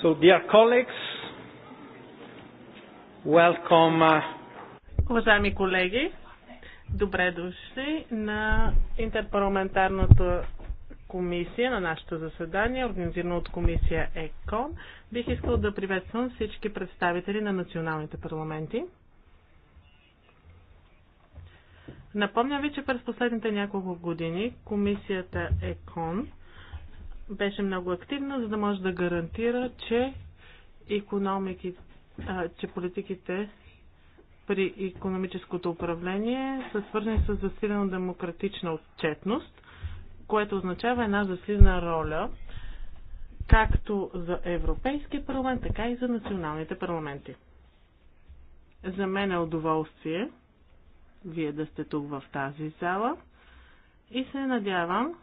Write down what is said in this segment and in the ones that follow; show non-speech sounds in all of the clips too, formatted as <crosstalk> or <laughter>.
So, dear colleagues, welcome. Uh, Уважаеми колеги, добре дошли на интерпарламентарната комисия, на нашето заседание, организирано от комисия ЕКОН. Бих искал да приветствам всички представители на националните парламенти. Напомня ви, че през последните няколко години комисията ЕКОН беше много активна, за да може да гарантира, че економики, че политиките при економическото управление са свързани с засилена демократична отчетност, което означава една засилена роля както за Европейския парламент, така и за националните парламенти. За мен е удоволствие вие да сте тук в тази зала и се надявам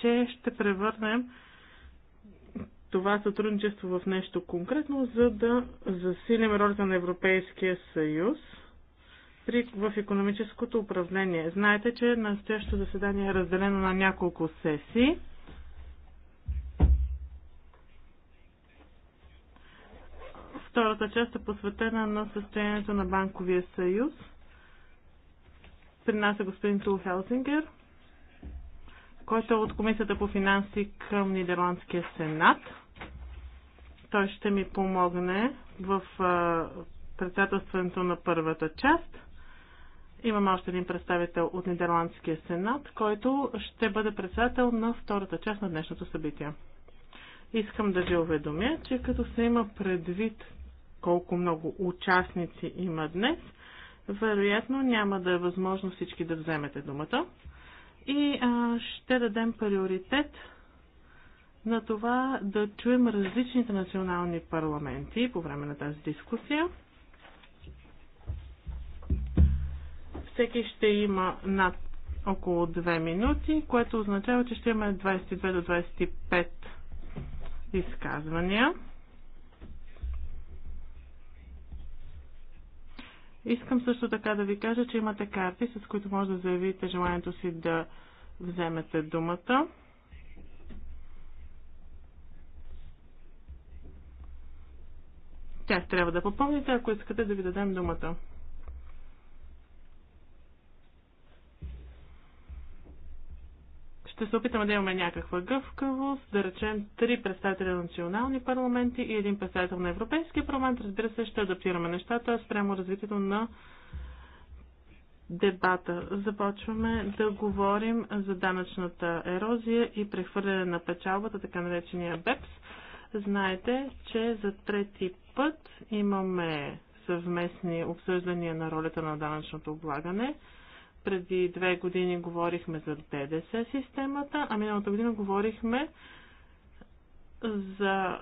че ще превърнем това сътрудничество в нещо конкретно, за да засилим ролята на Европейския съюз при, в економическото управление. Знаете, че настоящото заседание е разделено на няколко сесии. Втората част е посветена на състоянието на Банковия съюз. При нас е господин Тул Хелсингер който е от Комисията по финанси към Нидерландския сенат. Той ще ми помогне в председателстването на първата част. Имаме още един представител от Нидерландския сенат, който ще бъде председател на втората част на днешното събитие. Искам да ви уведомя, че като се има предвид колко много участници има днес, вероятно няма да е възможно всички да вземете думата и а, ще дадем приоритет на това да чуем различните национални парламенти по време на тази дискусия. Всеки ще има над около 2 минути, което означава, че ще имаме 22 до 25 изказвания. Искам също така да ви кажа, че имате карти, с които може да заявите желанието си да вземете думата. Тя трябва да попълните, ако искате да ви дадем думата. Ще се опитаме да имаме някаква гъвкавост, да речем три представители на национални парламенти и един представител на Европейския парламент. Разбира се, ще адаптираме нещата спрямо развитието на дебата. Започваме да говорим за данъчната ерозия и прехвърляне на печалбата, така наречения БЕПС. Знаете, че за трети път имаме съвместни обсъждания на ролята на данъчното облагане. Преди две години говорихме за ДДС системата, а миналата година говорихме за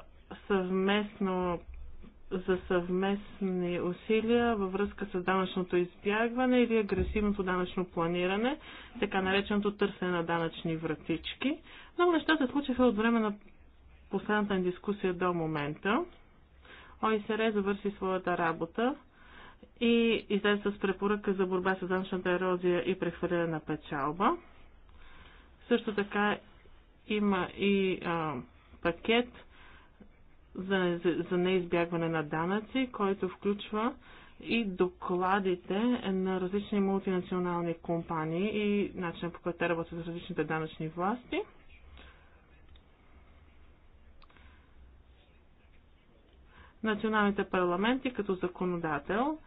съвместно за съвместни усилия във връзка с данъчното избягване или агресивното данъчно планиране, така нареченото търсене на данъчни вратички. Много неща се случиха от време на последната ни дискусия до момента. ОИСР завърши своята работа и излезе с препоръка за борба с данъчната ерозия и прехвърляне на печалба. Също така има и а, пакет за, за, за неизбягване на данъци, който включва и докладите на различни мултинационални компании и начина по който те работят с различните данъчни власти. Националните парламенти като законодател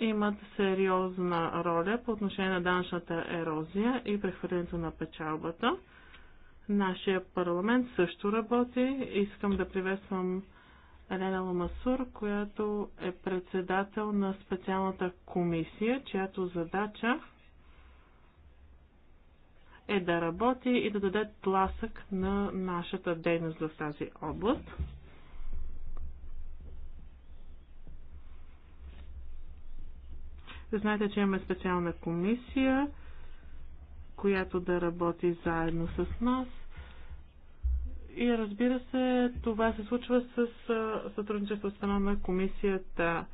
имат сериозна роля по отношение на данъчната ерозия и прехвърлянето на печалбата. Нашия парламент също работи. Искам да приветствам Елена Ламасур, която е председател на специалната комисия, чиято задача е да работи и да даде тласък на нашата дейност в тази област. Знаете, че имаме специална комисия, която да работи заедно с нас и разбира се, това се случва с сътрудничество от страна на комисията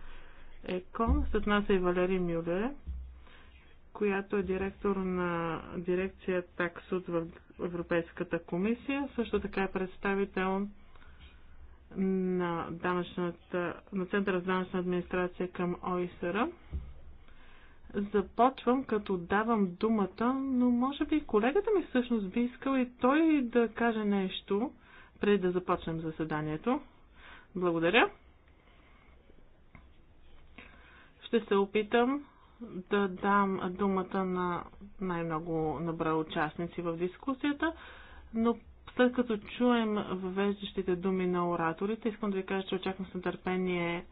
ЕКОН. След нас е и Валерий Мюле, която е директор на дирекция Таксуд в Европейската комисия. Също така е представител на, на Центъра за данъчна администрация към ОИСР започвам като давам думата, но може би колегата ми всъщност би искал и той да каже нещо, преди да започнем заседанието. Благодаря. Ще се опитам да дам думата на най-много набра участници в дискусията, но след като чуем въвеждащите думи на ораторите, искам да ви кажа, че очаквам с нетърпение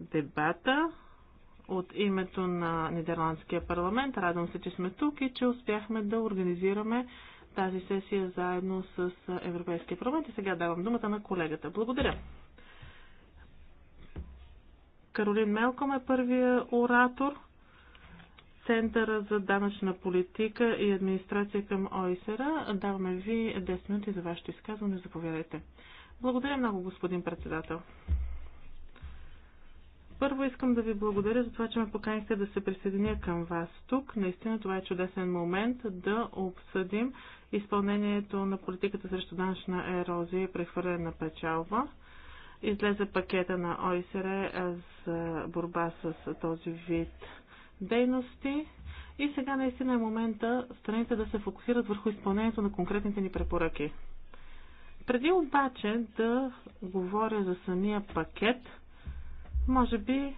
дебата от името на Нидерландския парламент. Радвам се, че сме тук и че успяхме да организираме тази сесия заедно с Европейския парламент. И сега давам думата на колегата. Благодаря. Каролин Мелком е първия оратор. Центъра за данъчна политика и администрация към ОИСЕРА. Даваме ви 10 минути за вашето изказване. Заповядайте. Благодаря много, господин председател. Първо искам да ви благодаря за това, че ме поканихте да се присъединя към вас тук. Наистина това е чудесен момент да обсъдим изпълнението на политиката срещу данъчна ерозия и прехвърляне на печалба. Излезе пакета на ОИСР е, за борба с този вид дейности. И сега наистина е момента страните да се фокусират върху изпълнението на конкретните ни препоръки. Преди обаче да говоря за самия пакет – може би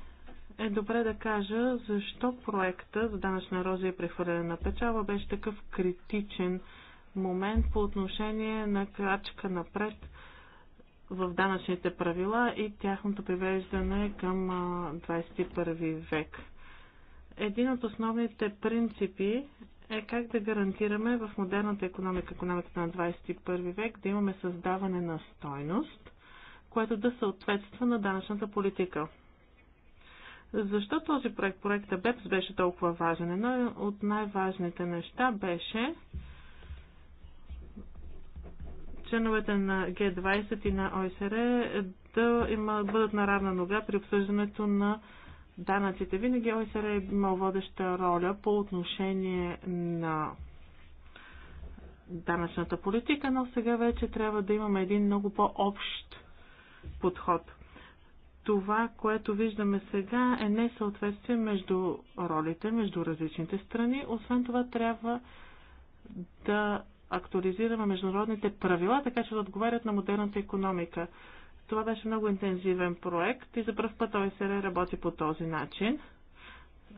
е добре да кажа защо проекта за данъчна ерозия и прехвърляне на печала беше такъв критичен момент по отношение на крачка напред в данъчните правила и тяхното привеждане към 21 век. Един от основните принципи е как да гарантираме в модерната економика, економиката на 21 век, да имаме създаване на стойност, което да съответства на данъчната политика. Защо този проект, проекта БЕПС беше толкова важен? Едно от най-важните неща беше членовете на Г20 и на ОСР да има, бъдат на равна нога при обсъждането на данъците. Винаги ОСР е имал водеща роля по отношение на данъчната политика, но сега вече трябва да имаме един много по-общ подход това, което виждаме сега, е несъответствие между ролите, между различните страни. Освен това, трябва да актуализираме международните правила, така че да отговарят на модерната економика. Това беше много интензивен проект и за първ път ОСР работи по този начин.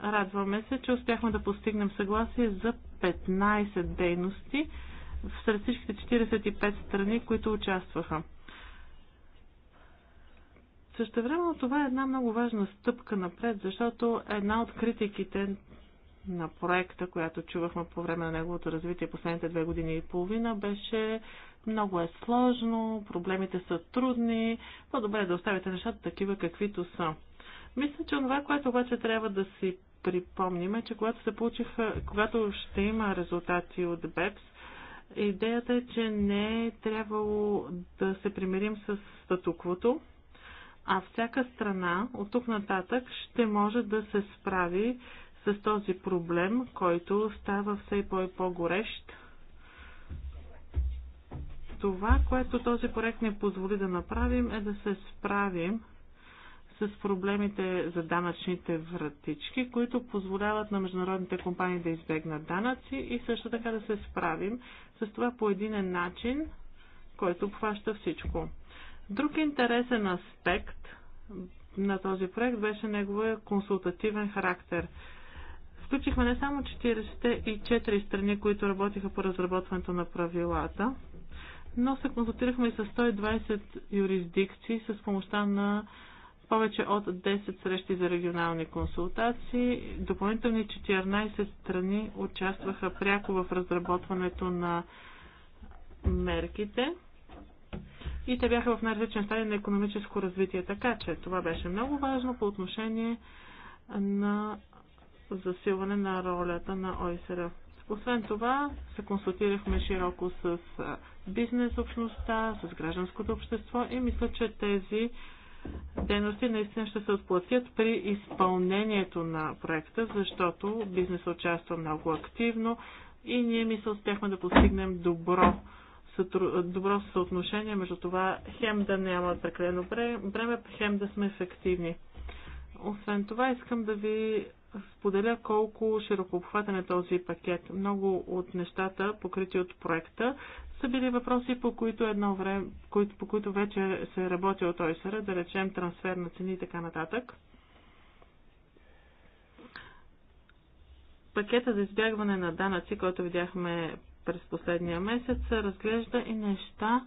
Радваме се, че успяхме да постигнем съгласие за 15 дейности сред всичките 45 страни, които участваха. Също време това е една много важна стъпка напред, защото една от критиките на проекта, която чувахме по време на неговото развитие последните две години и половина, беше много е сложно, проблемите са трудни, по-добре е да оставите нещата такива каквито са. Мисля, че това, което обаче трябва да си припомним е, че когато, се получиха, когато ще има резултати от БЕПС, идеята е, че не е трябвало да се примирим с статуквото, а всяка страна от тук нататък ще може да се справи с този проблем, който става все по- и по-горещ. Това, което този проект ни позволи да направим, е да се справим с проблемите за данъчните вратички, които позволяват на международните компании да избегнат данъци и също така да се справим с това по един е начин, който обхваща всичко. Друг интересен аспект на този проект беше неговия консултативен характер. Включихме не само 44 страни, които работиха по разработването на правилата, но се консултирахме и с 120 юрисдикции с помощта на повече от 10 срещи за регионални консултации. Допълнителни 14 страни участваха пряко в разработването на мерките и те бяха в най-различен стадий на економическо развитие. Така че това беше много важно по отношение на засилване на ролята на ОИСР. Освен това, се консултирахме широко с бизнес общността, с гражданското общество и мисля, че тези дейности наистина ще се отплатят при изпълнението на проекта, защото бизнесът участва много активно и ние мисля успяхме да постигнем добро добро съотношение между това хем да няма прекалено време, хем да сме ефективни. Освен това, искам да ви споделя колко широко обхватен е този пакет. Много от нещата, покрити от проекта, са били въпроси, по които, едно време, които, по които вече се е работил от ОИСР, да речем трансфер на цени и така нататък. Пакета за избягване на данъци, който видяхме през последния месец разглежда и неща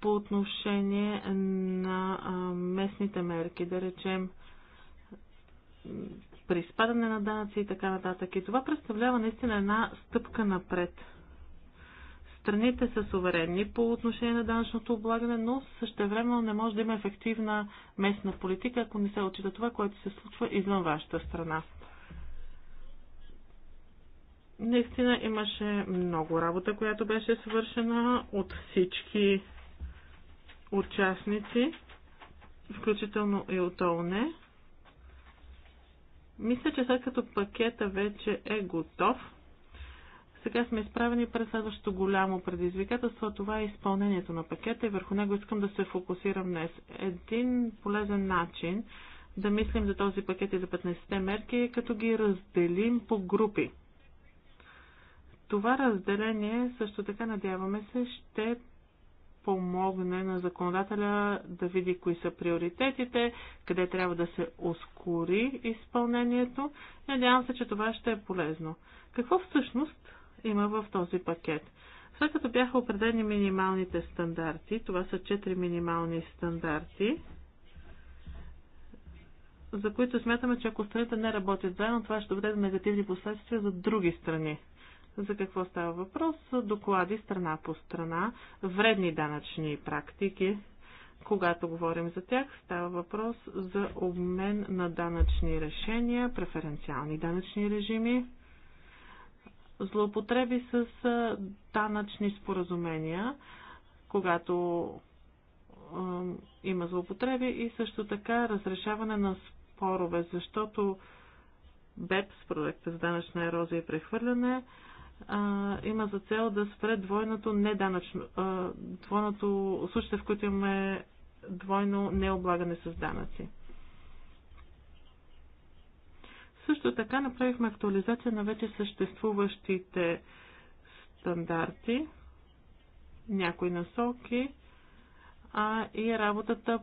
по отношение на местните мерки, да речем при изпадане на данъци и така нататък. И това представлява наистина една стъпка напред. Страните са суверенни по отношение на данъчното облагане, но същевременно не може да има ефективна местна политика, ако не се отчита това, което се случва извън вашата страна. Наистина имаше много работа, която беше свършена от всички участници, включително и от ОНЕ. Мисля, че след като пакета вече е готов, сега сме изправени през следващото голямо предизвикателство, това е изпълнението на пакета и върху него искам да се фокусирам днес. Един полезен начин да мислим за този пакет и за 15-те мерки е като ги разделим по групи. Това разделение също така, надяваме се, ще помогне на законодателя да види кои са приоритетите, къде трябва да се ускори изпълнението. Надявам се, че това ще е полезно. Какво всъщност има в този пакет? След като бяха определени минималните стандарти, това са 4 минимални стандарти, за които смятаме, че ако страните не работят заедно, това ще доведе до негативни последствия за други страни. За какво става въпрос? Доклади страна по страна, вредни данъчни практики. Когато говорим за тях, става въпрос за обмен на данъчни решения, преференциални данъчни режими, злоупотреби с данъчни споразумения, когато има злоупотреби и също така разрешаване на спорове, защото БЕПС, проекта за данъчна ерозия и прехвърляне, а, има за цел да спре двойното неданъчно, а, двойното, случай, в които имаме двойно необлагане с данъци. Също така направихме актуализация на вече съществуващите стандарти, някои насоки, а и работата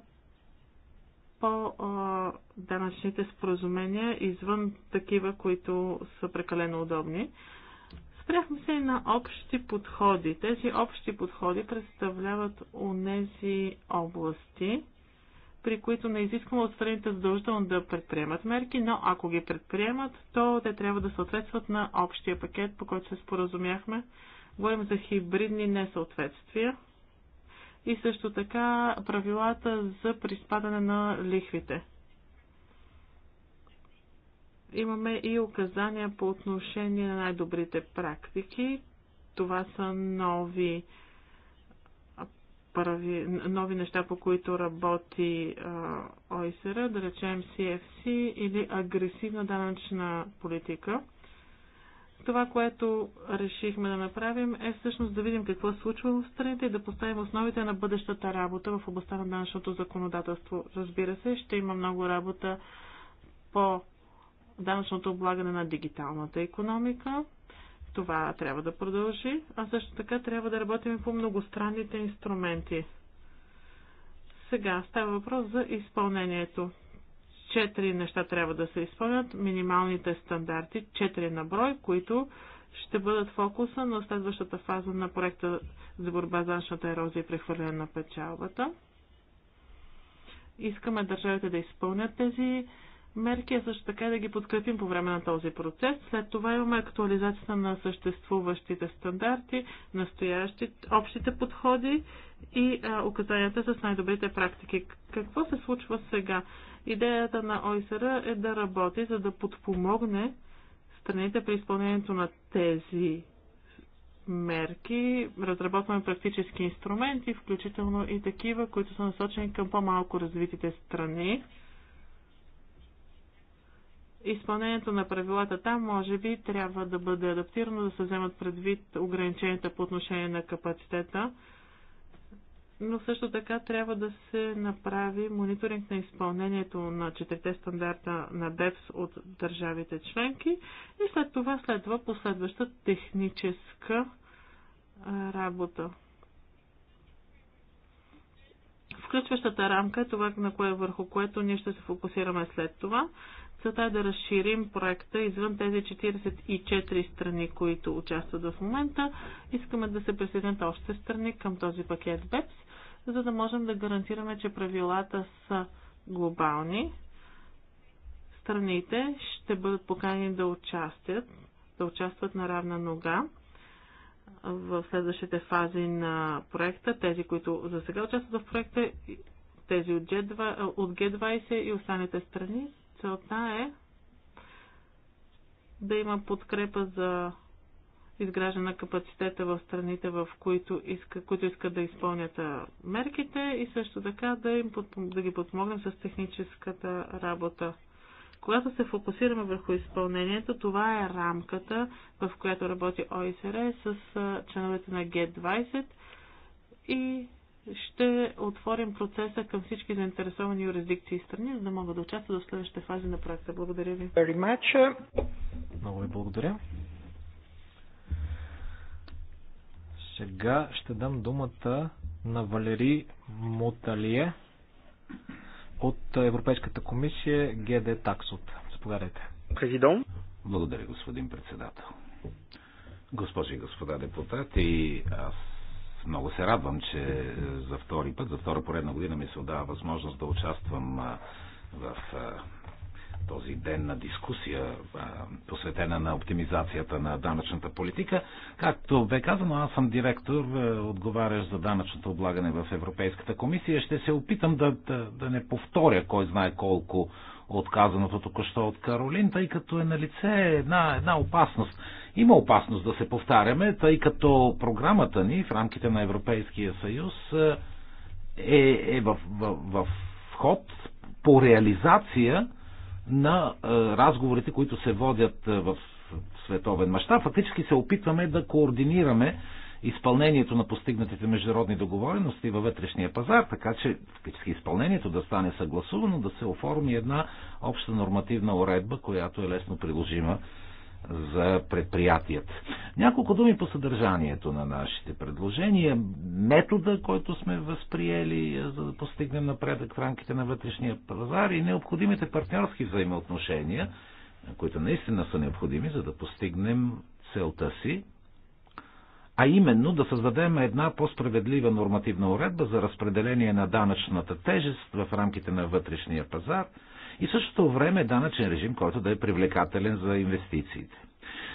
по а, данъчните споразумения извън такива, които са прекалено удобни. А, Спряхме се и на общи подходи. Тези общи подходи представляват онези области, при които не е изискваме от страните задължително да предприемат мерки, но ако ги предприемат, то те трябва да съответстват на общия пакет, по който се споразумяхме. Говорим за хибридни несъответствия и също така правилата за приспадане на лихвите имаме и указания по отношение на най-добрите практики. Това са нови, прави, нови неща, по които работи ОИСР, да речем CFC или агресивна данъчна политика. Това, което решихме да направим е всъщност да видим какво се случва в страните и да поставим основите на бъдещата работа в областта на данъчното законодателство. Разбира се, ще има много работа по данъчното облагане на дигиталната економика. Това трябва да продължи, а също така трябва да работим и по многостранните инструменти. Сега става въпрос за изпълнението. Четири неща трябва да се изпълнят. Минималните стандарти, четири на брой, които ще бъдат фокуса на следващата фаза на проекта за борба за нашата ерозия и прехвърляне на печалбата. Искаме държавите да изпълнят тези мерки, а също така и да ги подкрепим по време на този процес. След това имаме актуализацията на съществуващите стандарти, настоящи, общите подходи и а, указанията с най-добрите практики. Какво се случва сега? Идеята на ОИСР е да работи, за да подпомогне страните при изпълнението на тези мерки, разработваме практически инструменти, включително и такива, които са насочени към по-малко развитите страни изпълнението на правилата там може би трябва да бъде адаптирано, да се вземат предвид ограниченията по отношение на капацитета, но също така трябва да се направи мониторинг на изпълнението на четирите стандарта на ДЕПС от държавите членки и след това следва последваща техническа работа. Включващата рамка е това, на кое върху което ние ще се фокусираме след това. Целта е да разширим проекта извън тези 44 страни, които участват в момента. Искаме да се присъединят още страни към този пакет BEPS, за да можем да гарантираме, че правилата са глобални. Страните ще бъдат поканени да участват, да участват на равна нога в следващите фази на проекта, тези, които за сега участват в проекта, тези от G20 и останалите страни Целта е да има подкрепа за изграждане на капацитета в страните, в които, иска, които искат да изпълнят мерките и също така да, им, да ги подпомогнем с техническата работа. Когато се фокусираме върху изпълнението, това е рамката, в която работи ОИСР с членовете на Г20 и ще отворим процеса към всички заинтересовани юрисдикции и страни, за да могат да участват в следващите фази на проекта. Благодаря ви. Много ви благодаря. Сега ще дам думата на Валери Моталие от Европейската комисия ГД Таксот. Заповядайте. Президон. Благодаря, господин председател. Госпожи и господа депутати, аз много се радвам, че е, за втори път, за втора поредна година ми се отдава възможност да участвам е, в е, този ден на дискусия, посветена на оптимизацията на данъчната политика. Както бе казано, аз съм директор, отговарящ за данъчното облагане в Европейската комисия. Ще се опитам да, да, да не повторя кой знае колко отказаното току-що от Каролин, тъй като е на лице една, една опасност. Има опасност да се повтаряме, тъй като програмата ни в рамките на Европейския съюз е, е, е в, в, в ход по реализация на е, разговорите, които се водят е, в световен мащаб. Фактически се опитваме да координираме изпълнението на постигнатите международни договорености във вътрешния пазар, така че фактически изпълнението да стане съгласувано, да се оформи една обща нормативна уредба, която е лесно приложима за предприятията. Няколко думи по съдържанието на нашите предложения, метода, който сме възприели е, за да постигнем напредък в рамките на вътрешния пазар и необходимите партньорски взаимоотношения, които наистина са необходими, за да постигнем целта си, а именно да създадем една по-справедлива нормативна уредба за разпределение на данъчната тежест в рамките на вътрешния пазар – и същото време данъчен режим, който да е привлекателен за инвестициите.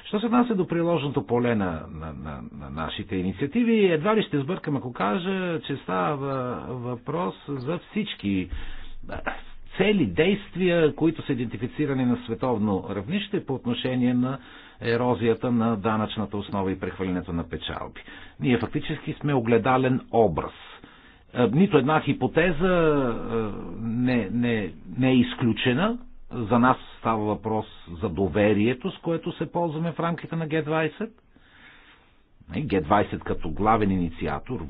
Що се отнася до приложното поле на, на, на, на нашите инициативи, едва ли ще сбъркам, ако кажа, че става въпрос за всички цели, действия, които са идентифицирани на световно равнище по отношение на ерозията на данъчната основа и прехвалянето на печалби. Ние фактически сме огледален образ – е, нито една хипотеза е, не, не, не е изключена. За нас става въпрос за доверието, с което се ползваме в рамките на Г20. Е, Г20 като главен инициатор,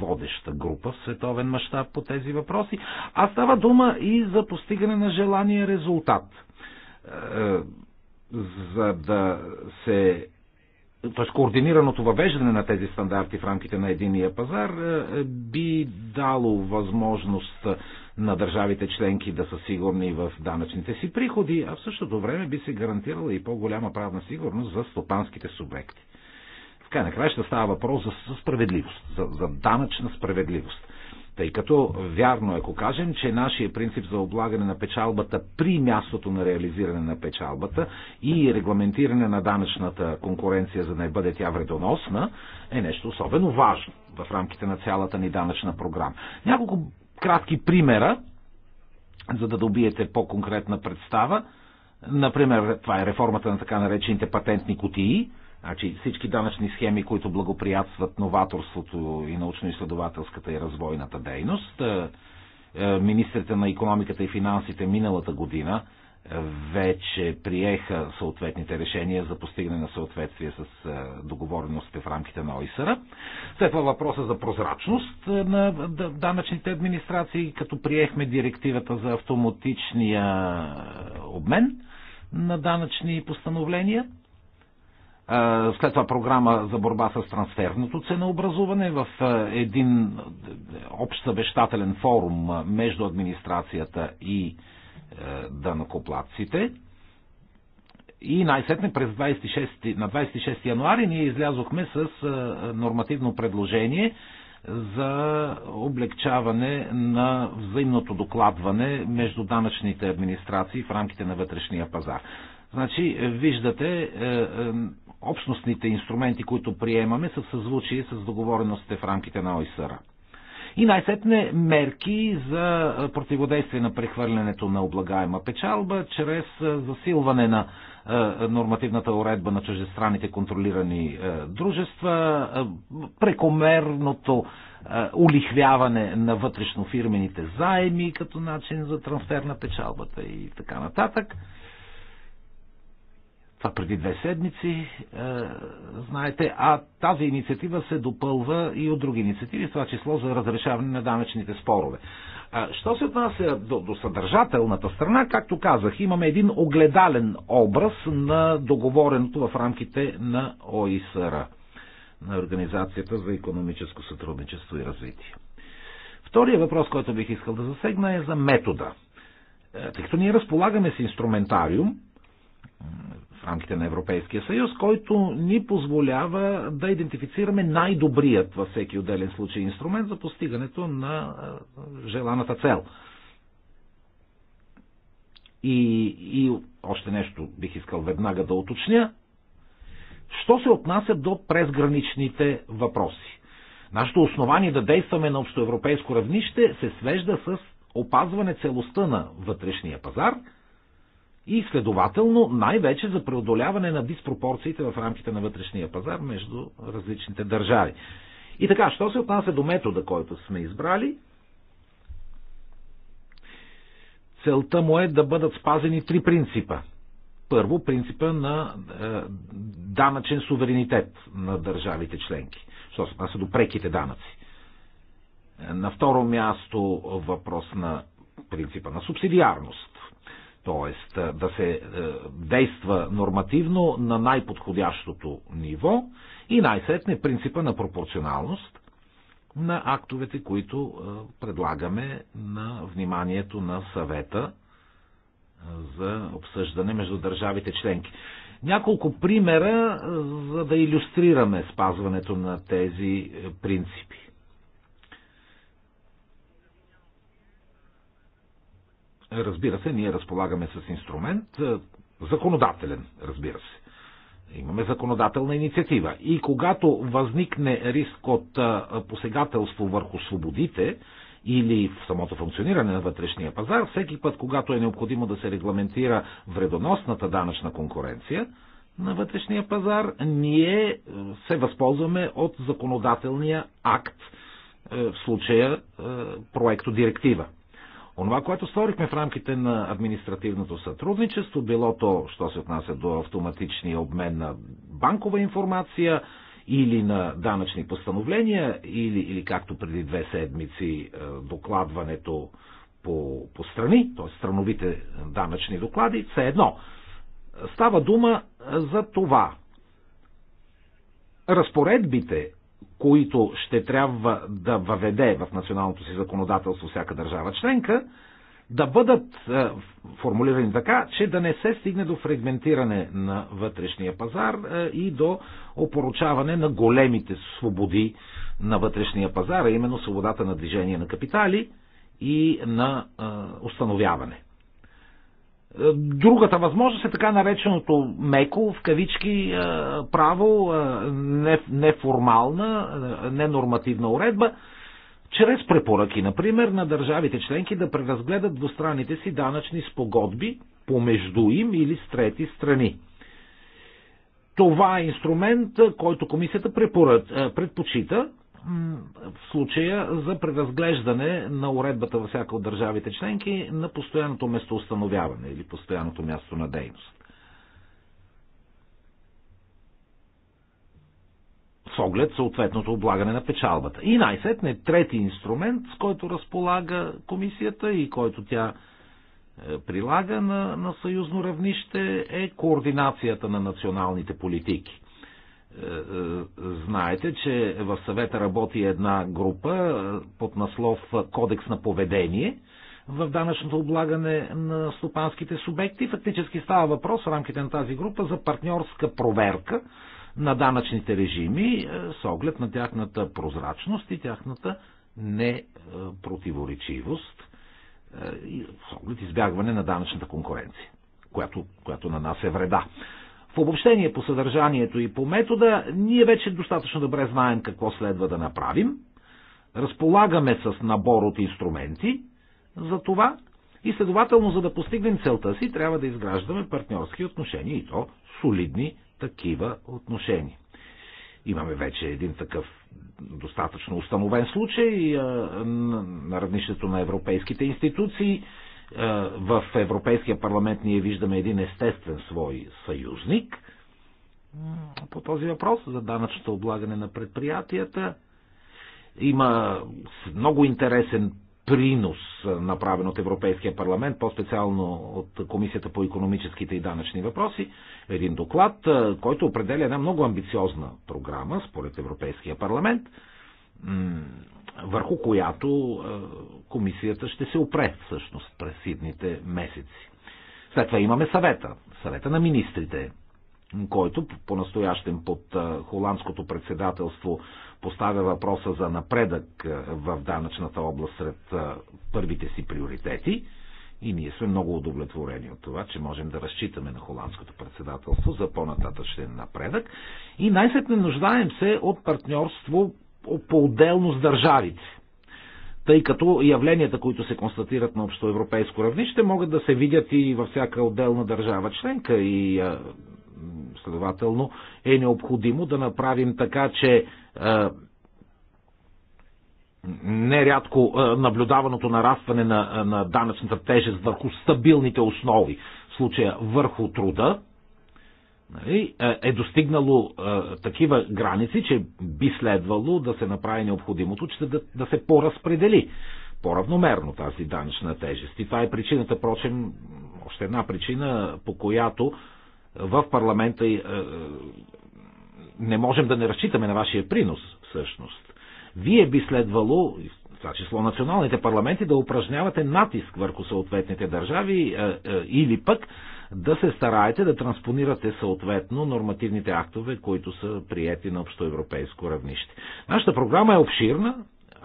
водеща група в световен мащаб по тези въпроси, а става дума и за постигане на желания резултат. За да се т.е. координираното въвеждане на тези стандарти в рамките на единия пазар е, би дало възможност на държавите членки да са сигурни в данъчните си приходи, а в същото време би се гарантирала и по-голяма правна сигурност за стопанските субекти. В край на края ще става въпрос за справедливост, за, за данъчна справедливост. Тъй като вярно, е, ако кажем, че нашия принцип за облагане на печалбата при мястото на реализиране на печалбата и регламентиране на данъчната конкуренция, за да не бъде тя вредоносна, е нещо особено важно в рамките на цялата ни данъчна програма. Няколко кратки примера, за да добиете по-конкретна представа. Например, това е реформата на така наречените патентни кутии, Значи всички данъчни схеми, които благоприятстват новаторството и научно-изследователската и развойната дейност. Е, е, министрите на економиката и финансите миналата година е, вече приеха съответните решения за постигане на съответствие с договореностите в рамките на ОИСР. След това въпроса за прозрачност на данъчните администрации, като приехме директивата за автоматичния обмен на данъчни постановления – е, след това програма за борба с трансферното ценообразуване в е, един е, общ съвещателен форум между администрацията и данакоплатците. И най-сетне през 26, на 26 януари ние излязохме с нормативно предложение за облегчаване на взаимното докладване между данъчните администрации в рамките на вътрешния пазар. Значи, е, виждате, е, е, общностните инструменти, които приемаме, са в съзвучие с договореностите в рамките на ОИСР. И най-сетне мерки за противодействие на прехвърлянето на облагаема печалба чрез засилване на нормативната уредба на чуждестранните контролирани дружества, прекомерното улихвяване на вътрешно фирмените заеми като начин за трансфер на печалбата и така нататък. Това преди две седмици, е, знаете, а тази инициатива се допълва и от други инициативи, в това число за разрешаване на данъчните спорове. Е, що се отнася до, до съдържателната страна, както казах, имаме един огледален образ на договореното в рамките на ОИСР, на Организацията за економическо сътрудничество и развитие. Втория въпрос, който бих искал да засегна е за метода. Е, тъй като ние разполагаме с инструментариум, в рамките на Европейския съюз, който ни позволява да идентифицираме най-добрият във всеки отделен случай инструмент за постигането на желаната цел. И, и още нещо бих искал веднага да уточня. Що се отнася до презграничните въпроси? Нашето основание да действаме на общоевропейско равнище се свежда с опазване целостта на вътрешния пазар – и следователно най-вече за преодоляване на диспропорциите в рамките на вътрешния пазар между различните държави. И така, що се отнася до метода, който сме избрали, целта му е да бъдат спазени три принципа. Първо, принципа на е, данъчен суверенитет на държавите членки, що се отнася до преките данъци. Е, на второ място въпрос на принципа на субсидиарност т.е. да се е, действа нормативно на най-подходящото ниво и най-сетне принципа на пропорционалност на актовете, които е, предлагаме на вниманието на съвета е, за обсъждане между държавите членки. Няколко примера, за да иллюстрираме спазването на тези принципи. Разбира се, ние разполагаме с инструмент, е, законодателен, разбира се. Имаме законодателна инициатива. И когато възникне риск от е, посегателство върху свободите или в самото функциониране на вътрешния пазар, всеки път, когато е необходимо да се регламентира вредоносната данъчна конкуренция на вътрешния пазар, ние е, се възползваме от законодателния акт, в случая проекто директива. Онова, което сторихме в рамките на административното сътрудничество, било то, що се отнася до автоматичния обмен на банкова информация или на данъчни постановления, или, или както преди две седмици е, докладването по, по страни, т.е. страновите данъчни доклади, все едно. Става дума за това. Разпоредбите които ще трябва да въведе в националното си законодателство всяка държава членка, да бъдат е, формулирани така, че да не се стигне до фрагментиране на вътрешния пазар е, и до опоручаване на големите свободи на вътрешния пазар, а именно свободата на движение на капитали и на е, установяване. Е, другата възможност е така нареченото меко, в кавички, е, право, е, неформална, ненормативна уредба, чрез препоръки, например, на държавите членки да преразгледат двустранните си данъчни спогодби помежду им или с трети страни. Това е инструмент, който комисията предпочита в случая за преразглеждане на уредбата във всяка от държавите членки на постоянното местоустановяване или постоянното място на дейност. с оглед съответното облагане на печалбата. И най-сетне трети инструмент, с който разполага комисията и който тя е, прилага на, на съюзно равнище е координацията на националните политики. Е, е, знаете, че в съвета работи една група е, под наслов Кодекс на поведение в данъчното облагане на стопанските субекти. Фактически става въпрос в рамките на тази група за партньорска проверка на данъчните режими с оглед на тяхната прозрачност и тяхната непротиворечивост и с оглед избягване на данъчната конкуренция, която, която на нас е вреда. В обобщение по съдържанието и по метода, ние вече достатъчно добре знаем какво следва да направим. Разполагаме с набор от инструменти за това и следователно, за да постигнем целта си, трябва да изграждаме партньорски отношения и то солидни такива отношения. Имаме вече един такъв достатъчно установен случай на равнището на европейските институции. Е, в Европейския парламент ние виждаме един естествен свой съюзник по този въпрос за данъчното облагане на предприятията. Има много интересен принос, е, направен от Европейския парламент, по-специално от Комисията по економическите и данъчни въпроси. Един доклад, е, който определя една много амбициозна програма, според Европейския парламент върху която е, комисията ще се опре всъщност през идните месеци. След това имаме съвета, съвета на министрите, който по настоящен под е, холандското председателство поставя въпроса за напредък е, в данъчната област сред първите си приоритети. И ние сме много удовлетворени от това, че можем да разчитаме на холандското председателство за по-нататъчен напредък. И най-сетне нуждаем се от партньорство по-отделно с държавите. Тъй като явленията, които се констатират на общоевропейско равнище, могат да се видят и във всяка отделна държава членка и следователно е необходимо да направим така, че нерядко наблюдаваното нарастване на, на данъчната тежест върху стабилните основи, в случая върху труда, Нали, е, е достигнало е, такива граници, че би следвало да се направи необходимото, че да, да се поразпредели по-равномерно тази данъчна тежест. И това е причината, прочим, още една причина, по която в парламента е, е, не можем да не разчитаме на вашия принос, всъщност. Вие би следвало, това число националните парламенти, да упражнявате натиск върху съответните държави е, е, или пък да се стараете да транспонирате съответно нормативните актове, които са приети на общоевропейско равнище. Нашата програма е обширна,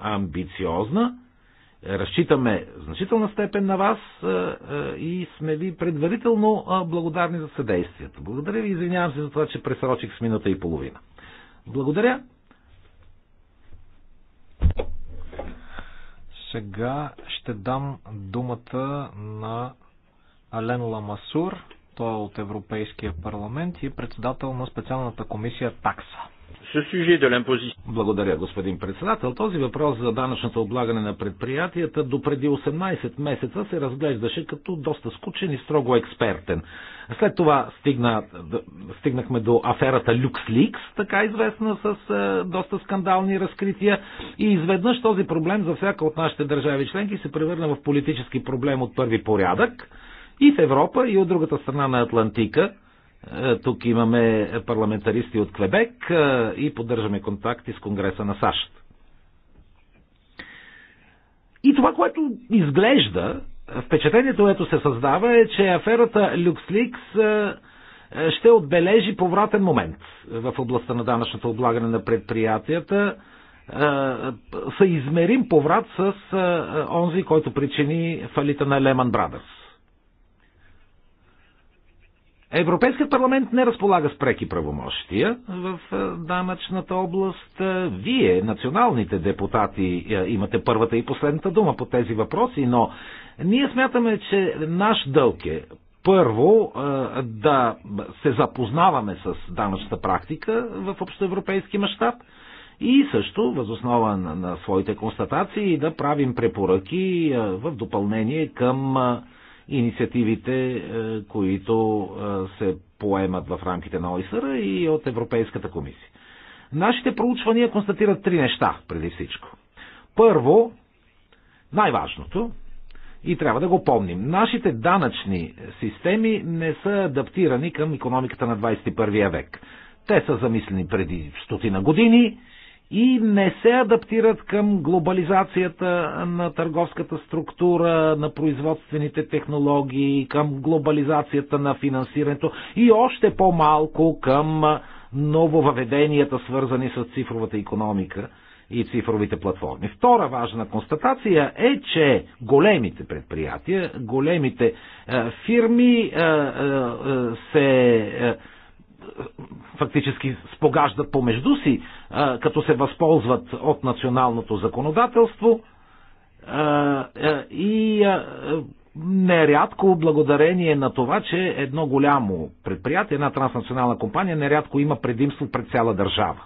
амбициозна, разчитаме значителна степен на вас и сме ви предварително благодарни за съдействието. Благодаря ви и извинявам се за това, че пресрочих с минута и половина. Благодаря. Сега ще дам думата на Ален Ламасур, той е от Европейския парламент и е председател на специалната комисия Такса. Благодаря, господин председател. Този въпрос за данъчното облагане на предприятията до преди 18 месеца се разглеждаше като доста скучен и строго експертен. След това стигна, стигнахме до аферата LuxLeaks, така известна с е, доста скандални разкрития. И изведнъж този проблем за всяка от нашите държави членки се превърна в политически проблем от първи порядък и в Европа, и от другата страна на Атлантика. Е, тук имаме парламентаристи от Квебек е, и поддържаме контакти с Конгреса на САЩ. И това, което изглежда, впечатлението, което се създава е, че аферата LuxLeaks е, ще отбележи повратен момент в областта на данъчното облагане на предприятията, съизмерим поврат с онзи, който причини фалита на Леман Брадърс. Европейският парламент не разполага с преки правомощия в е, данъчната област. Е, вие, националните депутати, е, имате първата и последната дума по тези въпроси, но ние смятаме, че наш дълг е първо да се запознаваме с данъчната практика в общоевропейски мащаб и също, възоснова на, на своите констатации, да правим препоръки в допълнение към инициативите, е, които е, се поемат в рамките на ОИСР и от Европейската комисия. Нашите проучвания констатират три неща, преди всичко. Първо, най-важното, и трябва да го помним. Нашите данъчни системи не са адаптирани към економиката на 21 век. Те са замислени преди стотина години и не се адаптират към глобализацията на търговската структура, на производствените технологии, към глобализацията на финансирането и още по-малко към нововъведенията, свързани с цифровата економика и цифровите платформи. Втора важна констатация е, че големите предприятия, големите е, фирми е, е, е се. Е, фактически спогаждат помежду си, като се възползват от националното законодателство и нерядко благодарение на това, че едно голямо предприятие, една транснационална компания нерядко има предимство пред цяла държава.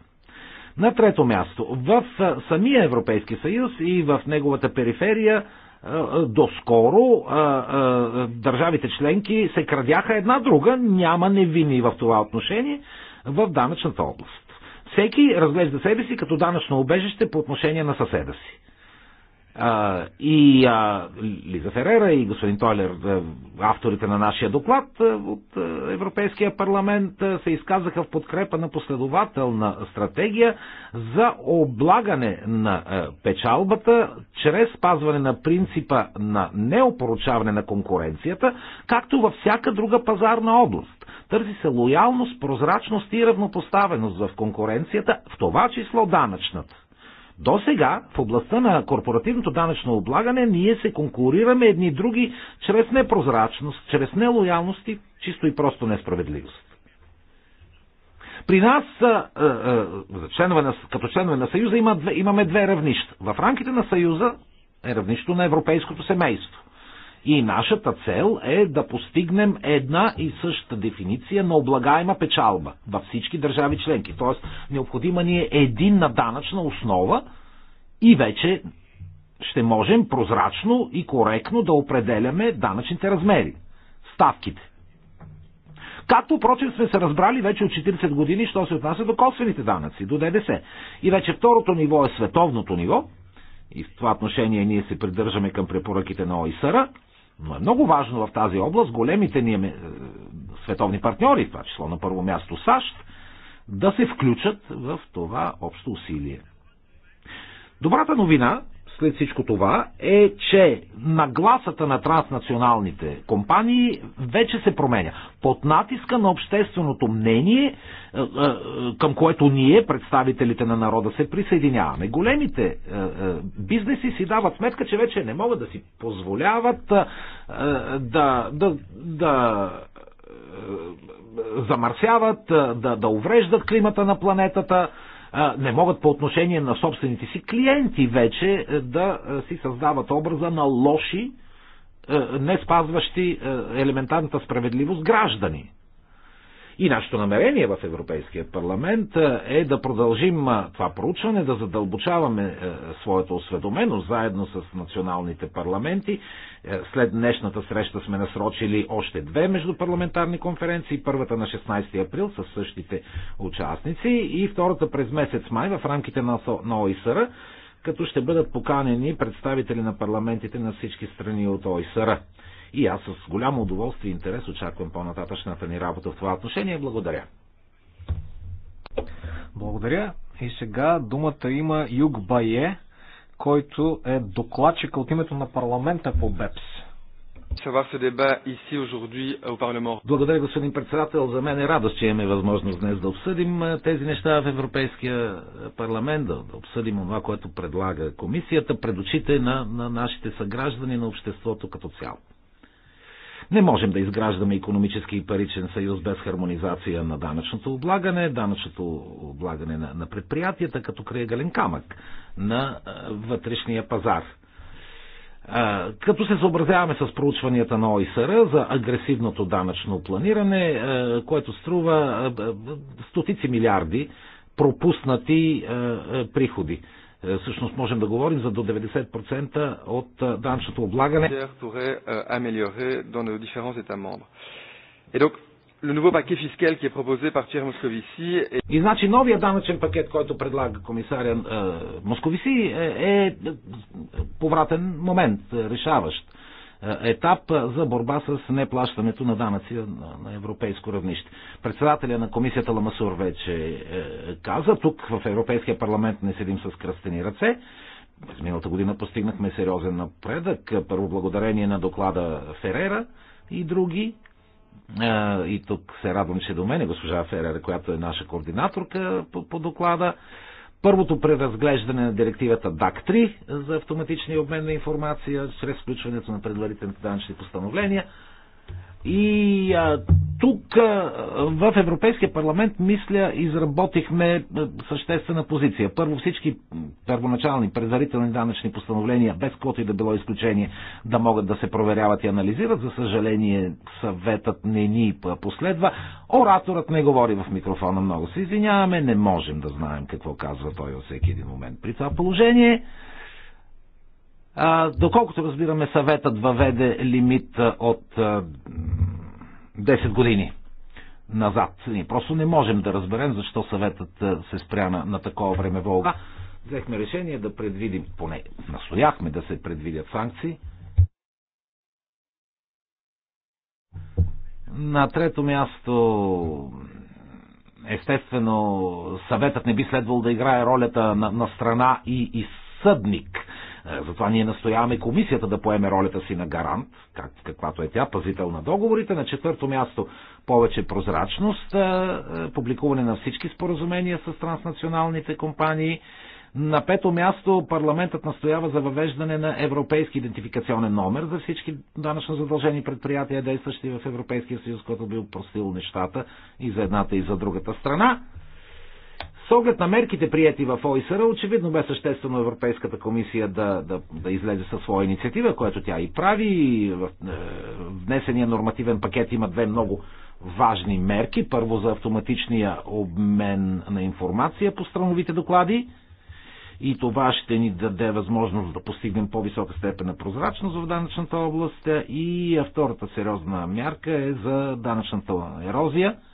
На трето място, в самия Европейски съюз и в неговата периферия доскоро държавите членки се крадяха една друга, няма невини в това отношение в данъчната област. Всеки разглежда себе си като данъчно обежище по отношение на съседа си. И Лиза Ферера и господин Тойлер, авторите на нашия доклад от Европейския парламент, се изказаха в подкрепа на последователна стратегия за облагане на печалбата чрез спазване на принципа на неопоручаване на конкуренцията, както във всяка друга пазарна област. Търси се лоялност, прозрачност и равнопоставеност в конкуренцията, в това число данъчната. До сега в областта на корпоративното данъчно облагане ние се конкурираме едни други чрез непрозрачност, чрез нелоялност и чисто и просто несправедливост. При нас, членове на, като членове на Съюза, има, имаме две равнища. В рамките на Съюза е равнището на европейското семейство. И нашата цел е да постигнем една и съща дефиниция на облагаема печалба във всички държави членки. Тоест, необходима ни е единна данъчна основа и вече ще можем прозрачно и коректно да определяме данъчните размери, ставките. Както, впрочем, сме се разбрали вече от 40 години, що се отнася до косвените данъци, до ДДС. И вече второто ниво е световното ниво, и в това отношение ние се придържаме към препоръките на ОИСР, но е много важно в тази област големите ни е, е, световни партньори, в това число на първо място САЩ, да се включат в това общо усилие. Добрата новина след всичко това е, че нагласата на транснационалните компании вече се променя. Под натиска на общественото мнение, е, е, към което ние, представителите на народа, се присъединяваме. Големите е, бизнеси си дават сметка, че вече не могат да си позволяват да, да, да замърсяват, да, да увреждат климата на планетата, не могат по отношение на собствените си клиенти вече е, да е, си създават образа на лоши, е, не спазващи елементарната справедливост граждани. И нашето намерение в Европейския парламент е, е да продължим това проучване, да задълбочаваме е, своята осведоменост заедно с националните парламенти. Е, след днешната среща сме насрочили още две междупарламентарни конференции. Първата на 16 април с същите участници и втората през месец май в рамките на ОИСР като ще бъдат поканени представители на парламентите на всички страни от ОИСР. И аз с голямо удоволствие и интерес очаквам по-нататъчната ни работа в това отношение. Благодаря. Благодаря. И сега думата има Юг Бае, който е докладчик от името на парламента по БЕПС. Благодаря, господин председател. За мен е радост, че имаме възможност днес да обсъдим тези неща в Европейския парламент, да обсъдим това, което предлага комисията пред очите на, на нашите съграждани, на обществото като цяло. Не можем да изграждаме економически и паричен съюз без хармонизация на данъчното облагане, данъчното облагане на, на предприятията като крайъгълен камък на вътрешния пазар като се съобразяваме с проучванията на ОИСР за агресивното данъчно планиране, което струва стотици милиарди пропуснати приходи. Е, всъщност можем да говорим за до 90% от е, данчното облагане. Е, le nouveau paquet fiscal qui est proposé par Pierre Moscovici est... И значи новия данъчен пакет, който предлага комисаря е, Московиси е, е повратен момент, решаващ. Е, етап е, за борба с неплащането на данъци на европейско равнище. Председателя на комисията Ламасур вече е, каза, тук в Европейския парламент не седим с кръстени ръце. През миналата година постигнахме сериозен напредък, първо благодарение на доклада Ферера и други. И тук се радвам, че до мен госпожа Ферера, която е наша координаторка по, по доклада. Първото преразглеждане на директивата DAC-3 за автоматичния обмен на информация чрез включването на предварителните данъчни постановления – и а, тук а, в Европейския парламент, мисля, изработихме съществена позиция. Първо всички първоначални предварителни данъчни постановления, без каквото и да било изключение, да могат да се проверяват и анализират. За съжаление, съветът не ни последва. Ораторът не говори в микрофона много. Се извиняваме, не можем да знаем какво казва той във всеки един момент. При това положение Доколкото разбираме, съветът въведе лимит от 10 години назад. Ние просто не можем да разберем защо съветът се спря на, на такова време вълга. Взехме решение да предвидим, поне настояхме да се предвидят санкции. На трето място, естествено, съветът не би следвал да играе ролята на, на страна и, и съдник е, затова ние настояваме комисията да поеме ролята си на гарант, как, каквато е тя, пазител на договорите. На четвърто място повече прозрачност, е, е, публикуване на всички споразумения с транснационалните компании. На пето място парламентът настоява за въвеждане на европейски идентификационен номер за всички данъчно задължени предприятия, действащи в Европейския съюз, което би упростило нещата и за едната и за другата страна. С оглед на мерките прияти в ОИСР, очевидно бе съществено Европейската комисия да, да, да излезе със своя инициатива, която тя и прави. в е, внесения нормативен пакет има две много важни мерки. Първо за автоматичния обмен на информация по страновите доклади. И това ще ни даде възможност да постигнем по-висока степен на прозрачност в данъчната област. И втората сериозна мярка е за данъчната ерозия –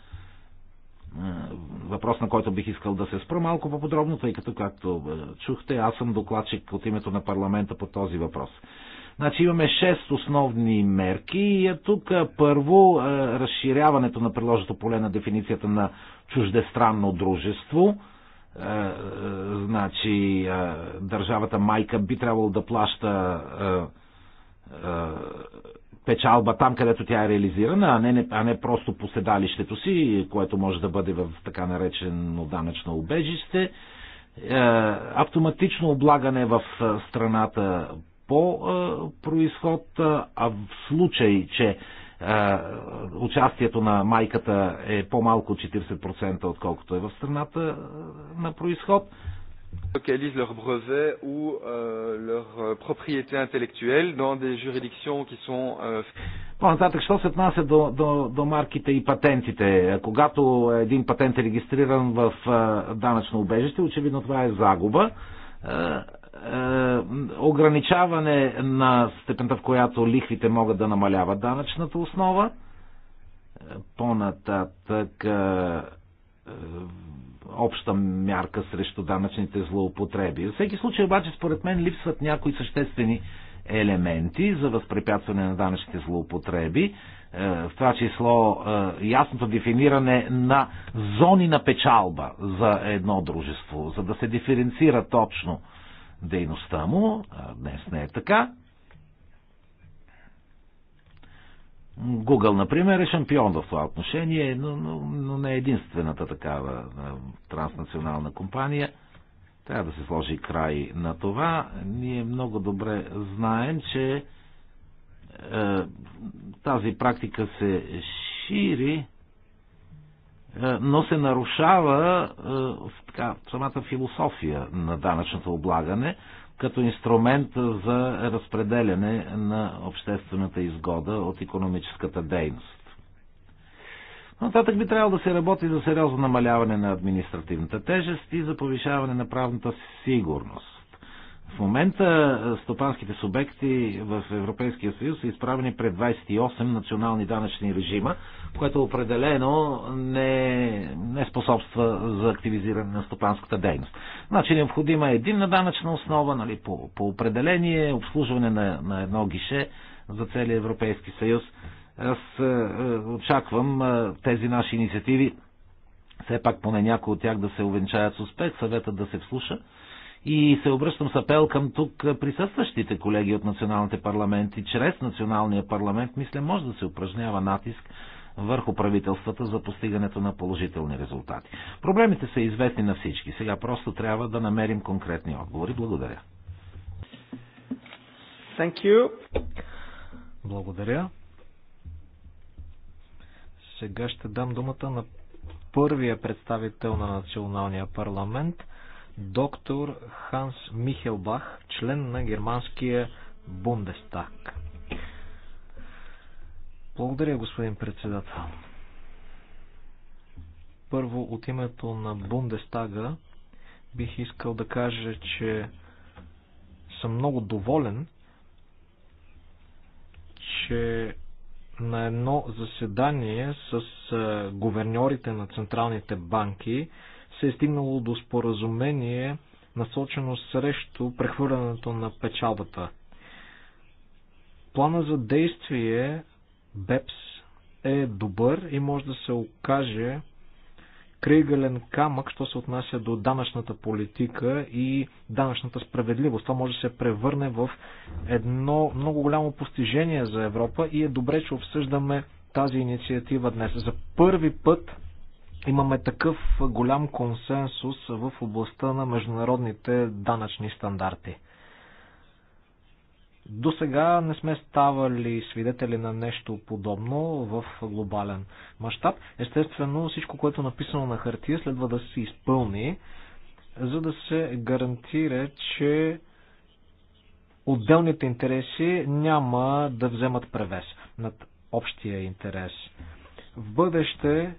е, въпрос, на който бих искал да се спра малко по-подробно, тъй като, както е, чухте, аз съм докладчик от името на парламента по този въпрос. Значи имаме 6 основни мерки и е тук е, първо разширяването на приложното поле на дефиницията на чуждестранно дружество. Значи държавата майка би трябвало да плаща печалба там, където тя е реализирана, а не, а не просто по седалището си, което може да бъде в така наречено данъчно убежище. Е, автоматично облагане в е, страната по е, происход, а в случай, че участието на майката е по-малко 40% отколкото е в страната на происход, localisent leurs brevets ou euh, leur euh, propriété intellectuelle dans des juridictions qui sont... Euh... По-нататък, що се отнася до, до, до марките и патентите? Е, когато един патент е регистриран в е, данъчно убежище, очевидно това е загуба. Е, ограничаване на степента, в която лихвите могат да намаляват данъчната основа. По-нататък обща мярка срещу данъчните злоупотреби. В всеки случай обаче според мен липсват някои съществени елементи за възпрепятстване на данъчните злоупотреби, е, в това число е, ясното дефиниране на зони на печалба за едно дружество, за да се диференцира точно дейността му. Е, днес не е така. Google, например, е шампион в това отношение, но, но, но не е единствената такава е, транснационална компания. Трябва да се сложи край на това. Ние много добре знаем, че е, тази практика се шири, е, но се нарушава е, в така, самата философия на данъчното облагане, като инструмент за разпределяне на обществената изгода от економическата дейност. Нататък би трябвало да се работи за сериозно намаляване на административната тежест и за повишаване на правната сигурност. В момента стопанските субекти в Европейския съюз са изправени пред 28 национални данъчни режима, което определено не, не способства за активизиране на стопанската дейност. Значи необходима е единна данъчна основа нали, по, по определение, обслужване на, на едно гише за целия Европейски съюз. Аз е, очаквам е, тези наши инициативи, все пак поне някои от тях да се увенчаят с успех, съветът да се вслуша и се обръщам с апел към тук присъстващите колеги от националните парламенти. Чрез националния парламент, мисля, може да се упражнява натиск върху правителствата за постигането на положителни резултати. Проблемите са известни на всички. Сега просто трябва да намерим конкретни отговори. Благодаря. Thank you. Благодаря. Сега ще дам думата на първия представител на националния парламент – доктор Ханс Михелбах, член на германския Бундестаг. Благодаря, господин председател. Първо, от името на Бундестага бих искал да кажа, че съм много доволен, че на едно заседание с гуверньорите на централните банки се е стигнало до споразумение, насочено срещу прехвърлянето на печалбата. Плана за действие БЕПС е добър и може да се окаже кригален камък, що се отнася до данъчната политика и данъчната справедливост. Това може да се превърне в едно много голямо постижение за Европа и е добре, че обсъждаме тази инициатива днес. За първи път имаме такъв голям консенсус в областта на международните данъчни стандарти. До сега не сме ставали свидетели на нещо подобно в глобален мащаб. Естествено, всичко, което е написано на хартия, следва да се изпълни, за да се гарантира, че отделните интереси няма да вземат превес над общия интерес. В бъдеще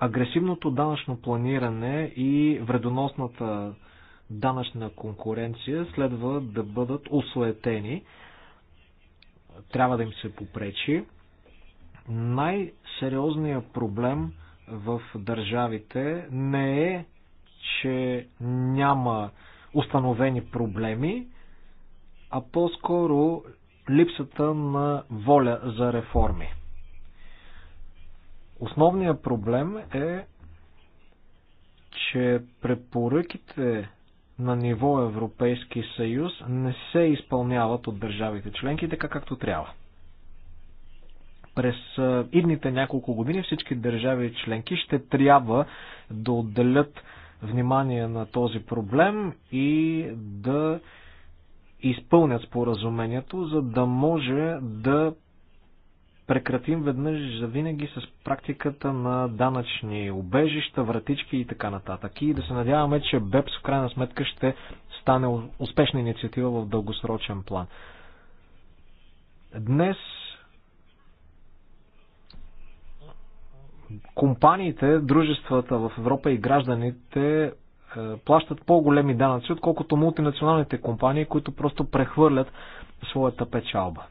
агресивното данъчно планиране и вредоносната данъчна конкуренция следва да бъдат осуетени. Трябва да им се попречи. Най-сериозният проблем в държавите не е, че няма установени проблеми, а по-скоро липсата на воля за реформи. Основният проблем е, че препоръките на ниво Европейски съюз не се изпълняват от държавите членки така както трябва. През идните няколко години всички държави членки ще трябва да отделят внимание на този проблем и да изпълнят споразумението, за да може да прекратим веднъж за винаги с практиката на данъчни убежища, вратички и така нататък. И да се надяваме, че БЕПС в крайна сметка ще стане успешна инициатива в дългосрочен план. Днес компаниите, дружествата в Европа и гражданите е, плащат по-големи данъци, отколкото мултинационалните компании, които просто прехвърлят своята печалба.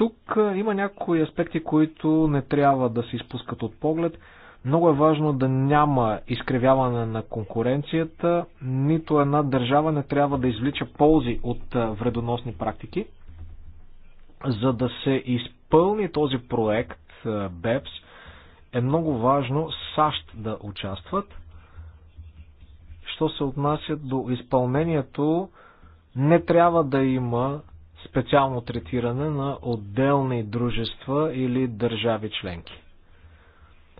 Тук има някои аспекти, които не трябва да се изпускат от поглед. Много е важно да няма изкривяване на конкуренцията. Нито една държава не трябва да извлича ползи от вредоносни практики. За да се изпълни този проект БЕПС, е много важно САЩ да участват. Що се отнася до изпълнението, не трябва да има специално третиране на отделни дружества или държави членки.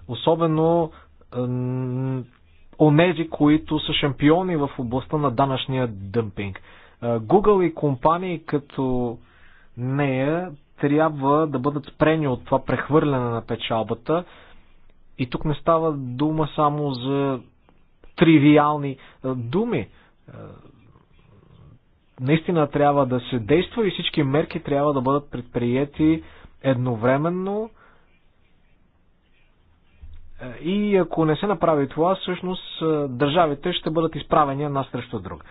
Особено е, онези, които са шампиони в областта на данъчния дъмпинг. Е, Google и компании като нея трябва да бъдат спрени от това прехвърляне на печалбата. И тук не става дума само за тривиални е, думи. Наистина трябва да се действа и всички мерки трябва да бъдат предприяти едновременно. Е, и ако не се направи това, всъщност е, държавите ще бъдат изправени една срещу друг.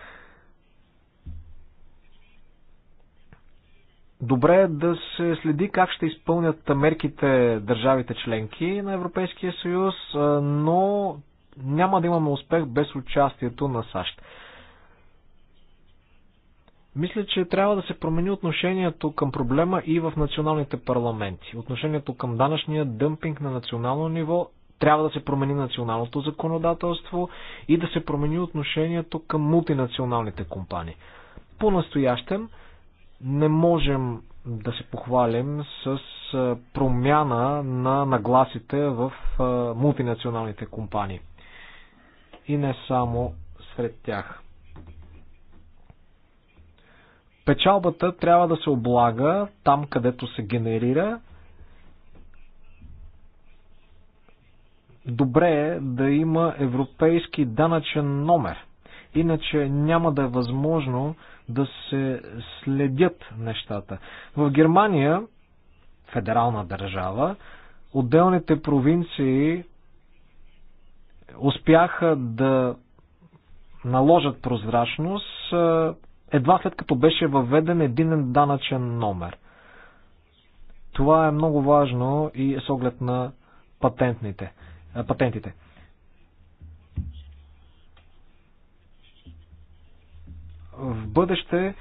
Добре е да се следи как ще изпълнят мерките държавите членки на Европейския съюз, е, но няма да имаме успех без участието на САЩ. Мисля, че трябва да се промени отношението към проблема и в националните парламенти. Отношението към данъчния дъмпинг на национално ниво трябва да се промени националното законодателство и да се промени отношението към мултинационалните компании. По-настоящем не можем да се похвалим с промяна на нагласите в мултинационалните компании. И не само сред тях. Печалбата трябва да се облага там, където се генерира. Добре е да има европейски данъчен номер. Иначе няма да е възможно да се следят нещата. В Германия, федерална държава, отделните провинции успяха да наложат прозрачност едва след като беше въведен единен данъчен номер. Това е много важно и с оглед на патентните, патентите. В бъдеще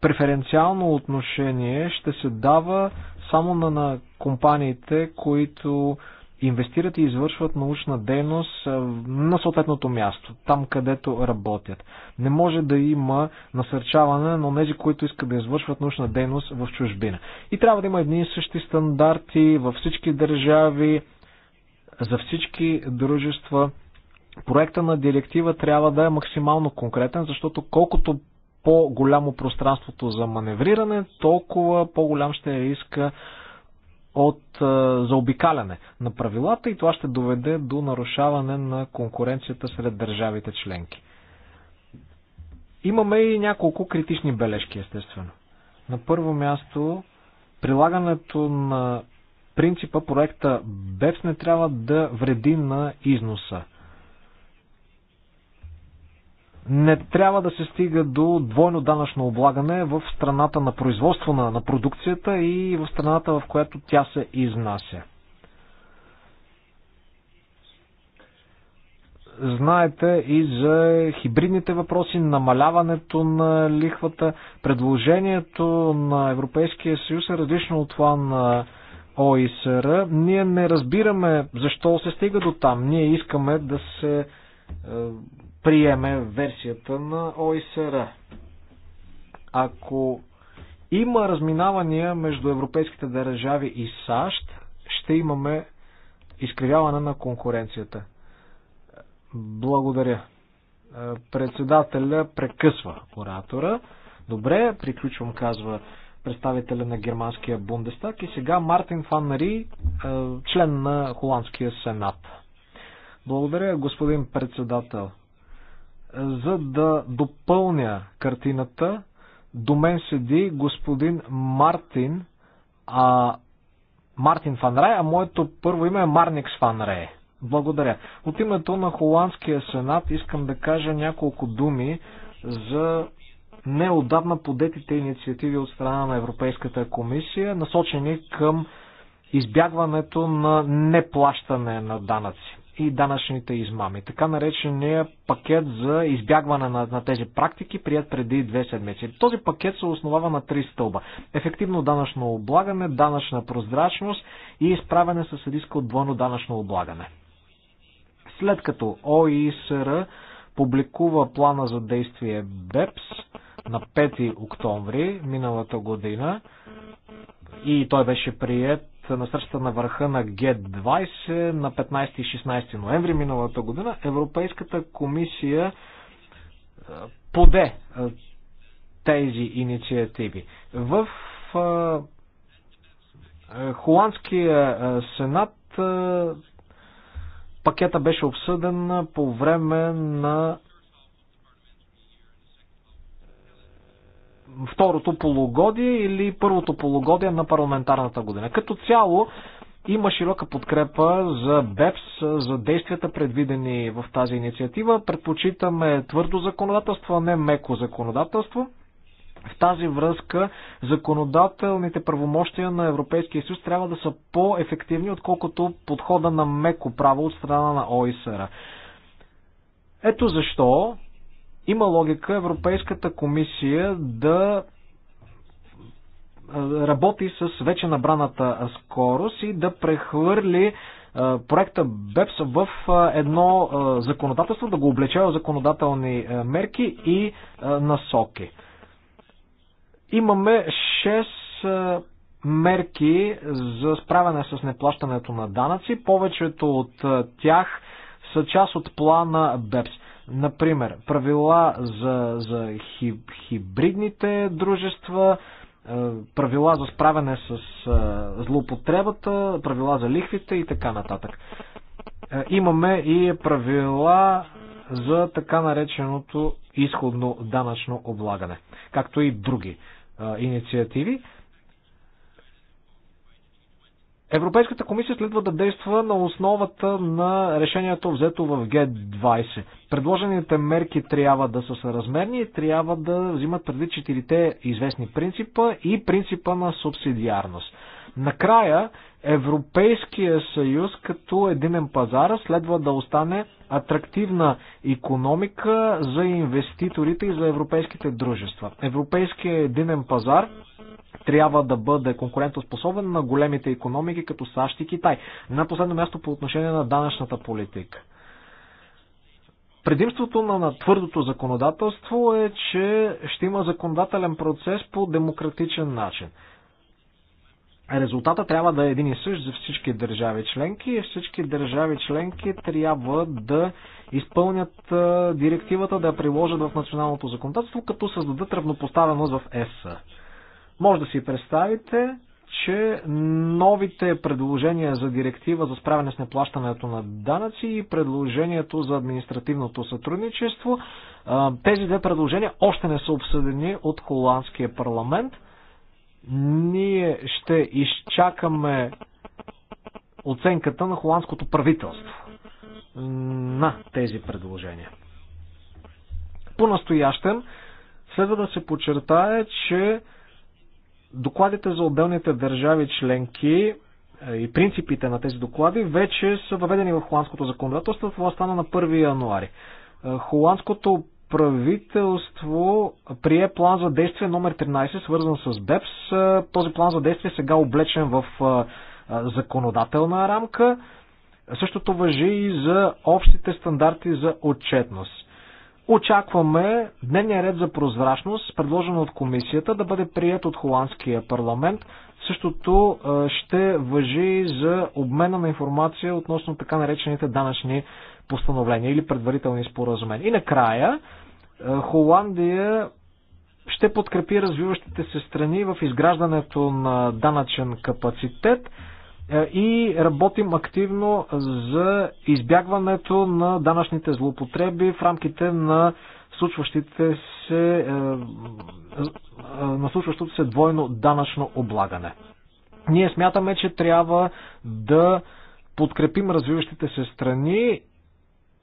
преференциално отношение ще се дава само на, на компаниите, които инвестират и извършват научна дейност на съответното място, там където работят. Не може да има насърчаване на тези, които искат да извършват научна дейност в чужбина. И трябва да има едни и същи стандарти във всички държави, за всички дружества. Проекта на директива трябва да е максимално конкретен, защото колкото по-голямо пространството за маневриране, толкова по-голям ще е иска от е, заобикаляне на правилата и това ще доведе до нарушаване на конкуренцията сред държавите членки. Имаме и няколко критични бележки, естествено. На първо място, прилагането на принципа проекта БЕФС не трябва да вреди на износа не трябва да се стига до двойно данъчно облагане в страната на производство на, на продукцията и в страната, в която тя се изнася. Знаете и за хибридните въпроси, намаляването на лихвата. Предложението на Европейския съюз е различно от това на ОИСР. Ние не разбираме защо се стига до там. Ние искаме да се е, приеме версията на ОИСР. Ако има разминавания между европейските държави и САЩ, ще имаме изкривяване на конкуренцията. Благодаря. Председателя прекъсва оратора. Добре, приключвам, казва представителя на германския Бундестаг и сега Мартин Фаннари, е, член на Холандския сенат. Благодаря, господин председател за да допълня картината. До мен седи господин Мартин, а Мартин Рай, а моето първо име е Марникс Рай. Благодаря. От името на Холандския сенат искам да кажа няколко думи за неодавна подетите инициативи от страна на Европейската комисия, насочени към избягването на неплащане на данъци и данъчните измами. Така наречения пакет за избягване на, на тези практики, прият преди две седмици. Този пакет се основава на три стълба. Ефективно данъчно облагане, данъчна прозрачност и изправяне с риска от двойно данъчно облагане. След като ОИСР публикува плана за действие БЕПС на 5 октомври миналата година и той беше прият на срещата на върха на Г20 на 15 и 16 ноември миналата година, Европейската комисия е, поде е, тези инициативи. В е, Холандския сенат пакета беше обсъден по време на второто полугодие или първото полугодие на парламентарната година. Като цяло има широка подкрепа за БЕПС, за действията предвидени в тази инициатива. Предпочитаме твърдо законодателство, а не меко законодателство. В тази връзка законодателните правомощия на Европейския съюз трябва да са по-ефективни, отколкото подхода на меко право от страна на ОИСР. Ето защо има логика Европейската комисия да работи с вече набраната скорост и да прехвърли проекта БЕПС в едно законодателство, да го облечава законодателни мерки и насоки. Имаме 6 мерки за справяне с неплащането на данъци. Повечето от тях са част от плана БЕПС. Например, правила за, за хиб, хибридните дружества, е, правила за справяне с е, злоупотребата, правила за лихвите и така нататък. Е, имаме и правила за така нареченото изходно данъчно облагане, както и други инициативи. Европейската комисия следва да действа на основата на решението взето в Г20. Предложените мерки трябва да са съразмерни и трябва да взимат преди четирите известни принципа и принципа на субсидиарност. Накрая Европейския съюз като единен пазар следва да остане атрактивна економика за инвеститорите и за европейските дружества. Европейския единен пазар трябва да бъде конкурентоспособен на големите економики като САЩ и Китай. На последно място по отношение на данъчната политика. Предимството на твърдото законодателство е, че ще има законодателен процес по демократичен начин резултата трябва да е един и същ за всички държави членки и всички държави членки трябва да изпълнят директивата, да я приложат в националното законодателство, като създадат равнопоставеност в ЕС. Може да си представите, че новите предложения за директива за справяне с неплащането на данъци и предложението за административното сътрудничество, тези две предложения още не са обсъдени от холандския парламент – ние ще изчакаме оценката на холандското правителство на тези предложения. по настоящен следва да се подчертае, че докладите за отделните държави членки е, и принципите на тези доклади вече са въведени в холандското законодателство. Това стана на 1 януари. Е, холандското правителство прие план за действие номер 13, свързан с БЕПС. Този план за действие е сега облечен в законодателна рамка. Същото въжи и за общите стандарти за отчетност. Очакваме дневния ред за прозрачност, предложен от комисията, да бъде прият от холандския парламент. Същото ще въжи за обмена на информация относно така наречените данъчни постановления или предварителни споразумения. И накрая, е, Холандия ще подкрепи развиващите се страни в изграждането на данъчен капацитет е, и работим активно за избягването на данъчните злоупотреби в рамките на случващите се, е, на случващото се двойно данъчно облагане. Ние смятаме, че трябва да подкрепим развиващите се страни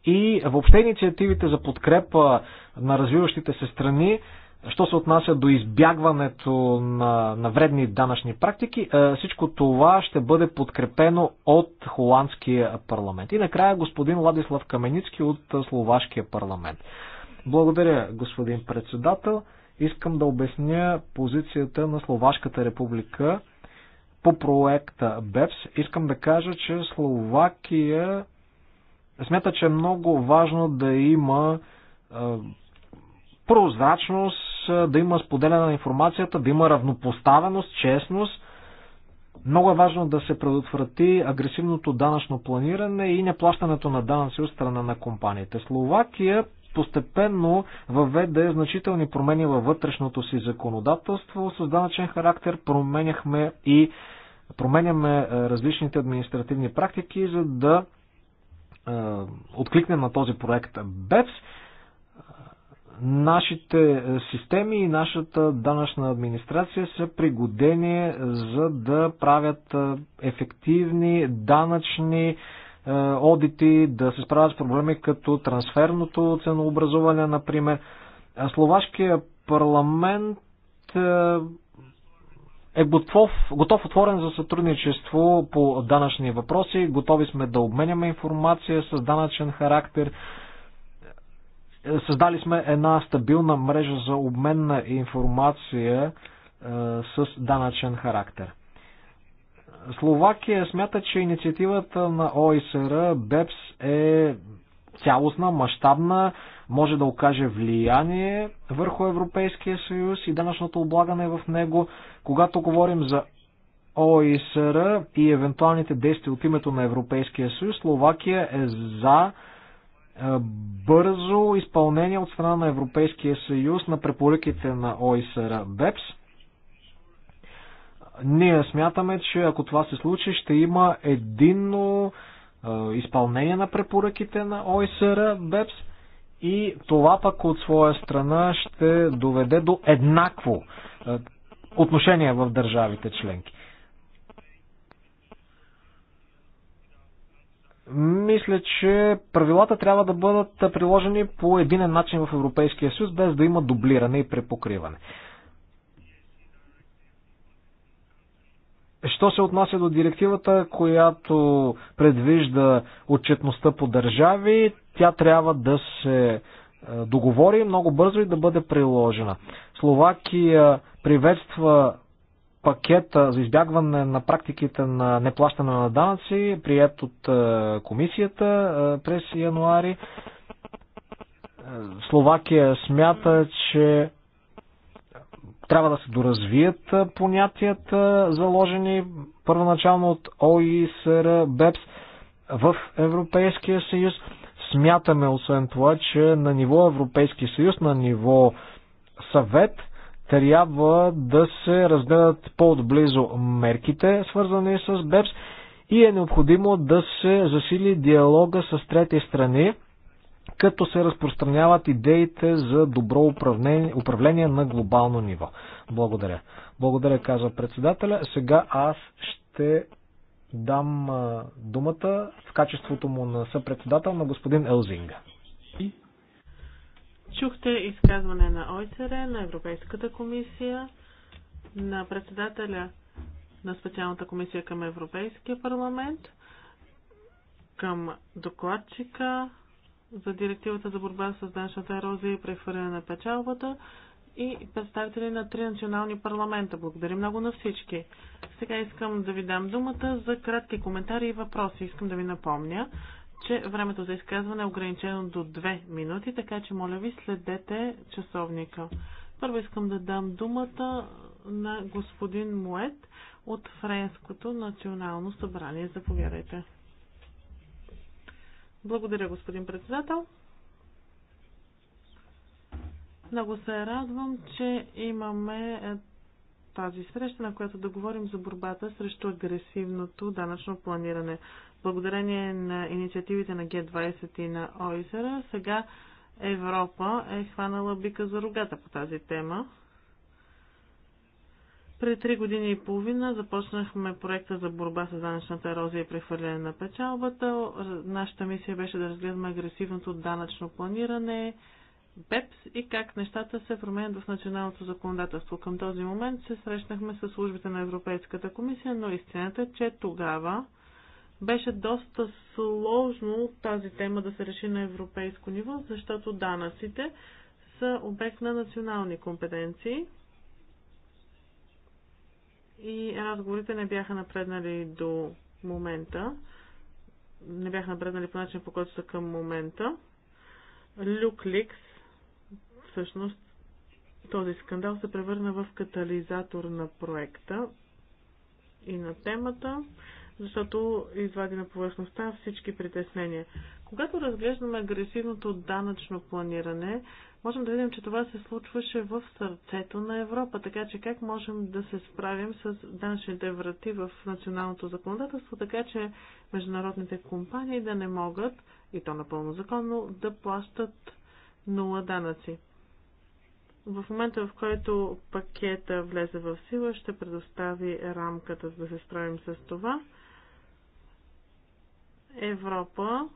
и въобще инициативите за подкрепа на развиващите се страни, що се отнася до избягването на, на вредни данъчни практики, е, всичко това ще бъде подкрепено от холандския парламент. И накрая господин Владислав Каменицки от словашкия парламент. Благодаря, господин председател. Искам да обясня позицията на Словашката република по проекта БЕПС. Искам да кажа, че Словакия смята, че е много важно да има прозрачност, да има споделяне на информацията, да има равнопоставеност, честност. Много е важно да се предотврати агресивното данъчно планиране и неплащането на данъци от страна на компаниите. Словакия постепенно въведе значителни промени във вътрешното си законодателство с данъчен характер. Променяхме и променяме различните административни практики, за да е, откликнем на този проект БЕЦ, е, нашите системи и нашата данъчна администрация са пригодени за да правят е, ефективни данъчни одити, да се справят с проблеми като трансферното ценообразуване, например. Словашкия парламент е готов, готов отворен за сътрудничество по данъчни въпроси. Готови сме да обменяме информация с данъчен характер. Създали сме една стабилна мрежа за обмен на информация е, с данъчен характер. Словакия смята, че инициативата на ОИСР БЕПС е цялостна, мащабна, може да окаже влияние върху Европейския съюз и данъчното облагане в него. Когато говорим за ОИСР и евентуалните действия от името на Европейския съюз, Словакия е за е, бързо изпълнение от страна на Европейския съюз на препоръките на ОИСР БЕПС. Ние смятаме, че ако това се случи, ще има единно е, изпълнение на препоръките на ОИСР БЕПС и това пък от своя страна ще доведе до еднакво е, отношения в държавите членки. Мисля, че правилата трябва да бъдат приложени по един начин в Европейския съюз, без да има дублиране и препокриване. Що се отнася до директивата, която предвижда отчетността по държави, тя трябва да се е, договори много бързо и да бъде приложена. Словакия приветства пакета за избягване на практиките на неплащане на данъци, прият от е, комисията е, през януари. Словакия смята, че трябва да се доразвият понятията, заложени първоначално от ОИСР, БЕПС в Европейския съюз. Смятаме освен това, че на ниво Европейски съюз, на ниво съвет, трябва да се разгледат по-отблизо мерките, свързани с БЕПС и е необходимо да се засили диалога с трети страни, като се разпространяват идеите за добро управление, управление на глобално ниво. Благодаря. Благодаря, каза председателя. Сега аз ще дам думата в качеството му на съпредседател на господин Елзинга. Чухте изказване на ОИЦР, на Европейската комисия, на председателя на специалната комисия към Европейския парламент, към докладчика за директивата за борба с данъчната ерозия и прехвърляне на печалбата и представители на три национални парламента. Благодаря много на всички. Сега искам да ви дам думата за кратки коментари и въпроси. Искам да ви напомня, че времето за изказване е ограничено до 2 минути, така че моля ви следете часовника. Първо искам да дам думата на господин Мует от Френското национално събрание. Заповядайте. Благодаря, господин председател. Много се радвам, че имаме е, тази среща, на която да говорим за борбата срещу агресивното данъчно планиране. Благодарение на инициативите на Г20 и на ОИСР, сега Европа е хванала бика за рогата по тази тема. При три години и половина започнахме проекта за борба с данъчната ерозия и прехвърляне на печалбата. Нашата мисия беше да разгледаме агресивното данъчно планиране, БЕПС и как нещата се променят в националното законодателство. Към този момент се срещнахме с службите на Европейската комисия, но истината е, че тогава беше доста сложно тази тема да се реши на европейско ниво, защото данъците са обект на национални компетенции и разговорите не бяха напреднали до момента. Не бяха напреднали по начин, по който са към момента. Ликс всъщност този скандал се превърна в катализатор на проекта и на темата, защото извади на повърхността всички притеснения. Когато разглеждаме агресивното данъчно планиране, можем да видим, че това се случваше в сърцето на Европа, така че как можем да се справим с данъчните врати в националното законодателство, така че международните компании да не могат, и то напълно законно, да плащат нула данъци. В момента, в който пакета влезе в сила, ще предостави рамката, за да се справим с това. Европа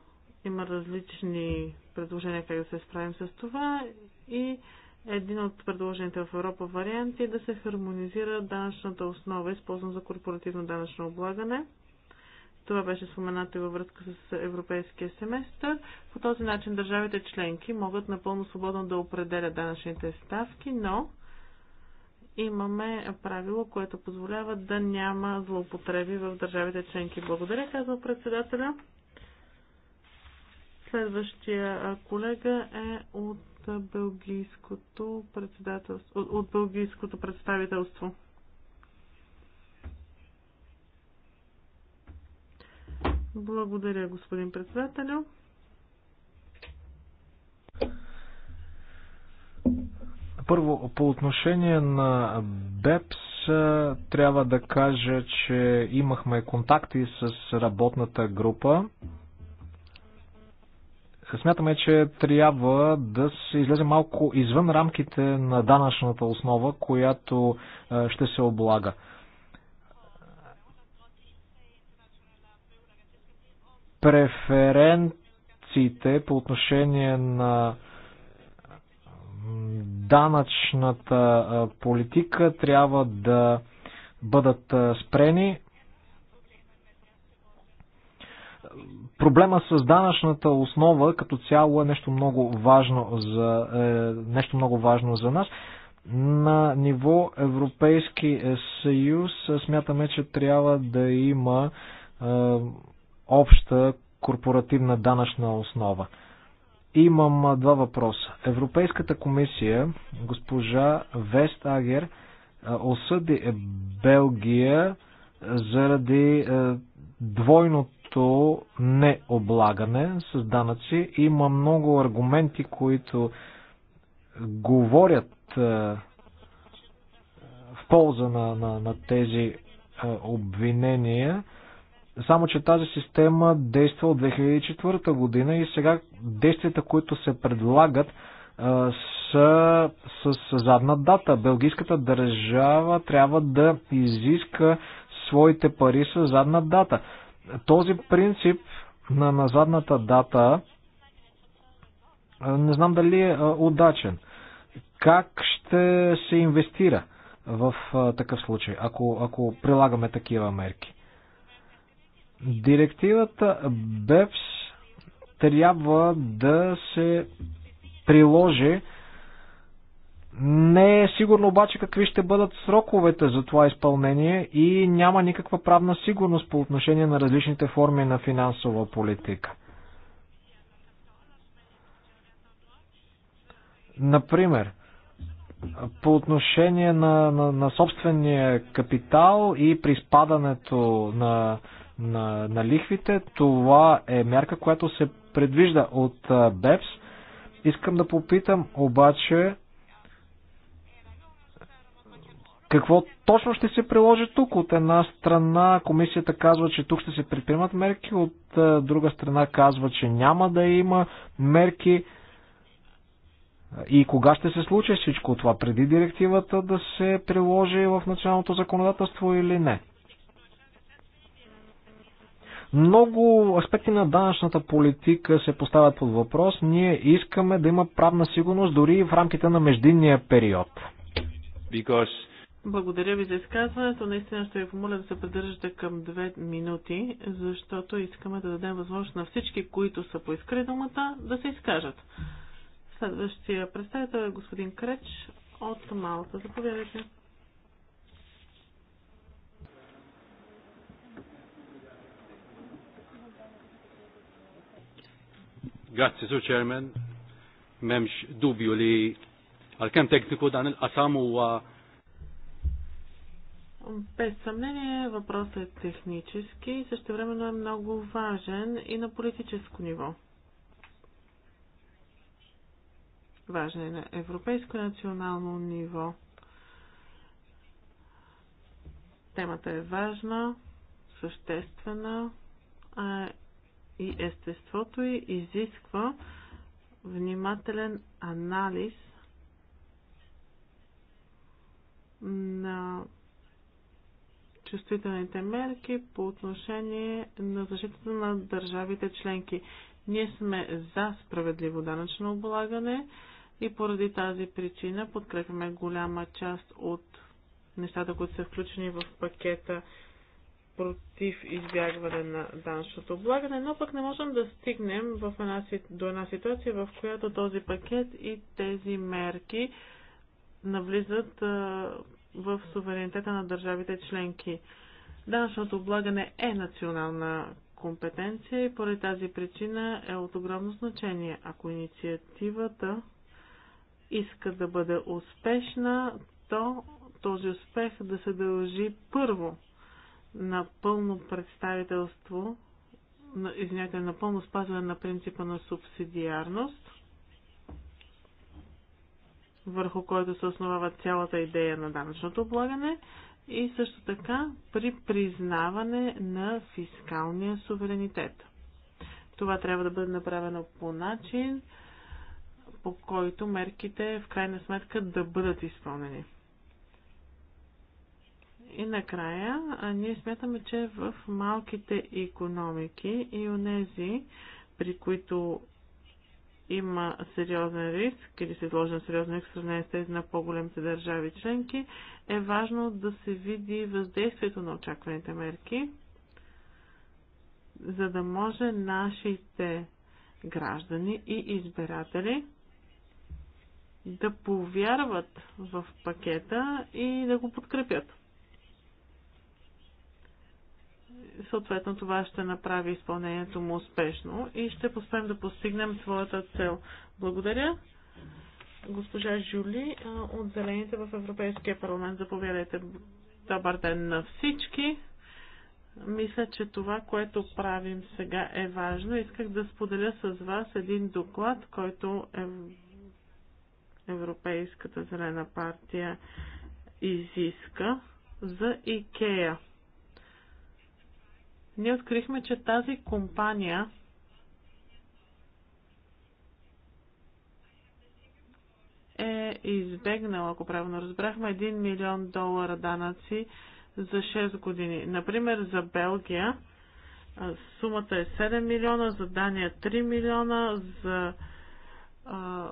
има различни предложения как да се справим с това и един от предложените в Европа варианти е да се хармонизира данъчната основа, използвана за корпоративно данъчно облагане – това беше споменато и във връзка с европейския семестър. По този начин държавите членки могат напълно свободно да определят данъчните ставки, но имаме правило, което позволява да няма злоупотреби в държавите членки. Благодаря, казва председателя. Следващия колега е от белгийското, от белгийското представителство. Благодаря, господин председателю. Първо, по отношение на БЕПС, трябва да кажа, че имахме контакти с работната група. Смятаме, че трябва да се излезе малко извън рамките на данъчната основа, която ще се облага. преференциите по отношение на данъчната политика трябва да бъдат спрени. Проблема с данъчната основа като цяло е нещо много важно за, е, нещо много важно за нас. На ниво Европейски е, съюз е, смятаме, че трябва да има е, обща корпоративна данъчна основа. Имам два въпроса. Европейската комисия, госпожа Вестагер, осъди Белгия заради двойното необлагане с данъци. Има много аргументи, които говорят в полза на, на, на тези обвинения. Само, че тази система действа от 2004 година и сега действията, които се предлагат, са с задна дата. Белгийската държава трябва да изиска своите пари с задна дата. Този принцип на, на задната дата не знам дали е удачен. Как ще се инвестира в такъв случай, ако, ако прилагаме такива мерки? Директивата БЕПС трябва да се приложи. Не е сигурно обаче какви ще бъдат сроковете за това изпълнение и няма никаква правна сигурност по отношение на различните форми на финансова политика. Например, по отношение на, на, на собствения капитал и приспадането на на, на лихвите. Това е мярка, която се предвижда от БЕПС. Искам да попитам обаче какво точно ще се приложи тук? От една страна комисията казва, че тук ще се предприемат мерки, от друга страна казва, че няма да има мерки. И кога ще се случи всичко това? Преди директивата да се приложи в националното законодателство или не? Много аспекти на данъчната политика се поставят под въпрос. Ние искаме да има правна сигурност дори в рамките на междинния период. Because... Благодаря ви за изказването. Наистина ще ви помоля да се придържате към две минути, защото искаме да дадем възможност на всички, които са поискали думата, да се изкажат. Следващия представител е господин Креч от Малта. Заповядайте. Grazzi, Sur Chairman. Memx dubju li għal-kem tekniku dan il-qasam huwa. Без съмнение въпросът е технически и същевременно е много важен и на политическо ниво. Важен е на европейско и национално ниво. Темата е важна, съществена, а и естеството й изисква внимателен анализ на чувствителните мерки по отношение на защитата на държавите членки. Ние сме за справедливо данъчно облагане и поради тази причина подкрепяме голяма част от нещата, които са включени в пакета против избягване на данъчното облагане, но пък не можем да стигнем в една, до една ситуация, в която този пакет и тези мерки навлизат в суверенитета на държавите членки. Данъчното облагане е национална компетенция и поради тази причина е от огромно значение. Ако инициативата иска да бъде успешна, то този успех да се дължи първо на пълно представителство, извинете, на пълно спазване на принципа на субсидиарност, върху който се основава цялата идея на данъчното облагане и също така при признаване на фискалния суверенитет. Това трябва да бъде направено по начин, по който мерките в крайна сметка да бъдат изпълнени. И накрая, а ние смятаме, че в малките економики и онези, при които има сериозен риск или се изложен сериозен риск в сравнение с тези на по-големите държави членки, е важно да се види въздействието на очакваните мерки, за да може нашите граждани и избиратели да повярват в пакета и да го подкрепят съответно това ще направи изпълнението му успешно и ще поставим да постигнем своята цел. Благодаря. Госпожа Жули от Зелените в Европейския парламент, заповядайте. Добър ден на всички. Мисля, че това, което правим сега е важно. Исках да споделя с вас един доклад, който е Европейската зелена партия изиска за Икея ние открихме, че тази компания е избегнала, ако правилно разбрахме, 1 милион долара данъци за 6 години. Например, за Белгия сумата е 7 милиона, за Дания 3 милиона, за а,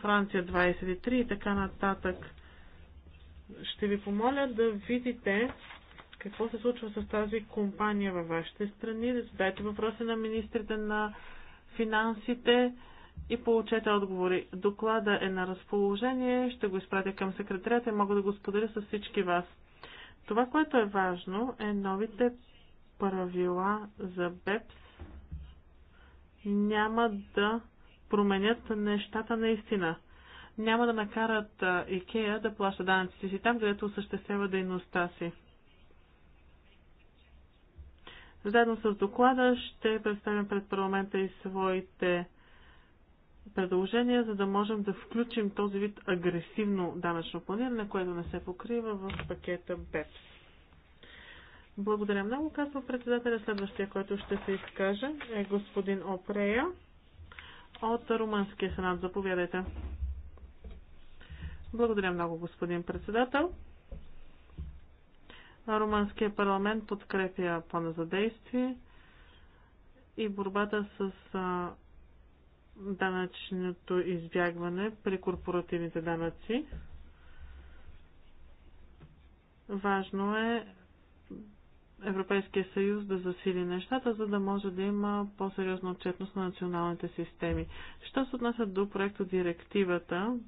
Франция 23 и така нататък. Ще ви помоля да видите какво се случва с тази компания във вашите страни? Да задайте въпроси на министрите на финансите и получете отговори. Доклада е на разположение, ще го изпратя към секретарята и мога да го споделя с всички вас. Това, което е важно, е новите правила за БЕПС няма да променят нещата наистина. Няма да накарат Икея да плаща данъците си там, където осъществява дейността си. Заедно с доклада ще представим пред парламента и своите предложения, за да можем да включим този вид агресивно данъчно планиране, което не се покрива в пакета БЕПС. Благодаря много, казва председателя. Следващия, който ще се изкаже, е господин Опрея от Румънския сенат. Заповядайте. Благодаря много, господин председател. Румънския парламент подкрепя плана за действие и борбата с а, данъчното избягване при корпоративните данъци. Важно е Европейския съюз да засили нещата, за да може да има по-сериозна отчетност на националните системи. Що се отнася до проекта директивата?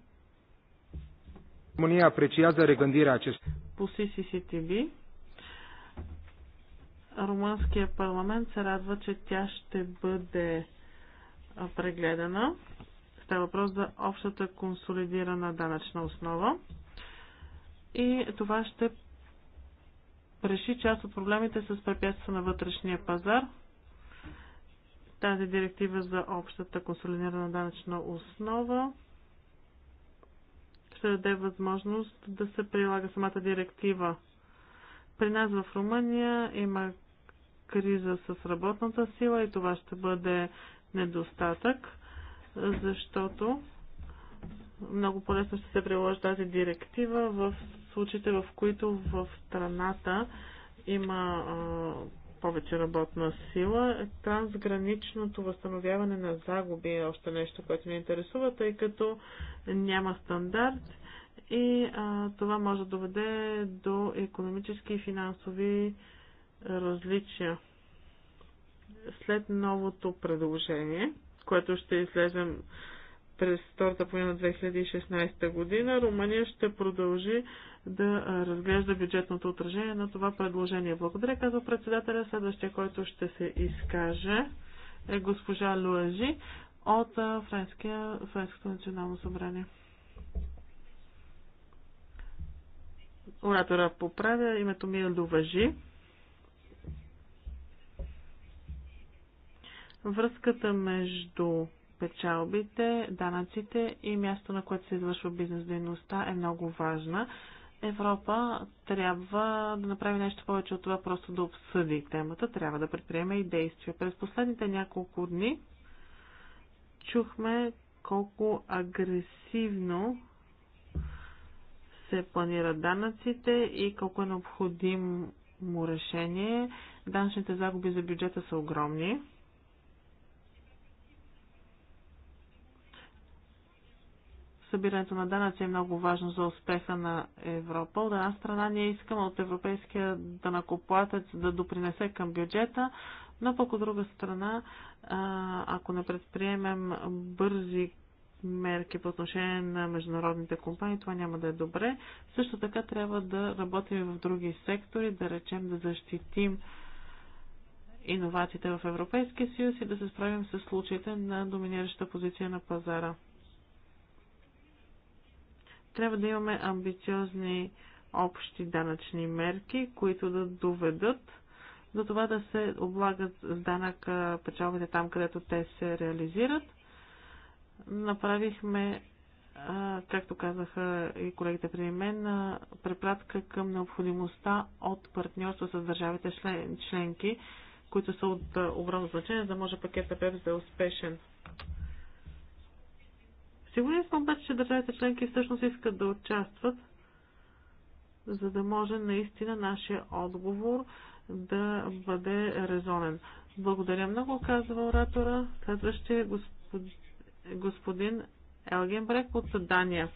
Румъния за регандира, че... По CCCTV Румънския парламент се радва, че тя ще бъде прегледана. Става въпрос за общата консолидирана данъчна основа. И това ще реши част от проблемите с препятства на вътрешния пазар. Тази директива за общата консолидирана данъчна основа ще даде възможност да се прилага самата директива. При нас в Румъния има криза с работната сила и това ще бъде недостатък, защото много по-лесно ще се приложи тази директива в случаите, в които в страната има а, повече работна сила. Трансграничното възстановяване на загуби е още нещо, което ни интересува, тъй като няма стандарт и а, това може да доведе до економически и финансови а, различия след новото предложение, което ще излезем през втората половина 2016 година, Румъния ще продължи да разглежда бюджетното отражение на това предложение. Благодаря, казва председателя. Следващия, който ще се изкаже е госпожа Луажи от Френския, Френското национално събрание. Оратора поправя, името ми е Луважи. връзката между печалбите, данъците и място, на което се извършва бизнес дейността е много важна. Европа трябва да направи нещо повече от това, просто да обсъди темата, трябва да предприеме и действия. През последните няколко дни чухме колко агресивно се планират данъците и колко е необходимо решение. Данъчните загуби за бюджета са огромни. събирането на данъци е много важно за успеха на Европа. От една страна ние искаме от европейския данакоплатец да допринесе към бюджета, но пък от друга страна, ако не предприемем бързи мерки по отношение на международните компании, това няма да е добре. Също така трябва да работим в други сектори, да речем да защитим иновациите в Европейския съюз и да се справим с случаите на доминираща позиция на пазара. Трябва да имаме амбициозни общи данъчни мерки, които да доведат до това да се облагат с данък печалбите там, където те се реализират. Направихме, както казаха и колегите преди мен, препратка към необходимостта от партньорство с държавите членки, които са от огромно значение, за да може пакета ПЕП да е успешен. Сигурен съм обаче, че държавите членки всъщност искат да участват, за да може наистина нашия отговор да бъде резонен. Благодаря много, казва оратора. Следващия е господин Елгенбрек от Дания.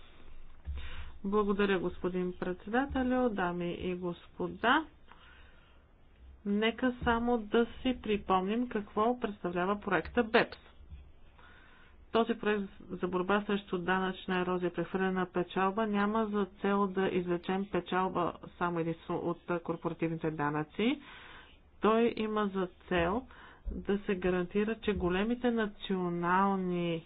Благодаря, господин председателю, дами и господа. Нека само да си припомним какво представлява проекта БЕПС. Този проект за борба срещу данъчна ерозия, прехвърлена печалба, няма за цел да извлечем печалба само единствено от корпоративните данъци. Той има за цел да се гарантира, че големите национални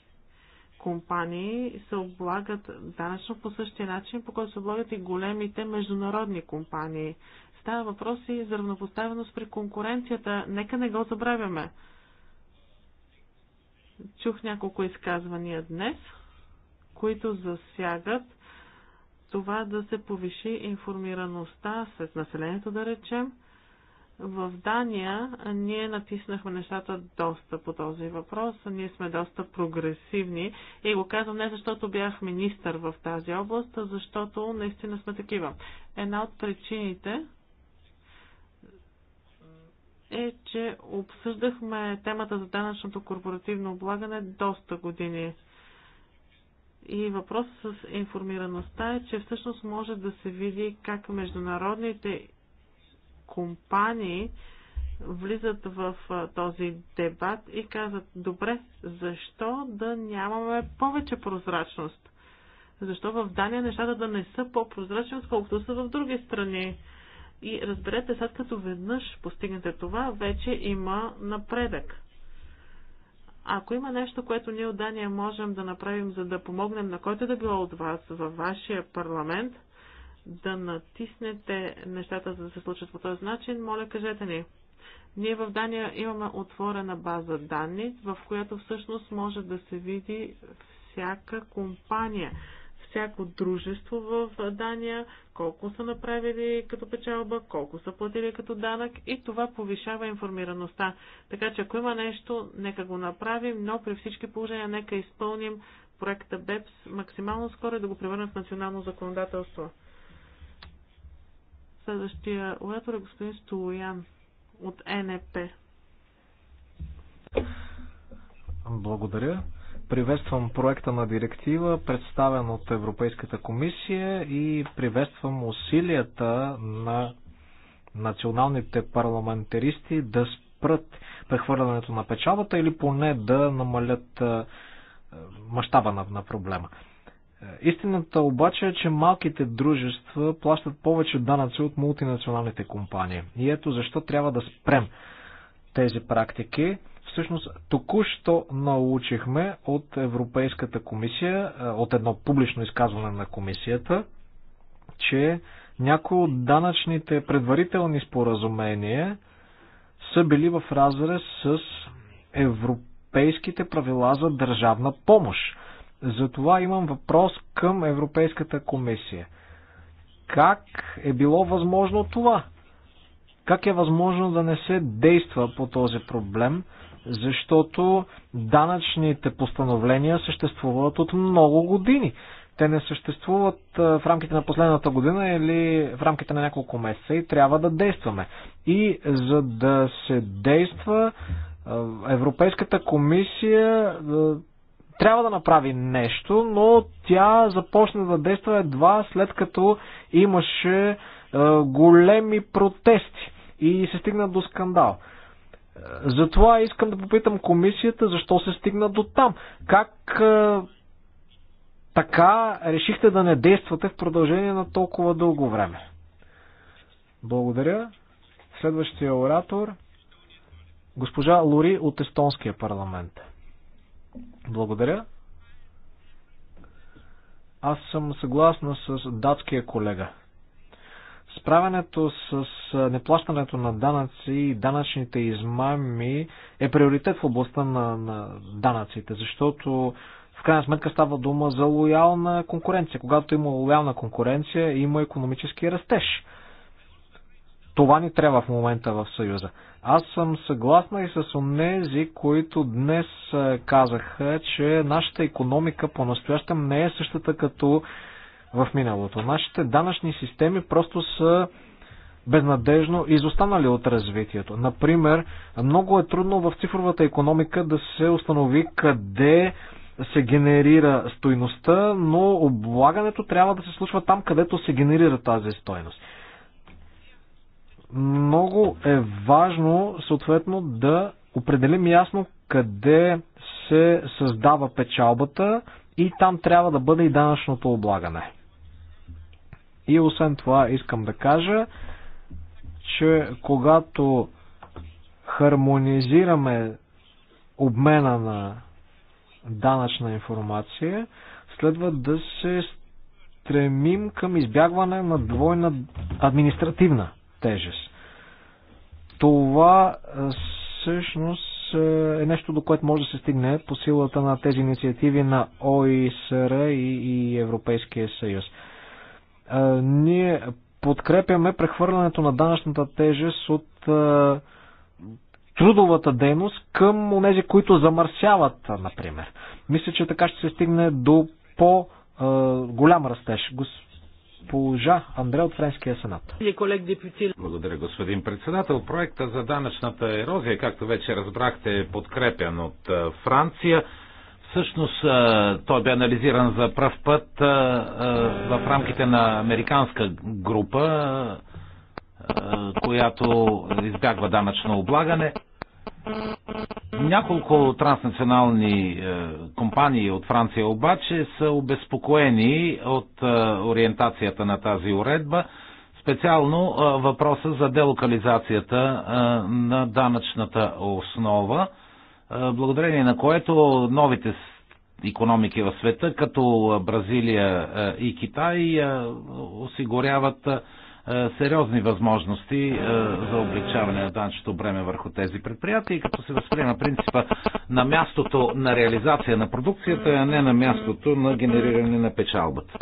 компании се облагат данъчно по същия начин, по който се облагат и големите международни компании. Става въпрос и за равнопоставеност при конкуренцията. Нека не го забравяме. Чух няколко изказвания днес, които засягат това да се повиши информираността сред населението, да речем. В Дания ние натиснахме нещата доста по този въпрос. Ние сме доста прогресивни и го казвам не защото бях министър в тази област, а защото наистина сме такива. Една от причините, е, че обсъждахме темата за данъчното корпоративно облагане доста години. И въпросът с информираността е, че всъщност може да се види как международните компании влизат в този дебат и казват, добре, защо да нямаме повече прозрачност? Защо в Дания нещата да не са по-прозрачни, отколкото са в други страни? И разберете, след като веднъж постигнете това, вече има напредък. Ако има нещо, което ние от Дания можем да направим, за да помогнем на който да било от вас във вашия парламент, да натиснете нещата, за да се случат по този начин, моля кажете ни. Ние в Дания имаме отворена база данни, в която всъщност може да се види всяка компания, всяко дружество в Дания, колко са направили като печалба, колко са платили като данък и това повишава информираността. Така че ако има нещо, нека го направим, но при всички положения нека изпълним проекта БЕПС максимално скоро и да го превърнем в национално законодателство. Следващия оратор е господин Столоян от НЕП. Благодаря. Приветствам проекта на директива, представен от Европейската комисия и приветствам усилията на националните парламентаристи да спрат прехвърлянето на печалбата или поне да намалят мащаба на, на проблема. Истината обаче е, че малките дружества плащат повече данъци от мултинационалните компании. И ето защо трябва да спрем тези практики. Всъщност, току-що научихме от Европейската комисия, е, от едно публично изказване на комисията, че някои от данъчните предварителни споразумения са били в разрез с европейските правила за държавна помощ. Затова имам въпрос към Европейската комисия. Как е било възможно това? Как е възможно да не се действа по този проблем? защото данъчните постановления съществуват от много години. Те не съществуват в рамките на последната година или в рамките на няколко месеца и трябва да действаме. И за да се действа, Европейската комисия трябва да направи нещо, но тя започна да действа едва след като имаше големи протести и се стигна до скандал. Затова искам да попитам комисията, защо се стигна до там. Как така решихте да не действате в продължение на толкова дълго време? Благодаря. Следващия оратор. Госпожа Лори от Естонския парламент. Благодаря. Аз съм съгласна с датския колега. Справянето с неплащането на данъци и данъчните измами е приоритет в областта на, на данъците, защото в крайна сметка става дума за лоялна конкуренция. Когато има лоялна конкуренция, има економически растеж. Това ни трябва в момента в Съюза. Аз съм съгласна и с онези, които днес казаха, че нашата економика по-настоящем не е същата като в миналото. Нашите данъчни системи просто са безнадежно изостанали от развитието. Например, много е трудно в цифровата економика да се установи къде се генерира стойността, но облагането трябва да се случва там, където се генерира тази стойност. Много е важно, съответно, да определим ясно къде се създава печалбата и там трябва да бъде и данъчното облагане. И освен това искам да кажа, че когато хармонизираме обмена на данъчна информация, следва да се стремим към избягване на двойна административна тежест. Това всъщност е нещо, до което може да се стигне по силата на тези инициативи на ОИСР и Европейския съюз ние подкрепяме прехвърлянето на данъчната тежест от трудовата дейност към тези, които замърсяват, например. Мисля, че така ще се стигне до по-голям растеж. Госпожа Андре от Френския сенат. Благодаря, господин председател. Проекта за данъчната ерозия, както вече разбрахте, е подкрепен от Франция. Всъщност той бе анализиран за пръв път в рамките на американска група, която избягва данъчно облагане. Няколко транснационални компании от Франция обаче са обезпокоени от ориентацията на тази уредба, специално въпроса за делокализацията на данъчната основа – благодарение на което новите економики в света, като Бразилия и Китай, осигуряват сериозни възможности за облегчаване на данчето бреме върху тези предприятия и като се възприема принципа на мястото на реализация на продукцията, а не на мястото на генериране на печалбата.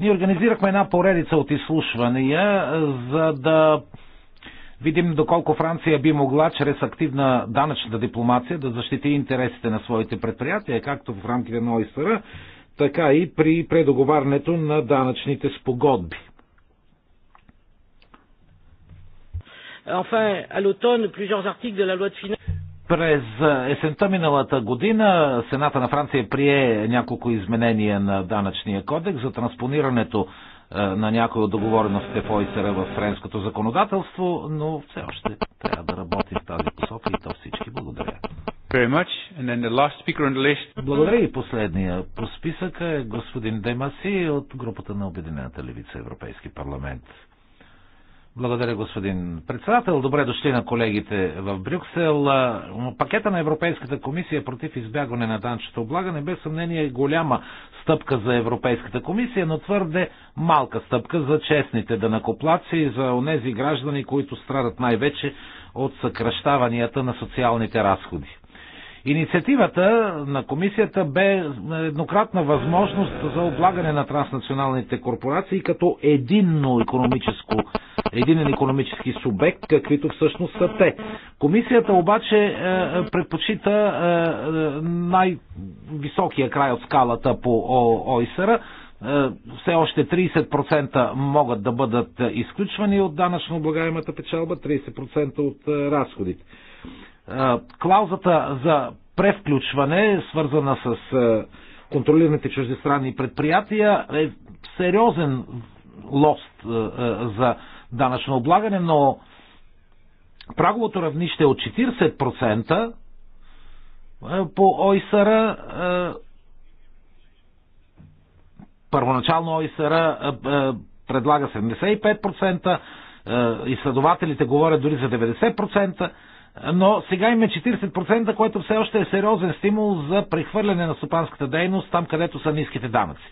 Ние организирахме една поредица от изслушвания, за да видим доколко Франция би могла чрез активна данъчна дипломация да защити интересите на своите предприятия, както в рамките на ОИСР, така и при предоговарянето на данъчните спогодби. Enfin, à l'automne, plusieurs articles de la loi de finances през есента миналата година Сената на Франция прие няколко изменения на данъчния кодекс за транспонирането е, на някои от договореностите по ИСР в френското законодателство, но все още трябва да работи в тази посока и то всички благодаря. The благодаря и последния по списъка е господин Демаси от групата на Обединената левица Европейски парламент. Благодаря, господин председател. Добре дошли на колегите в Брюксел. Пакета на Европейската комисия против избягване на данчето облагане без съмнение е голяма стъпка за Европейската комисия, но твърде малка стъпка за честните данакоплаци и за онези граждани, които страдат най-вече от съкръщаванията на социалните разходи. Инициативата на комисията бе еднократна възможност за облагане на транснационалните корпорации като единно економическо, единен економически субект, каквито всъщност са те. Комисията обаче е, предпочита е, най-високия край от скалата по ОИСР, е, все още 30% могат да бъдат изключвани от данъчно облагаемата печалба, 30% от разходите. Клаузата за превключване, свързана с контролираните чуждестранни предприятия, е сериозен лост за данъчно облагане, но праговото равнище от 40% по ОИСР първоначално ОИСР предлага 75%, изследователите говорят дори за 90% но сега има 40%, което все още е сериозен стимул за прехвърляне на стопанската дейност там, където са ниските данъци.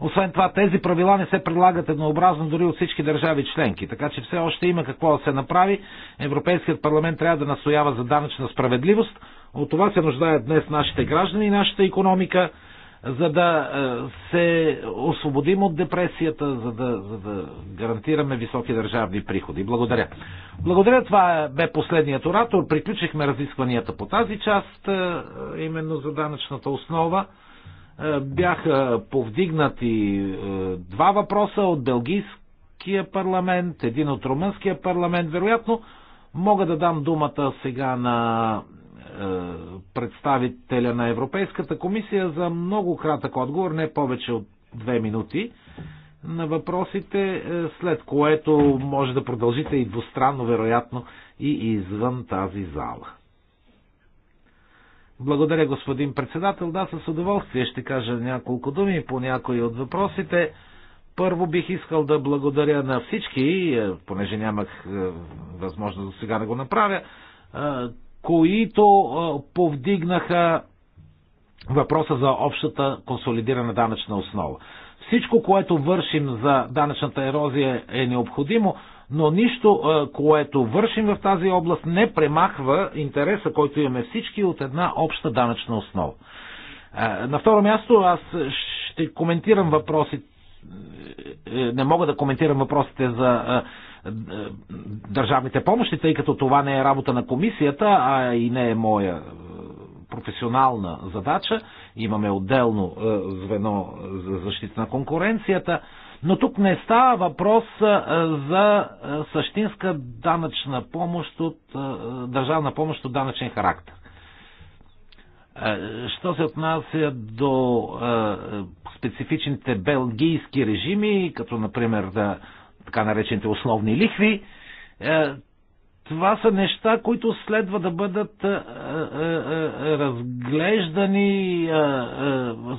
Освен това, тези правила не се предлагат еднообразно дори от всички държави членки, така че все още има какво да се направи. Европейският парламент трябва да настоява за данъчна справедливост. От това се нуждаят днес нашите граждани и нашата економика за да е, се освободим от депресията, за да, за да гарантираме високи държавни приходи. Благодаря. Благодаря, това бе последният оратор. Приключихме разискванията по тази част, е, е, именно за данъчната основа. Бяха повдигнати два въпроса от Белгийския парламент, един от Румънския парламент. Вероятно, мога да дам думата сега на е, представителя на Европейската комисия за много кратък отговор, не повече от две минути на въпросите, е, след което може да продължите и двустранно, вероятно, и извън тази зала. Благодаря, господин председател. Да, с удоволствие ще кажа няколко думи по някои от въпросите. Първо бих искал да благодаря на всички, е, понеже нямах възможност до сега да го направя, които повдигнаха въпроса за общата консолидирана данъчна основа. Всичко, което вършим за данъчната ерозия е необходимо, но нищо, което вършим в тази област, не премахва интереса, който имаме всички от една обща данъчна основа. На второ място аз ще коментирам въпросите, е, не мога да коментирам въпросите за държавните помощи, тъй като това не е работа на комисията, а и не е моя е, професионална задача. Имаме отделно е, звено за защита на конкуренцията. Но тук не става въпрос е, за същинска данъчна помощ от държавна помощ от данъчен характер. Що се отнася до специфичните белгийски режими, като например да така наречените основни лихви, е, това са неща, които следва да бъдат е, е, разглеждани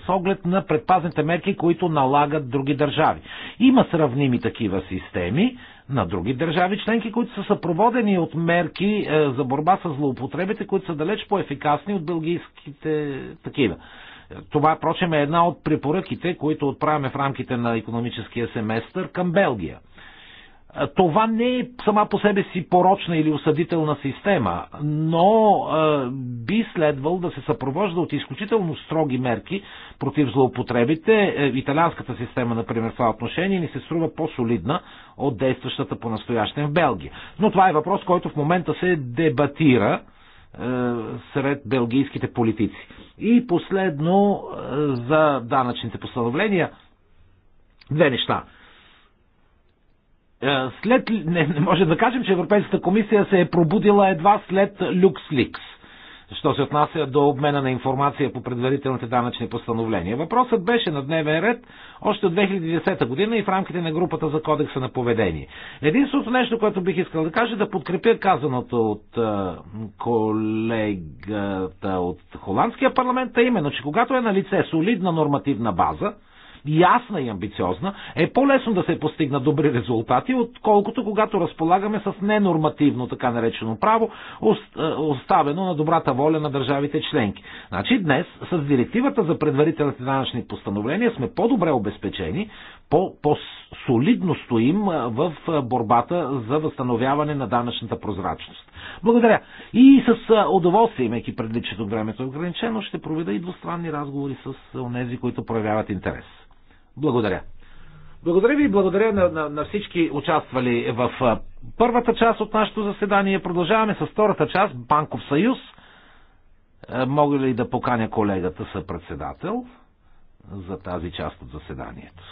с оглед на предпазните мерки, които налагат други държави. Има сравними такива системи на други държави членки, които са съпроводени от мерки за борба с злоупотребите, които са далеч по-ефикасни от бългийските такива. Това, прочем, е една от препоръките, които отправяме в рамките на економическия семестър към Белгия – това не е сама по себе си порочна или осъдителна система, но е, би следвал да се съпровожда от изключително строги мерки против злоупотребите. Е, италианската система, например, в това отношение ни се струва по-солидна от действащата по-настоящен в Белгия. Но това е въпрос, който в момента се дебатира е, сред белгийските политици. И последно е, за данъчните постановления. Две неща – е, след, не, не може да кажем, че Европейската комисия се е пробудила едва след Люксликс, що се отнася до обмена на информация по предварителните данъчни постановления. Въпросът беше на дневен ред още от 2010 година и в рамките на групата за кодекса на поведение. Единственото нещо, което бих искал да кажа, е да подкрепя казаното от е, колегата от Холандския парламент, а именно, че когато е на лице солидна нормативна база, ясна и амбициозна, е по-лесно да се постигнат добри резултати, отколкото когато разполагаме с ненормативно така наречено право, е, оставено на добрата воля на държавите членки. Значи днес с директивата за предварителните данъчни постановления сме по-добре обезпечени, по-солидно -по стоим е, в е, борбата за възстановяване на данъчната прозрачност. Благодаря. И с удоволствие, имайки предвид, че времето е ограничено, ще проведа и двустранни разговори с онези, които проявяват интерес. Благодаря. Благодаря ви и благодаря на, на, на всички участвали в а, първата част от нашето заседание. Продължаваме с втората част Банков съюз. А, мога ли да поканя колегата съпредседател за тази част от заседанието?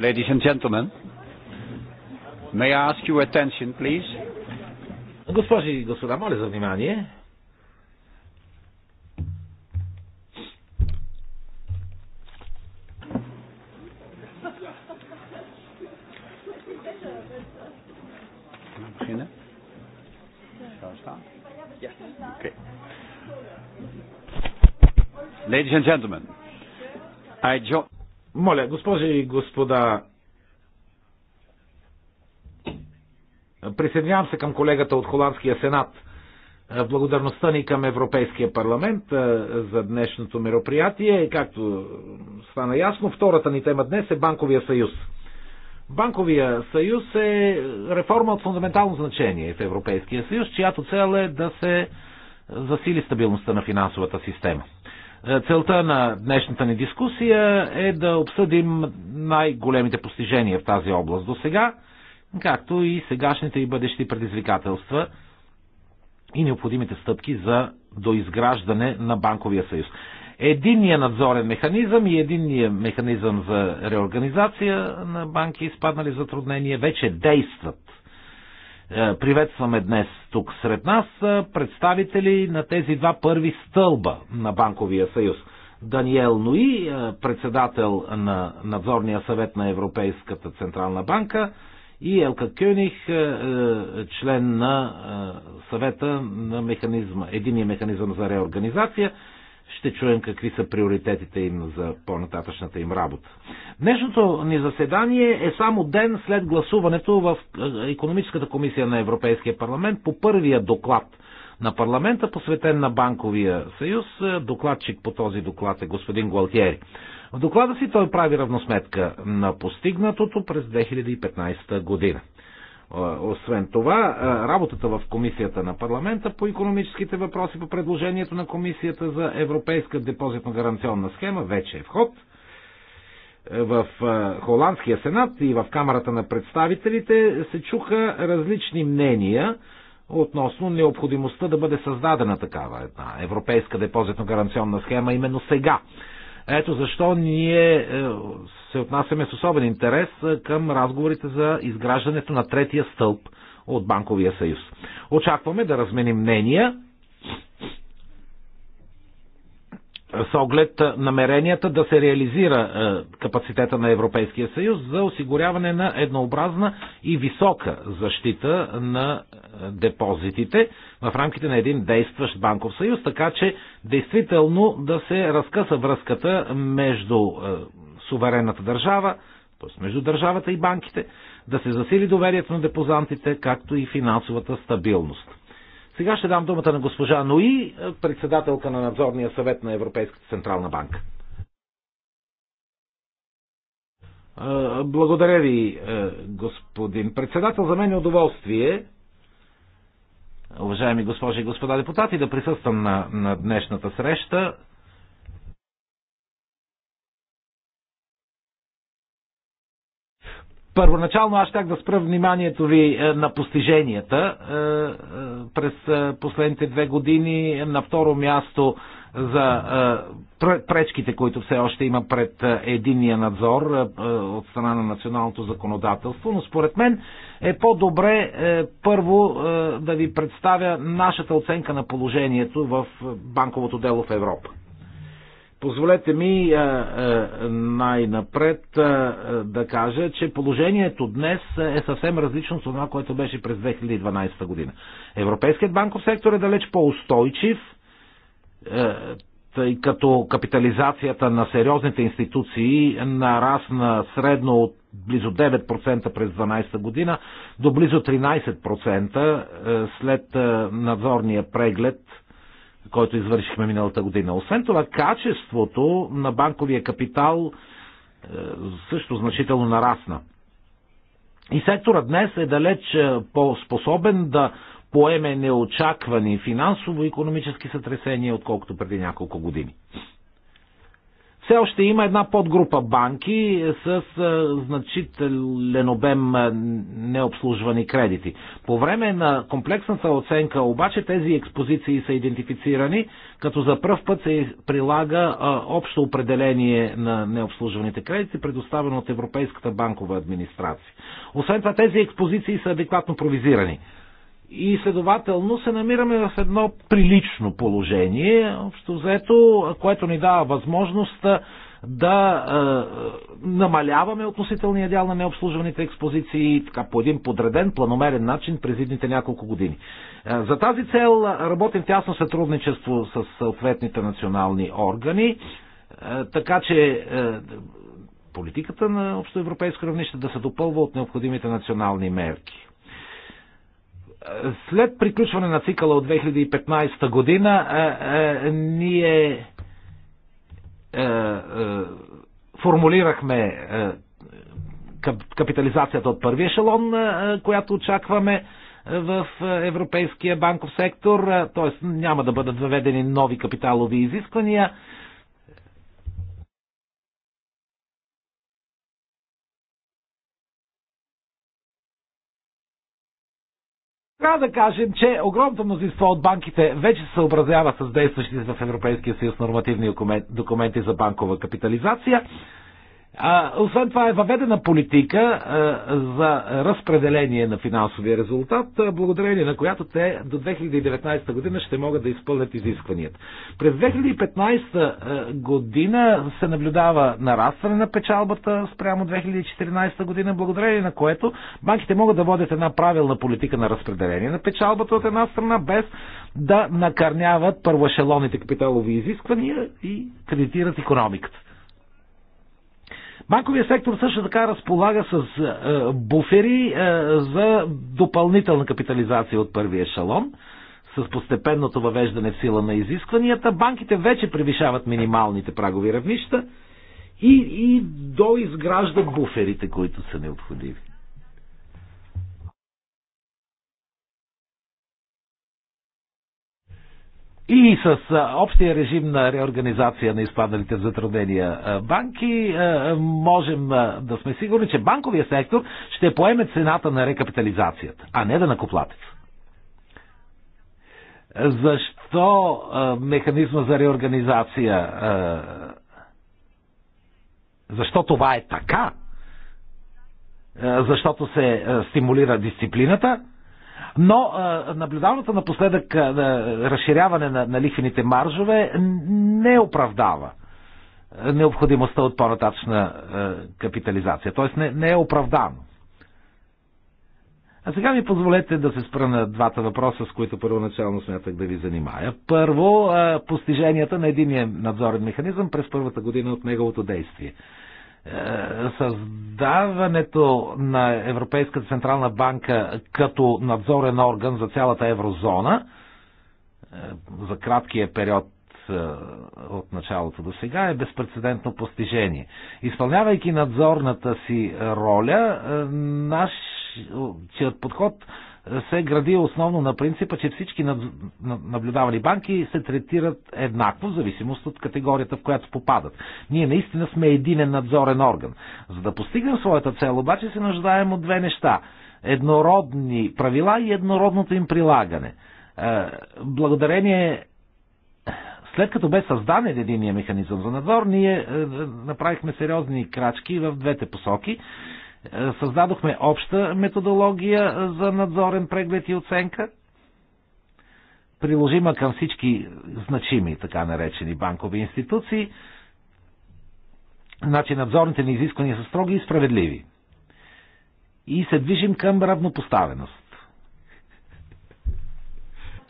Ladies and gentlemen, may I ask your attention, please? Госпожи и господа, моля за внимание. Ladies and gentlemen, I join моля, госпожи и господа, присъединявам се към колегата от Холандския сенат в благодарността ни към Европейския парламент за днешното мероприятие. Както стана ясно, втората ни тема днес е Банковия съюз. Банковия съюз е реформа от фундаментално значение в Европейския съюз, чиято цел е да се засили стабилността на финансовата система. Е, целта на днешната ни дискусия е да обсъдим най-големите постижения в тази област до сега, както и сегашните и бъдещи предизвикателства и необходимите стъпки за доизграждане на банковия съюз. Единния надзорен механизъм и единния механизъм за реорганизация на банки, изпаднали затруднения вече действат е, приветстваме днес тук сред нас е, представители на тези два първи стълба на Банковия съюз. Даниел Нуи, е, председател на Надзорния съвет на Европейската Централна банка, и Елка Кюних, член на съвета на механизма, единия механизъм за реорганизация ще чуем какви са приоритетите им за по-нататъчната им работа. Днешното ни заседание е само ден след гласуването в е, Економическата комисия на Европейския парламент по първия доклад на парламента, посветен на Банковия съюз. Е, докладчик по този доклад е господин Гуалтиери. В доклада си той прави равносметка на постигнатото през 2015 година. Е, освен това, е, работата в комисията на парламента по економическите въпроси по предложението на комисията за Европейска депозитно-гаранционна схема вече е в ход. Е, в Холандския сенат и в Камерата на представителите се чуха различни мнения относно необходимостта да бъде създадена такава една европейска депозитно-гаранционна схема именно сега ето защо ние е, се отнасяме с особен интерес е, към разговорите за изграждането на третия стълб от Банковия съюз. Очакваме да разменим мнения с оглед намеренията да се реализира е, капацитета на Европейския съюз за осигуряване на еднообразна и висока защита на е, депозитите в рамките на един действащ банков съюз, така че действително да се разкъса връзката между е, суверенната държава, т.е. между държавата и банките, да се засили доверието на депозантите, както и финансовата стабилност. Сега ще дам думата на госпожа Нои, председателка на надзорния съвет на Европейската централна банка. Благодаря ви, е, господин председател. За мен е удоволствие, уважаеми госпожи и господа депутати, да присъствам на, на днешната среща. Първоначално аз щях да спра вниманието ви е, на постиженията е, е, през последните две години. На второ място за пречките, които все още има пред единия надзор от страна на националното законодателство, но според мен е по-добре първо да ви представя нашата оценка на положението в банковото дело в Европа. Позволете ми най-напред да кажа, че положението днес е съвсем различно от това, което беше през 2012 година. Европейският банков сектор е далеч по-устойчив, тъй като капитализацията на сериозните институции нарасна средно от близо 9% през 12 година до близо 13% след надзорния преглед – който извършихме миналата година. Освен това, качеството на банковия капитал е, също значително нарасна. И сектора днес е далеч е, по-способен да поеме неочаквани финансово-економически сътресения, отколкото преди няколко години все още има една подгрупа банки с е, значителен обем е, необслужвани кредити. По време на комплексната оценка обаче тези експозиции са идентифицирани, като за първ път се прилага е, общо определение на необслужваните кредити, предоставено от Европейската банкова администрация. Освен това тези експозиции са адекватно провизирани и следователно се намираме в едно прилично положение, общо взето, което ни дава възможност да е, намаляваме относителния дял на необслужваните експозиции така, по един подреден, планомерен начин през едните няколко години. Е, за тази цел работим тясно сътрудничество с съответните национални органи, е, така че е, политиката на общоевропейско равнище да се допълва от необходимите национални мерки след приключване на цикъла от 2015 година е, е, ние е, формулирахме капитализацията от първия шалон, която очакваме в европейския банков сектор, т.е. няма да бъдат въведени нови капиталови изисквания, така да кажем, че огромното мнозинство от банките вече се съобразява с действащите в Европейския съюз нормативни документи за банкова капитализация а, освен това е въведена политика а, за разпределение на финансовия резултат, а, благодарение на която те до 2019 година ще могат да изпълнят изискванията. През 2015 а, година се наблюдава нарастване на печалбата спрямо 2014 година, благодарение на което банките могат да водят една правилна политика на разпределение на печалбата от една страна, без да накърняват първошелоните капиталови изисквания и кредитират економиката. Банковия сектор също така разполага с е, буфери е, за допълнителна капитализация от първия шалон, с постепенното въвеждане в сила на изискванията, банките вече превишават минималните прагови равнища и, и доизграждат буферите, които са необходими. И с общия режим на реорганизация на изпадналите в затруднения банки можем да сме сигурни, че банковия сектор ще поеме цената на рекапитализацията, а не да накоплатец. Защо механизма за реорганизация? Защо това е така? Защото се стимулира дисциплината? Но а, наблюдаваното напоследък а, разширяване на, на лихвените маржове не оправдава необходимостта от по-нататъчна капитализация. Тоест не, не е оправдано. А сега ми позволете да се спра на двата въпроса, с които първоначално смятах да ви занимая. Първо, постиженията на единия надзорен механизъм през първата година от неговото действие. Е, създаването на Европейската централна банка като надзорен орган за цялата еврозона е, за краткия период е, от началото до сега е безпредседентно постижение. Изпълнявайки надзорната си роля, нашият подход се гради основно на принципа, че всички наблюдавани банки се третират еднакво, в зависимост от категорията, в която попадат. Ние наистина сме единен надзорен орган. За да постигнем своята цел, обаче се нуждаем от две неща. Еднородни правила и еднородното им прилагане. Е, благодарение след като бе създаден единия механизъм за надзор, ние е, е, направихме сериозни крачки в двете посоки Създадохме обща методология за надзорен преглед и оценка, приложима към всички значими, така наречени банкови институции. Значи надзорните ни изисквания са строги и справедливи. И се движим към равнопоставеност.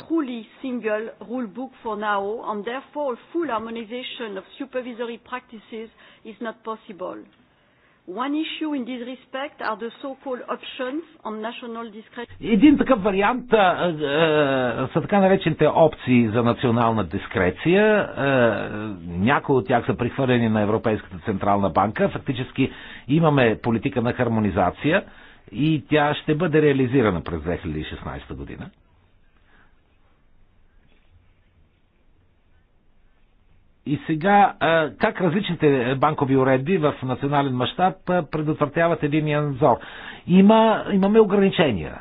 truly single rule book for now, and therefore full harmonization of supervisory practices is not possible. One issue in this respect are the so-called options on national discretion. Един такъв вариант а, а, са така наречените опции за национална дискреция. А, някои от тях са прихвърлени на Европейската централна банка. Фактически имаме политика на хармонизация и тя ще бъде реализирана през 2016 година. И сега, как различните банкови уредби в национален мащаб предотвратяват единия надзор? Има, имаме ограничения.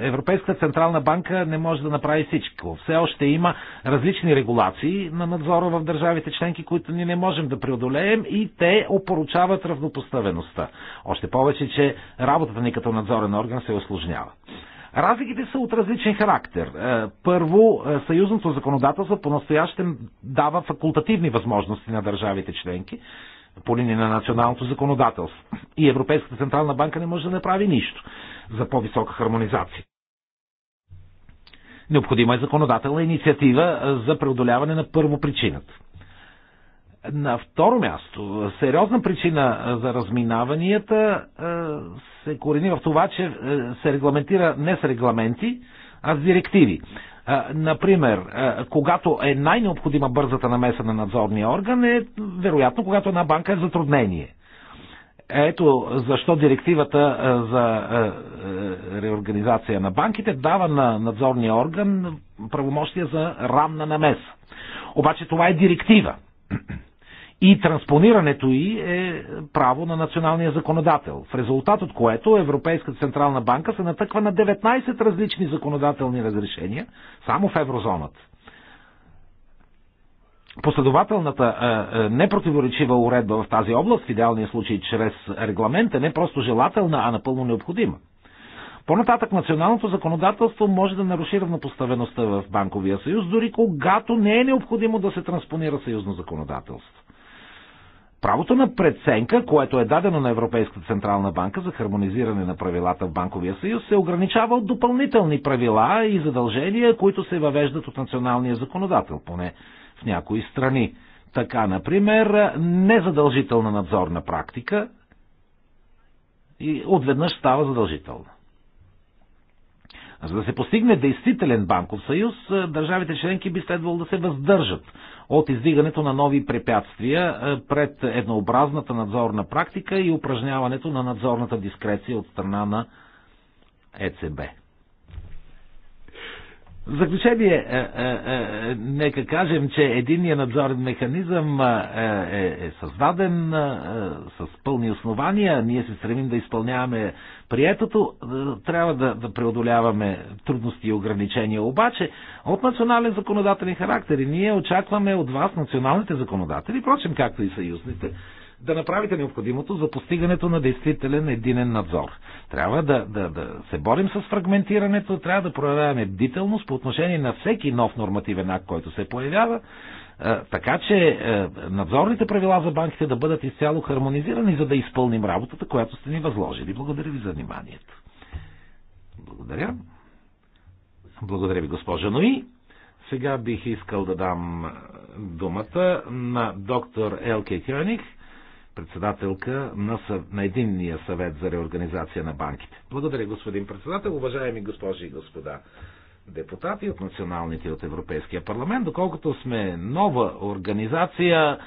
Европейската централна банка не може да направи всичко. Все още има различни регулации на надзора в държавите членки, които ние не можем да преодолеем и те опоручават равнопоставеността. Още повече, че работата ни като надзорен орган се осложнява. Разликите са от различен характер. Е, първо, е, съюзното законодателство по-настоящем дава факултативни възможности на държавите членки по линия на националното законодателство. И Европейската централна банка не може да направи нищо за по-висока хармонизация. Необходима е законодателна инициатива е, за преодоляване на първопричината. На второ място, сериозна причина за разминаванията е, се корени в това, че е, се регламентира не с регламенти, а с директиви. Е, например, когато е най-необходима бързата намеса на надзорния орган, е вероятно, когато една банка е затруднение. Ето защо директивата за реорганизация на банките дава на надзорния орган правомощия за рамна намеса. Обаче това е директива и транспонирането й е право на националния законодател, в резултат от което Европейската централна банка се натъква на 19 различни законодателни разрешения само в еврозоната. Последователната непротиворечива уредба в тази област, в идеалния случай чрез регламент, е не просто желателна, а напълно необходима. По-нататък националното законодателство може да наруши равнопоставеността в Банковия съюз, дори когато не е необходимо да се транспонира съюзно законодателство правото на преценка, което е дадено на Европейската Централна банка за хармонизиране на правилата в Банковия съюз, се ограничава от допълнителни правила и задължения, които се въвеждат от националния законодател, поне в някои страни. Така, например, незадължителна надзорна практика и отведнъж става задължителна. За да се постигне действителен банков съюз, държавите членки би следвало да се въздържат от издигането на нови препятствия е, пред еднообразната надзорна практика и упражняването на надзорната дискреция от страна на ЕЦБ. В заключение, е, е, е, нека кажем, че единният надзорен механизъм е създаден с пълни основания. Ние се стремим да изпълняваме приетото. Трябва да, да преодоляваме трудности и ограничения. Обаче, от национален законодателен характер и ние очакваме от вас, националните законодатели, впрочем, както и съюзните, да направите необходимото за постигането на действителен единен надзор. Трябва да, да, да се борим с фрагментирането, трябва да проявяваме бдителност по отношение на всеки нов нормативен акт, който се появява, е, така че е, надзорните правила за банките да бъдат изцяло хармонизирани, за да изпълним работата, която сте ни възложили. Благодаря ви за вниманието. Благодаря. Благодаря ви, госпожа Нои. Сега бих искал да дам е, думата на доктор Елке Кьоник – председателка на, съв... на Единния съвет за реорганизация на банките. Благодаря, господин председател. Уважаеми госпожи и господа депутати от националните от Европейския парламент, доколкото сме нова организация,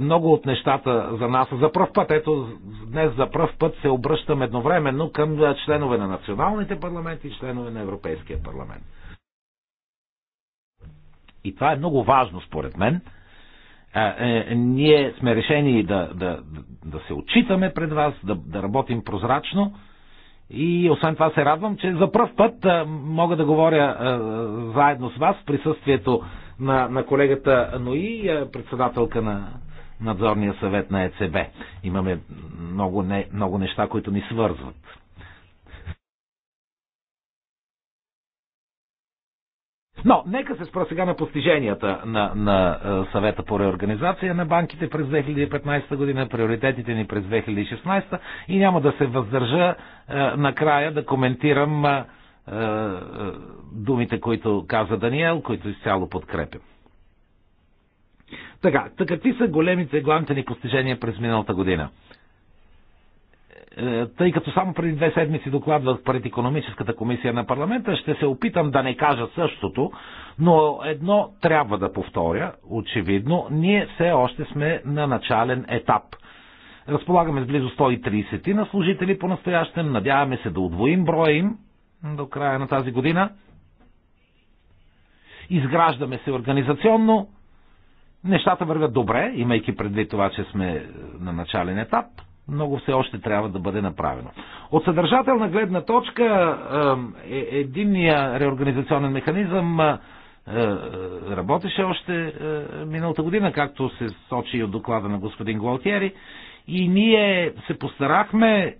много от нещата за нас за пръв път. Ето, днес за пръв път се обръщам едновременно към членове на националните парламенти и членове на Европейския парламент. И това е много важно, според мен, е, ние сме решени да, да, да се отчитаме пред вас, да, да работим прозрачно. И освен това се радвам, че за първ път а, мога да говоря а, заедно с вас в присъствието на, на колегата Нои, а, председателка на надзорния съвет на ЕЦБ. Имаме много, не, много неща, които ни свързват. Но нека се спра сега на постиженията на, на е, съвета по реорганизация на банките през 2015 година, приоритетите ни през 2016 и няма да се въздържа е, накрая да коментирам е, е, думите, които каза Даниел, които изцяло подкрепям. Така, така какви са големите, главните ни постижения през миналата година? Е, тъй като само преди две седмици докладвах пред економическата комисия на парламента, ще се опитам да не кажа същото, но едно трябва да повторя, очевидно, ние все още сме на начален етап. Разполагаме с близо 130 на служители по-настоящем, надяваме се да удвоим броя им до края на тази година. Изграждаме се организационно, нещата вървят добре, имайки предвид това, че сме на начален етап – много все още трябва да бъде направено. От съдържателна гледна точка, е, единния реорганизационен механизъм работеше още миналата година, както се сочи и от доклада на господин Гуалтиери. И ние се постарахме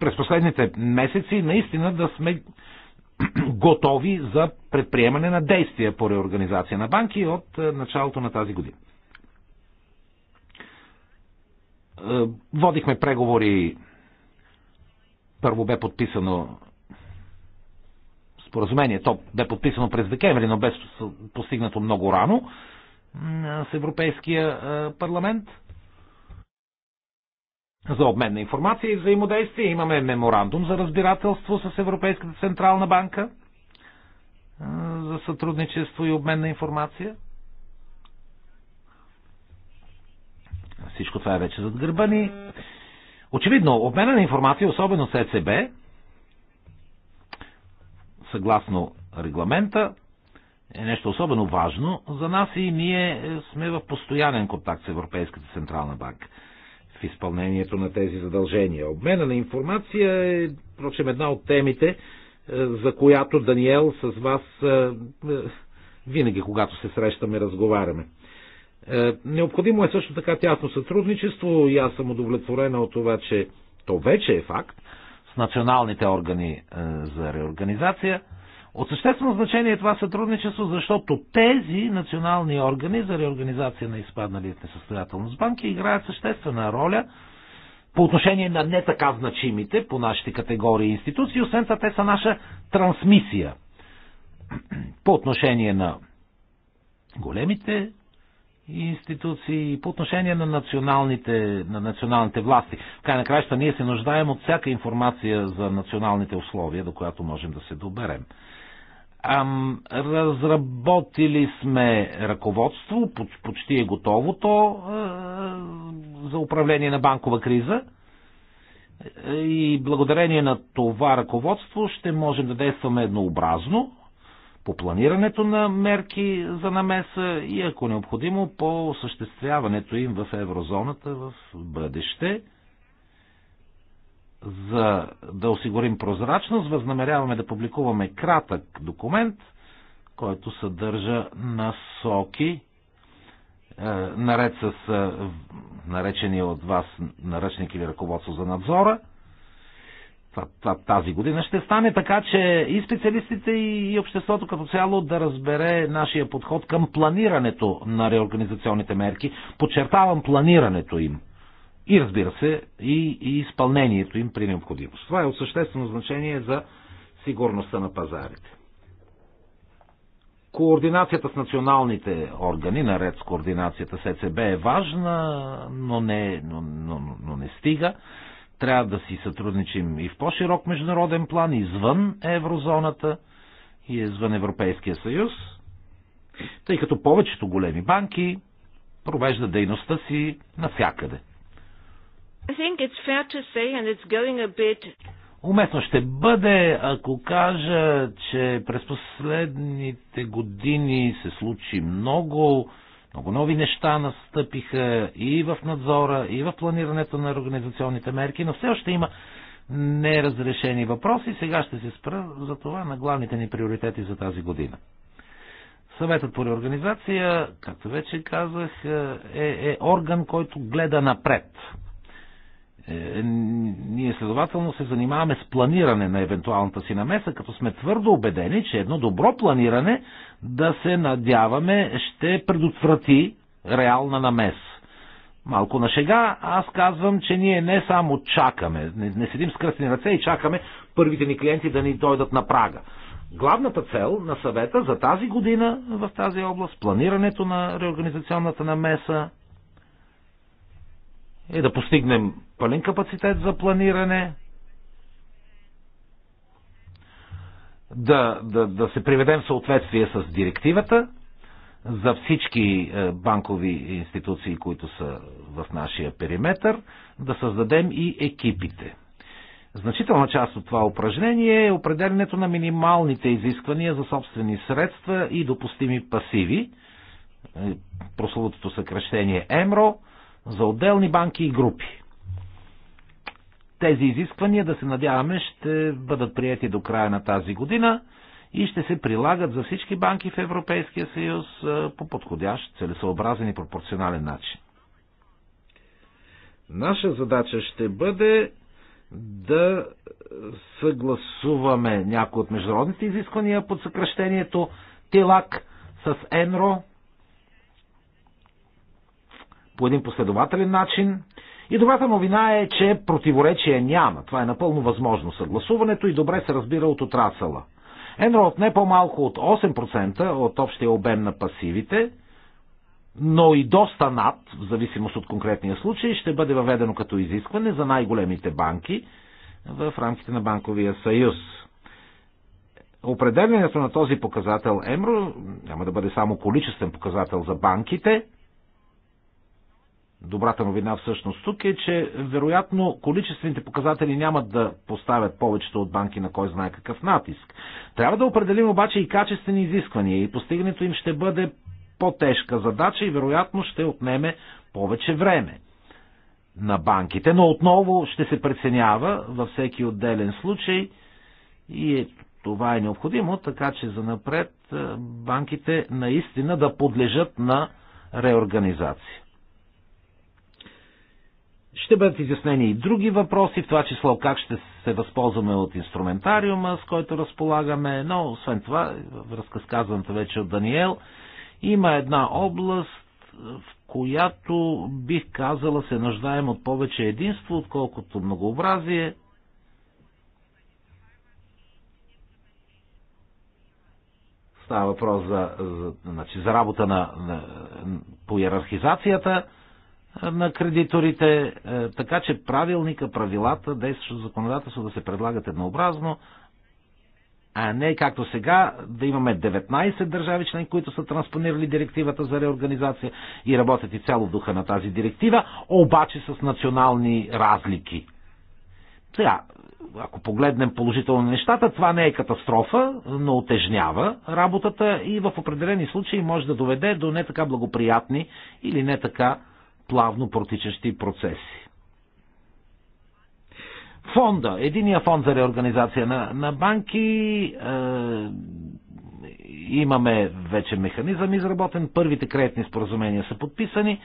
през последните месеци наистина да сме <clears throat> готови за предприемане на действия по реорганизация на банки от началото на тази година. Е, водихме преговори. Първо бе подписано споразумение. То бе подписано през декември, но бе постигнато много рано с Европейския е, парламент за обмен на информация и взаимодействие. Имаме меморандум за разбирателство с Европейската централна банка е, за сътрудничество и обмен на информация. Всичко това е вече зад гърба ни. Очевидно, обмена на информация, особено с ЕЦБ, съгласно регламента, е нещо особено важно за нас и ние сме в постоянен контакт с Европейската Централна банка в изпълнението на тези задължения. Обмена на информация е, впрочем, една от темите, е, за която Даниел с вас е, е, винаги, когато се срещаме, разговаряме. Е, необходимо е също така тясно сътрудничество и аз съм удовлетворена от това, че то вече е факт с националните органи е, за реорганизация. От съществено значение е това сътрудничество, защото тези национални органи за реорганизация на изпаднали в несъстоятелност банки играят съществена роля по отношение на не така значимите по нашите категории институции, освен това те са наша трансмисия по отношение на големите институции, по отношение на националните, на националните власти. В край на краища ние се нуждаем от всяка информация за националните условия, до която можем да се доберем. Ам, разработили сме ръководство, почти е готово то а, е, за управление на банкова криза. И благодарение на това ръководство ще можем да действаме еднообразно, по планирането на мерки за намеса и, ако необходимо, по осъществяването им в еврозоната в бъдеще. За да осигурим прозрачност, възнамеряваме да публикуваме кратък документ, който съдържа насоки, е, наред с е, наречения от вас наръчник или ръководство за надзора – тази година, ще стане така, че и специалистите, и обществото като цяло да разбере нашия подход към планирането на реорганизационните мерки. Подчертавам планирането им. И разбира се, и, и изпълнението им при необходимост. Това е от съществено значение за сигурността на пазарите. Координацията с националните органи, наред с координацията с ЕЦБ е важна, но не, но, но, но не стига. Трябва да си сътрудничим и в по-широк международен план, извън еврозоната и извън Европейския съюз, тъй като повечето големи банки провеждат дейността си навсякъде. Уместно ще бъде, ако кажа, че през последните години се случи много, много нови неща настъпиха и в надзора, и в планирането на организационните мерки, но все още има неразрешени въпроси. Сега ще се спра за това на главните ни приоритети за тази година. Съветът по реорганизация, както вече казах, е, е орган, който гледа напред е, ние следователно се занимаваме с планиране на евентуалната си намеса, като сме твърдо убедени, че едно добро планиране да се надяваме ще предотврати реална намес. Малко на шега, аз казвам, че ние не само чакаме, не, не седим с кръстени ръце и чакаме първите ни клиенти да ни дойдат на прага. Главната цел на съвета за тази година в тази област, планирането на реорганизационната намеса, е да постигнем пълен капацитет за планиране, да, да, да се приведем в съответствие с директивата за всички е, банкови институции, които са в нашия периметр, да създадем и екипите. Значителна част от това упражнение е определенето на минималните изисквания за собствени средства и допустими пасиви, е, прословутото съкръщение ЕМРО – за отделни банки и групи. Тези изисквания, да се надяваме, ще бъдат прияти до края на тази година и ще се прилагат за всички банки в Европейския съюз по подходящ, целесообразен и пропорционален начин. Наша задача ще бъде да съгласуваме някои от международните изисквания под съкръщението ТИЛАК с ЕНРО, по един последователен начин. И добрата новина е, че противоречие няма. Това е напълно възможно съгласуването и добре се разбира от отрасъла. Енро от не по-малко от 8% от общия обем на пасивите, но и доста над, в зависимост от конкретния случай, ще бъде въведено като изискване за най-големите банки в рамките на Банковия съюз. Определенето на този показател ЕМРО няма да бъде само количествен показател за банките – добрата новина всъщност тук е, че вероятно количествените показатели няма да поставят повечето от банки на кой знае какъв натиск. Трябва да определим обаче и качествени изисквания и постигането им ще бъде по-тежка задача и вероятно ще отнеме повече време на банките, но отново ще се преценява във всеки отделен случай и е, това е необходимо, така че за напред банките наистина да подлежат на реорганизация. Ще бъдат изяснени и други въпроси, в това число как ще се възползваме от инструментариума, с който разполагаме, но освен това, връзка с казаната вече от Даниел, има една област, в която бих казала се нуждаем от повече единство, отколкото многообразие. Става въпрос за, за, значи, за работа на, на, по иерархизацията на кредиторите, е, така че правилника, правилата, действащото законодателство да се предлагат еднообразно, а не както сега да имаме 19 държави член, които са транспонирали директивата за реорганизация и работят и цяло в духа на тази директива, обаче с национални разлики. Сега, ако погледнем положително нещата, това не е катастрофа, но отежнява работата и в определени случаи може да доведе до не така благоприятни или не така плавно протичащи процеси. Фонда, единия фонд за реорганизация на, на банки, е, имаме вече механизъм изработен, първите кредитни споразумения са подписани,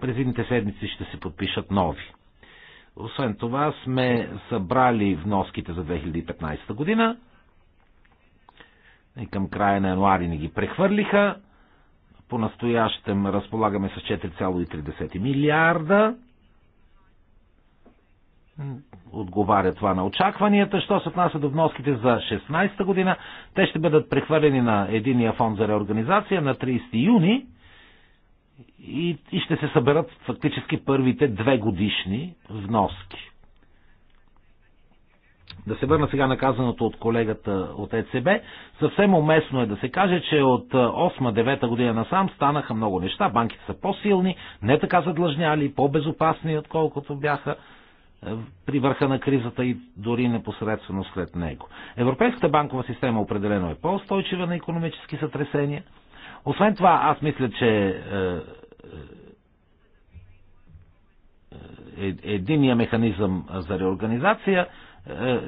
през едните седмици ще се подпишат нови. Освен това сме събрали вноските за 2015 година и към края на януари ни ги прехвърлиха. По-настоящем разполагаме с 4,3 милиарда. Отговаря това на очакванията. Що се отнася до вноските за 16-та година, те ще бъдат прехвърлени на единия фонд за реорганизация на 30 юни и, и ще се съберат фактически първите две годишни вноски. Да се върна сега на казаното от колегата от ЕЦБ. Съвсем уместно е да се каже, че от 8-9 година насам станаха много неща. Банките са по-силни, не така задлъжняли, по-безопасни, отколкото бяха при върха на кризата и дори непосредствено след него. Европейската банкова система определено е по-устойчива на економически сътресения. Освен това, аз мисля, че е, е, е, единия механизъм за реорганизация – е,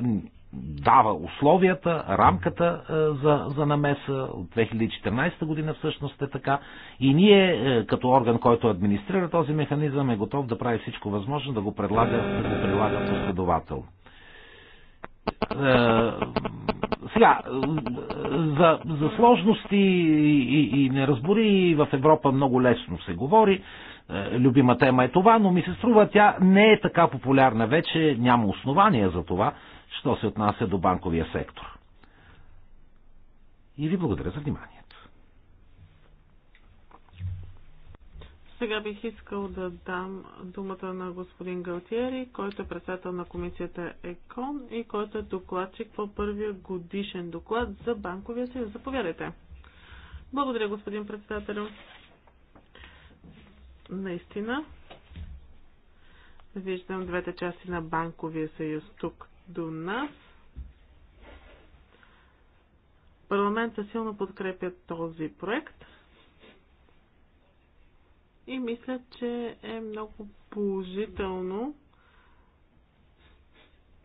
дава условията, рамката е, за, за намеса от 2014 година всъщност е така. И ние, е, като орган, който администрира този механизъм, е готов да прави всичко възможно да го предлага, да го прилага последователно. Сега, за, за сложности и, и, и неразбори в Европа много лесно се говори. Е, любима тема е това, но ми се струва тя не е така популярна вече, няма основания за това, що се отнася до банковия сектор. И ви благодаря за вниманието. Сега бих искал да дам думата на господин Галтиери, който е председател на комисията ЕКОН и който е докладчик по първия годишен доклад за банковия съюз. Заповядайте. Благодаря, господин председател. Наистина, виждам двете части на Банковия съюз тук до нас. Парламента силно подкрепя този проект и мисля, че е много положително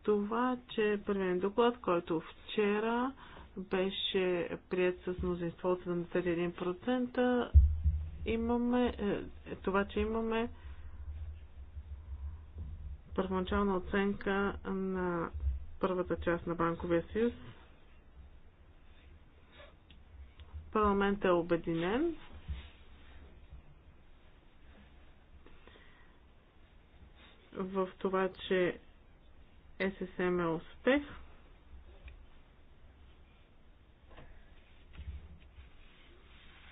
това, че първият доклад, който вчера беше прият с мнозинство от 71%, имаме, е това, че имаме първоначална оценка на първата част на Банковия съюз. Парламент е обединен. в това, че ССМ е успех –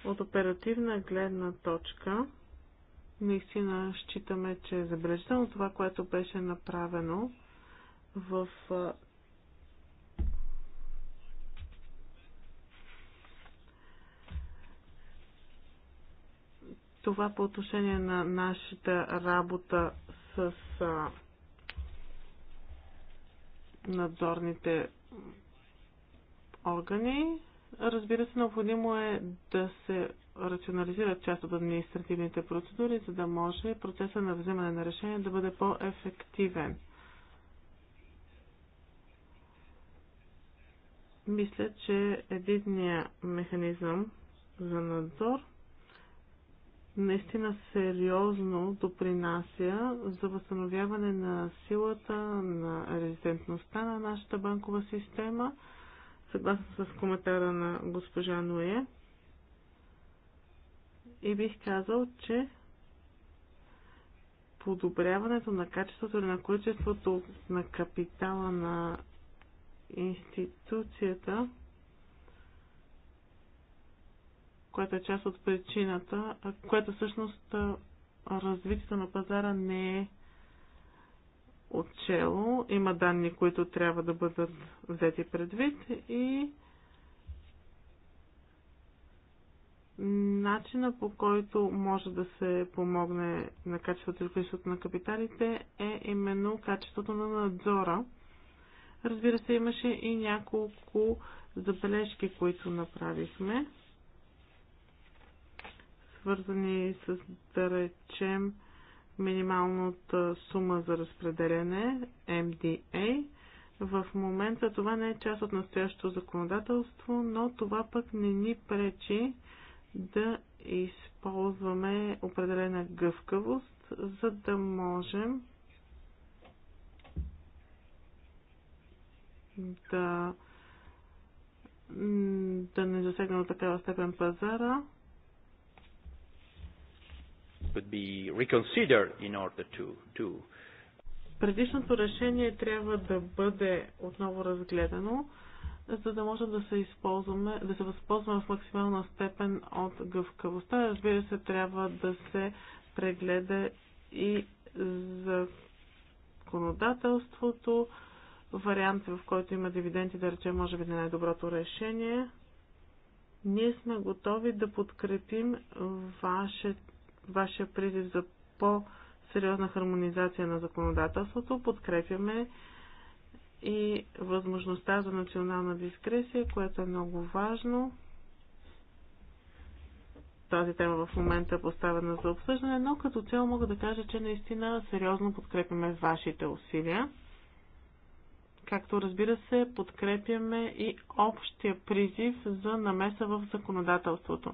От оперативна гледна точка, наистина считаме, че е забележително това, което беше направено в това по отношение на нашата работа с а, надзорните органи. Разбира се, необходимо е да се рационализират част от административните процедури, за да може процеса на вземане на решение да бъде по-ефективен. Мисля, че единния механизъм за надзор наистина сериозно допринася за възстановяване на силата, на резидентността на нашата банкова система – съгласно с коментара на госпожа Ноя. И бих казал, че подобряването на качеството или на количеството на капитала на институцията, което е част от причината, което всъщност развитието на пазара не е отчело. Има данни, които трябва да бъдат взети предвид и начина по който може да се помогне на качеството и количеството на капиталите е именно качеството на надзора. Разбира се, имаше и няколко забележки, които направихме, свързани с, да речем, минималната сума за разпределене, MDA. В момента това не е част от настоящото законодателство, но това пък не ни пречи да използваме определена гъвкавост, за да можем да, да не засегнем такава степен пазара could be reconsidered in order to, to Предишното решение трябва да бъде отново разгледано, за да можем да се използваме, да се възползваме в максимална степен от гъвкавостта. Разбира се, трябва да се прегледа и законодателството, вариант, в който има дивиденти, да речем, може би не най-доброто решение. Ние сме готови да подкрепим вашето вашия призив за по-сериозна хармонизация на законодателството. Подкрепяме и възможността за национална дискресия, което е много важно. Тази тема в момента е поставена за обсъждане, но като цяло мога да кажа, че наистина сериозно подкрепяме вашите усилия. Както разбира се, подкрепяме и общия призив за намеса в законодателството.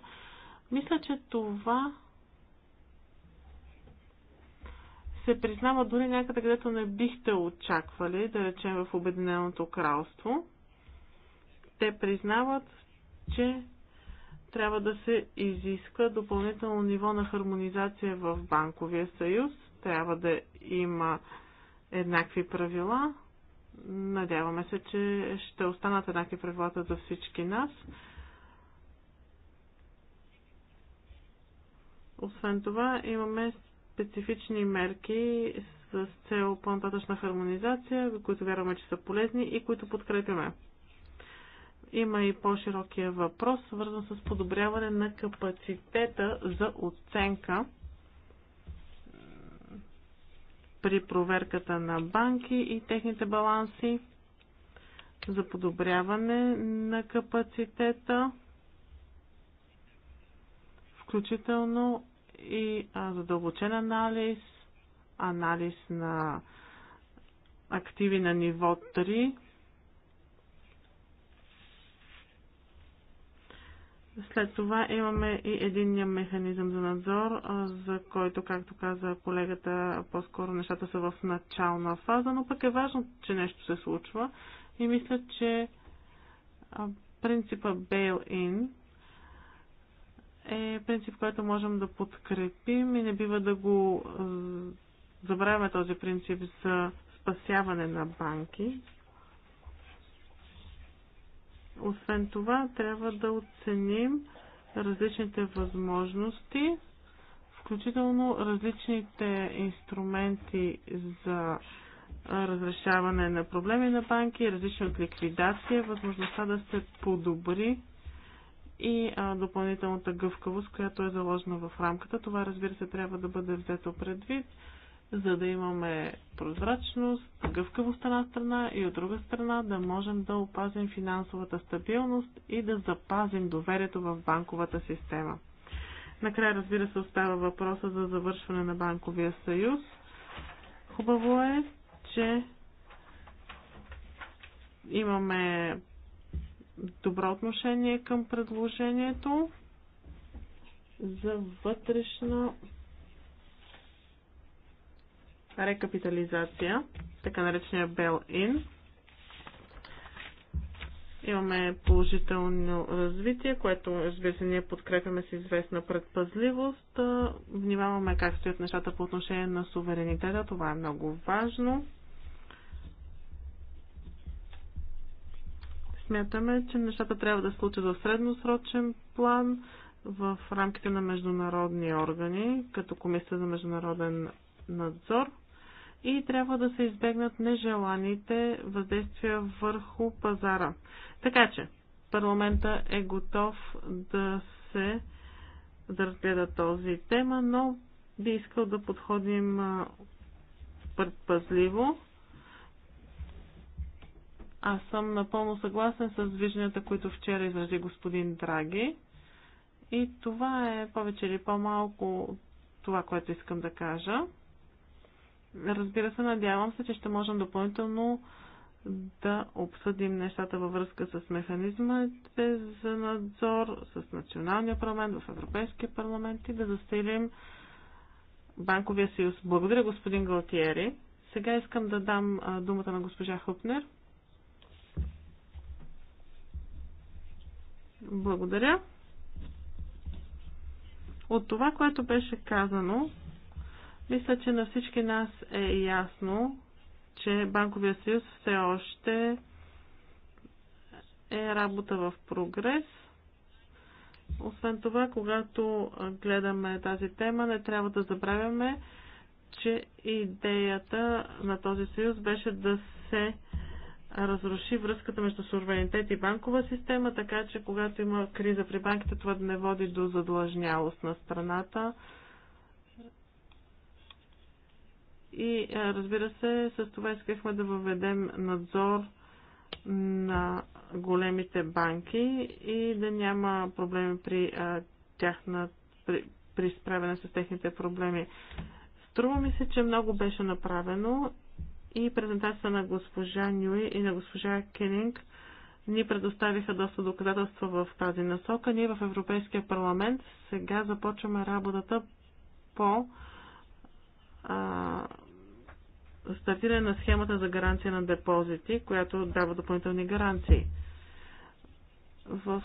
Мисля, че това се признава дори някъде, където не бихте очаквали, да речем в Обединеното кралство. Те признават, че трябва да се изиска допълнително ниво на хармонизация в банковия съюз. Трябва да има еднакви правила. Надяваме се, че ще останат еднакви правилата за всички нас. Освен това, имаме специфични мерки с цел по-нататъчна хармонизация, които вярваме, че са полезни и които подкрепяме. Има и по-широкия въпрос, свързан с подобряване на капацитета за оценка при проверката на банки и техните баланси, за подобряване на капацитета, включително и задълбочен анализ, анализ на активи на ниво 3. След това имаме и единния механизъм за надзор, за който, както каза колегата, по-скоро нещата са в начална фаза, но пък е важно, че нещо се случва и мисля, че принципа bail-in е принцип, който можем да подкрепим и не бива да го е, забравяме този принцип за спасяване на банки. Освен това, трябва да оценим различните възможности, включително различните инструменти за разрешаване на проблеми на банки, различни от ликвидация, възможността да се подобри и а, допълнителната гъвкавост, която е заложена в рамката. Това, разбира се, трябва да бъде взето предвид, за да имаме прозрачност, гъвкавост на една страна и от друга страна да можем да опазим финансовата стабилност и да запазим доверието в банковата система. Накрая, разбира се, остава въпроса за завършване на банковия съюз. Хубаво е, че имаме добро отношение към предложението за вътрешна рекапитализация, така наречения Бел-Ин. Имаме положително развитие, което разбира се ние подкрепяме с известна предпазливост. Внимаваме как стоят нещата по отношение на суверенитета. Това е много важно. Смятаме, че нещата трябва да случат в средносрочен план, в рамките на международни органи, като Комисията за международен надзор и трябва да се избегнат нежеланите въздействия върху пазара. Така че, парламента е готов да се да разгледа този тема, но би искал да подходим предпазливо. Аз съм напълно съгласен с вижданията, които вчера изрази господин Драги. И това е повече или по-малко това, което искам да кажа. Разбира се, надявам се, че ще можем допълнително да обсъдим нещата във връзка с механизмите за надзор, с националния парламент, в Европейския парламент и да засилим банковия съюз. Благодаря, господин Галтиери. Сега искам да дам думата на госпожа Хупнер. Благодаря. От това, което беше казано, мисля, че на всички нас е ясно, че Банковия съюз все още е работа в прогрес. Освен това, когато гледаме тази тема, не трябва да забравяме, че идеята на този съюз беше да се разруши връзката между суверенитет и банкова система, така че когато има криза при банките, това да не води до задлъжнялост на страната. И разбира се, с това искахме да въведем надзор на големите банки и да няма проблеми при, тяхна, при, при справяне с техните проблеми. Струва ми се, че много беше направено и презентацията на госпожа Нюи и на госпожа Кенинг ни предоставиха доста доказателства в тази насока. Ние в Европейския парламент сега започваме работата по а, стартиране на схемата за гаранция на депозити, която дава допълнителни гаранции в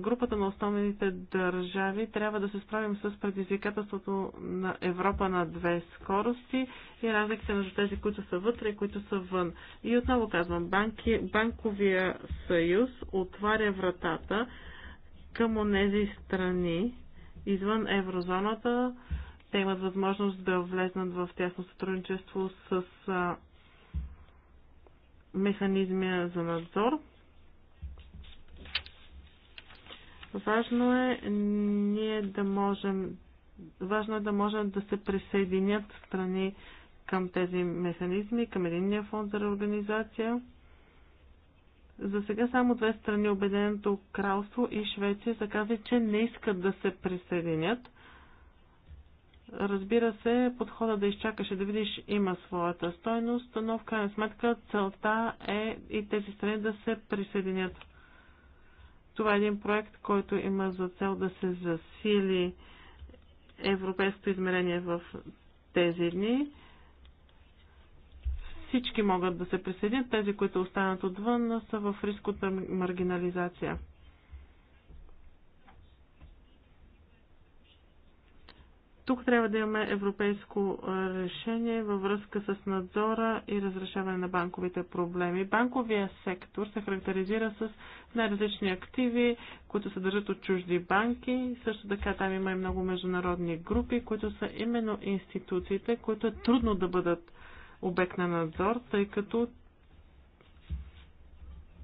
групата на основните държави трябва да се справим с предизвикателството на Европа на две скорости и разликите между тези, които са вътре и които са вън. И отново казвам, банки, банковия съюз отваря вратата към онези страни извън еврозоната. Те имат възможност да влезнат в тясно сътрудничество с механизмия за надзор, Важно е ние да можем важно е да можем да се присъединят страни към тези механизми, към единния фонд за реорганизация. За сега само две страни, Обединеното кралство и Швеция, са казали, че не искат да се присъединят. Разбира се, подхода да изчакаш и да видиш има своята стойност, но в крайна сметка целта е и тези страни да се присъединят. Това е един проект, който има за цел да се засили европейското измерение в тези дни. Всички могат да се присъединят, тези, които останат отвън, са в риск от маргинализация. Тук трябва да имаме европейско решение във връзка с надзора и разрешаване на банковите проблеми. Банковия сектор се характеризира с най-различни активи, които се държат от чужди банки. Също така там има и много международни групи, които са именно институциите, които е трудно да бъдат обект на надзор, тъй като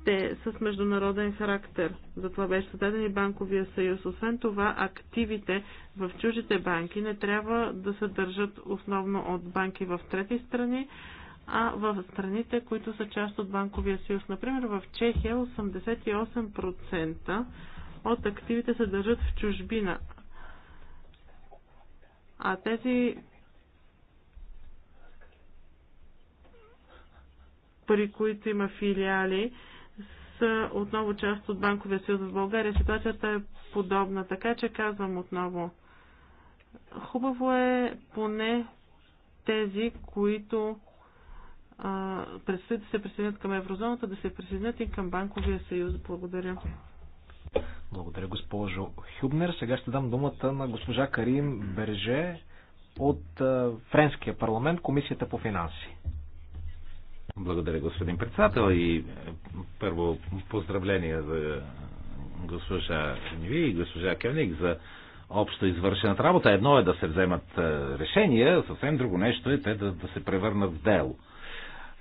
те с международен характер. Затова беше създаден и банковия съюз. Освен това, активите в чужите банки не трябва да се държат основно от банки в трети страни, а в страните, които са част от банковия съюз. Например, в Чехия 88% от активите се държат в чужбина. А тези при които има филиали, са отново част от Банковия съюз в България. Ситуацията е подобна, така че казвам отново. Хубаво е поне тези, които предстоят да се присъединят към еврозоната, да се присъединят и към Банковия съюз. Благодаря. Благодаря, госпожо Хюбнер. Сега ще дам думата на госпожа Карим Берже от Френския парламент, Комисията по финанси. Благодаря, господин председател. И е, първо поздравления за госпожа Ниви и госпожа Кевник за общо извършената работа. Едно е да се вземат е, решения, съвсем друго нещо е те да, да се превърнат в дело.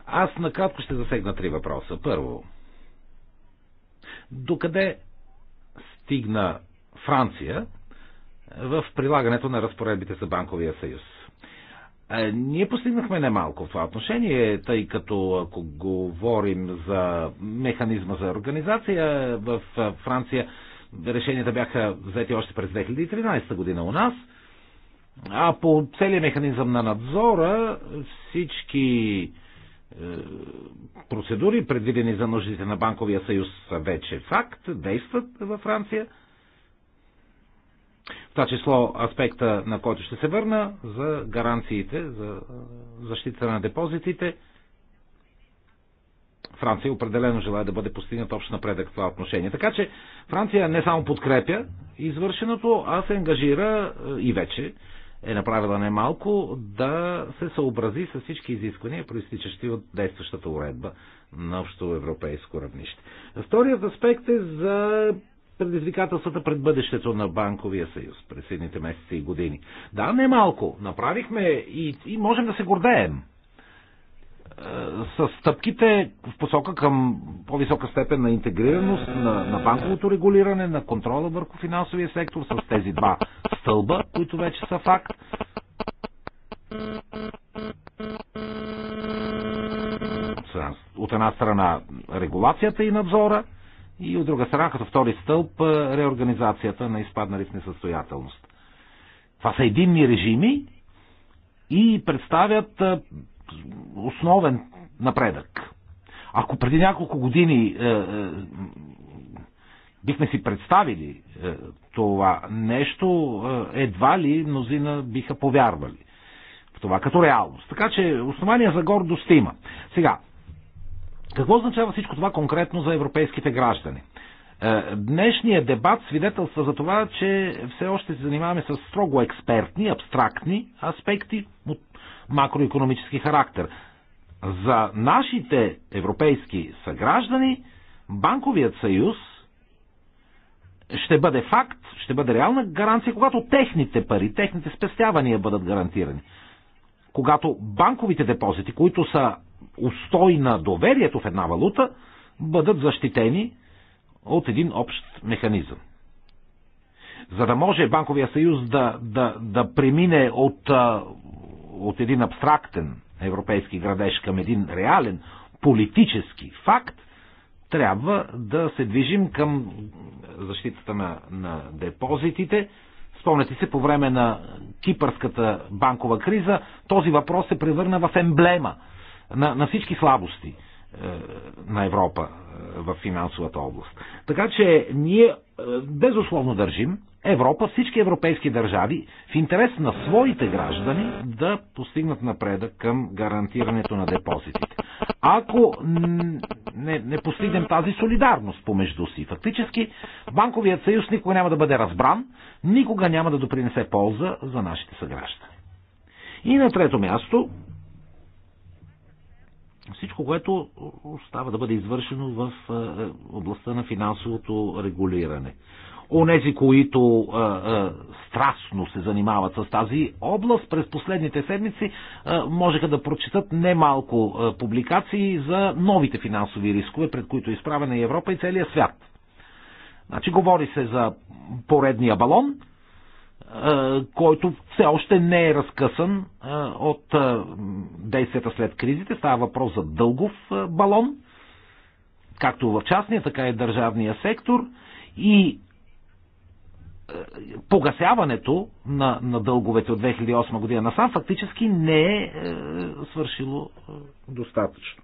Аз накратко ще засегна три въпроса. Първо, докъде стигна Франция в прилагането на разпоредбите за банковия съюз? Е, ние постигнахме немалко в това отношение, тъй като ако говорим за механизма за организация в е, Франция, решенията бяха взети още през 2013 година у нас, а по целият механизъм на надзора всички е, процедури, предвидени за нуждите на Банковия съюз, са вече факт, действат във Франция – това число аспекта, на който ще се върна, за гаранциите, за защита на депозитите. Франция определено желая да бъде постигнат общ напредък в това отношение. Така че Франция не само подкрепя извършеното, а се ангажира и вече е направила немалко да се съобрази с всички изисквания, проистичащи от действащата уредба на общо европейско равнище. Вторият аспект е за предизвикателствата пред бъдещето на банковия съюз през едните месеци и години. Да, не малко. Направихме и, и можем да се гордеем е, с стъпките в посока към по-висока степен на интегрираност на, на банковото регулиране, на контрола върху финансовия сектор, с тези два стълба, които вече са факт. От една страна регулацията и надзора, и от друга страна, като втори стълб, е, реорганизацията на изпаднали в несъстоятелност. Това са единни режими и представят е, основен напредък. Ако преди няколко години е, е, бихме си представили е, това нещо, е, едва ли мнозина биха повярвали в това като реалност. Така че основания за гордост има. Сега, какво означава всичко това конкретно за европейските граждани? Е, днешният дебат свидетелства за това, че все още се занимаваме с строго експертни, абстрактни аспекти от макроекономически характер. За нашите европейски съграждани банковият съюз ще бъде факт, ще бъде реална гаранция, когато техните пари, техните спестявания бъдат гарантирани. Когато банковите депозити, които са устой на доверието в една валута бъдат защитени от един общ механизъм. За да може Банковия съюз да, да, да премине от, от един абстрактен европейски градеж към един реален политически факт, трябва да се движим към защитата на, на депозитите. Спомняте се, по време на кипърската банкова криза този въпрос се превърна в емблема на, на всички слабости е, на Европа е, в финансовата област. Така че ние е, безусловно държим Европа, всички европейски държави в интерес на своите граждани да постигнат напредък към гарантирането на депозитите. Ако не, не постигнем тази солидарност помежду си, фактически банковият съюз никога няма да бъде разбран, никога няма да допринесе полза за нашите съграждани. И на трето място, всичко, което остава да бъде извършено в е, областта на финансовото регулиране. Онези, които а, е, а, е, страстно се занимават с тази област, през последните седмици а, можеха да прочитат немалко а, публикации за новите финансови рискове, пред които е изправена и Европа и целия свят. Значи говори се за поредния балон, който все още не е разкъсан от действията след кризите. Става въпрос за дългов балон, както в частния, така и в държавния сектор. И погасяването на, на дълговете от 2008 година насам фактически не е, е свършило е, достатъчно.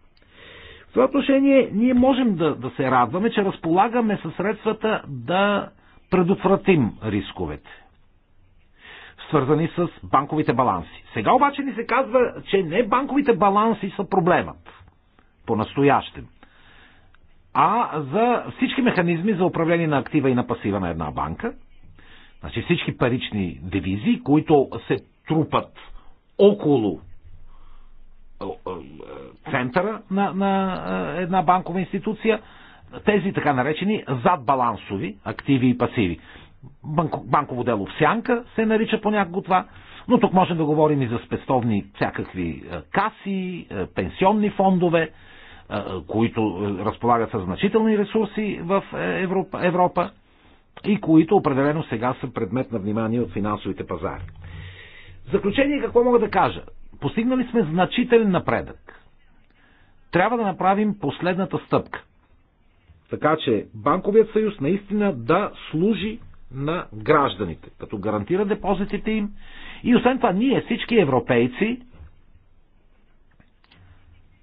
В това отношение ние можем да, да се радваме, че разполагаме със средствата да предотвратим рисковете свързани с банковите баланси. Сега обаче ни се казва, че не банковите баланси са проблемът по-настоящем, а за всички механизми за управление на актива и на пасива на една банка, значи всички парични девизи, които се трупат около центъра на, на е, една банкова институция, тези така наречени задбалансови активи и пасиви банко, банково дело в сянка се нарича понякога това, но тук можем да говорим и за спестовни всякакви е, каси, е, пенсионни фондове, е, които разполагат с значителни ресурси в Европа, Европа и които определено сега са предмет на внимание от финансовите пазари. В заключение какво мога да кажа? Постигнали сме значителен напредък. Трябва да направим последната стъпка. Така че банковият съюз наистина да служи на гражданите, като гарантира депозитите им. И освен това, ние всички европейци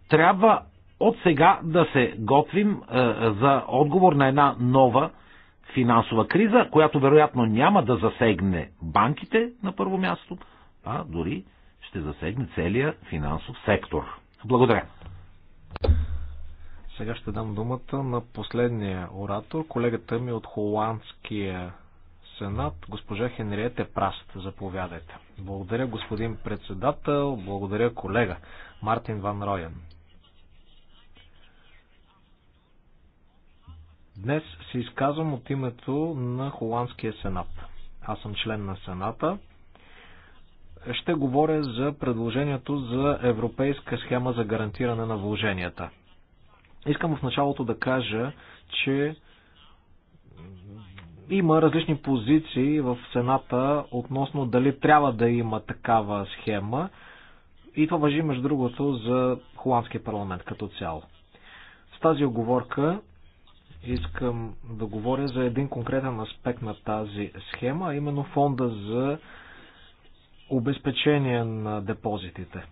трябва от сега да се готвим е, за отговор на една нова финансова криза, която вероятно няма да засегне банките на първо място, а дори ще засегне целия финансов сектор. Благодаря. Сега ще дам думата на последния оратор, колегата ми от Холандския Сенат, госпожа Хенриете Праст. Заповядайте. Благодаря, господин председател. Благодаря, колега. Мартин Ван Роян. Днес се изказвам от името на Холандския сенат. Аз съм член на сената. Ще говоря за предложението за европейска схема за гарантиране на вложенията. Искам в началото да кажа, че има различни позиции в Сената относно дали трябва да има такава схема. И това въжи, между другото, за Холандския парламент като цяло. С тази оговорка искам да говоря за един конкретен аспект на тази схема, а именно фонда за обезпечение на депозитите.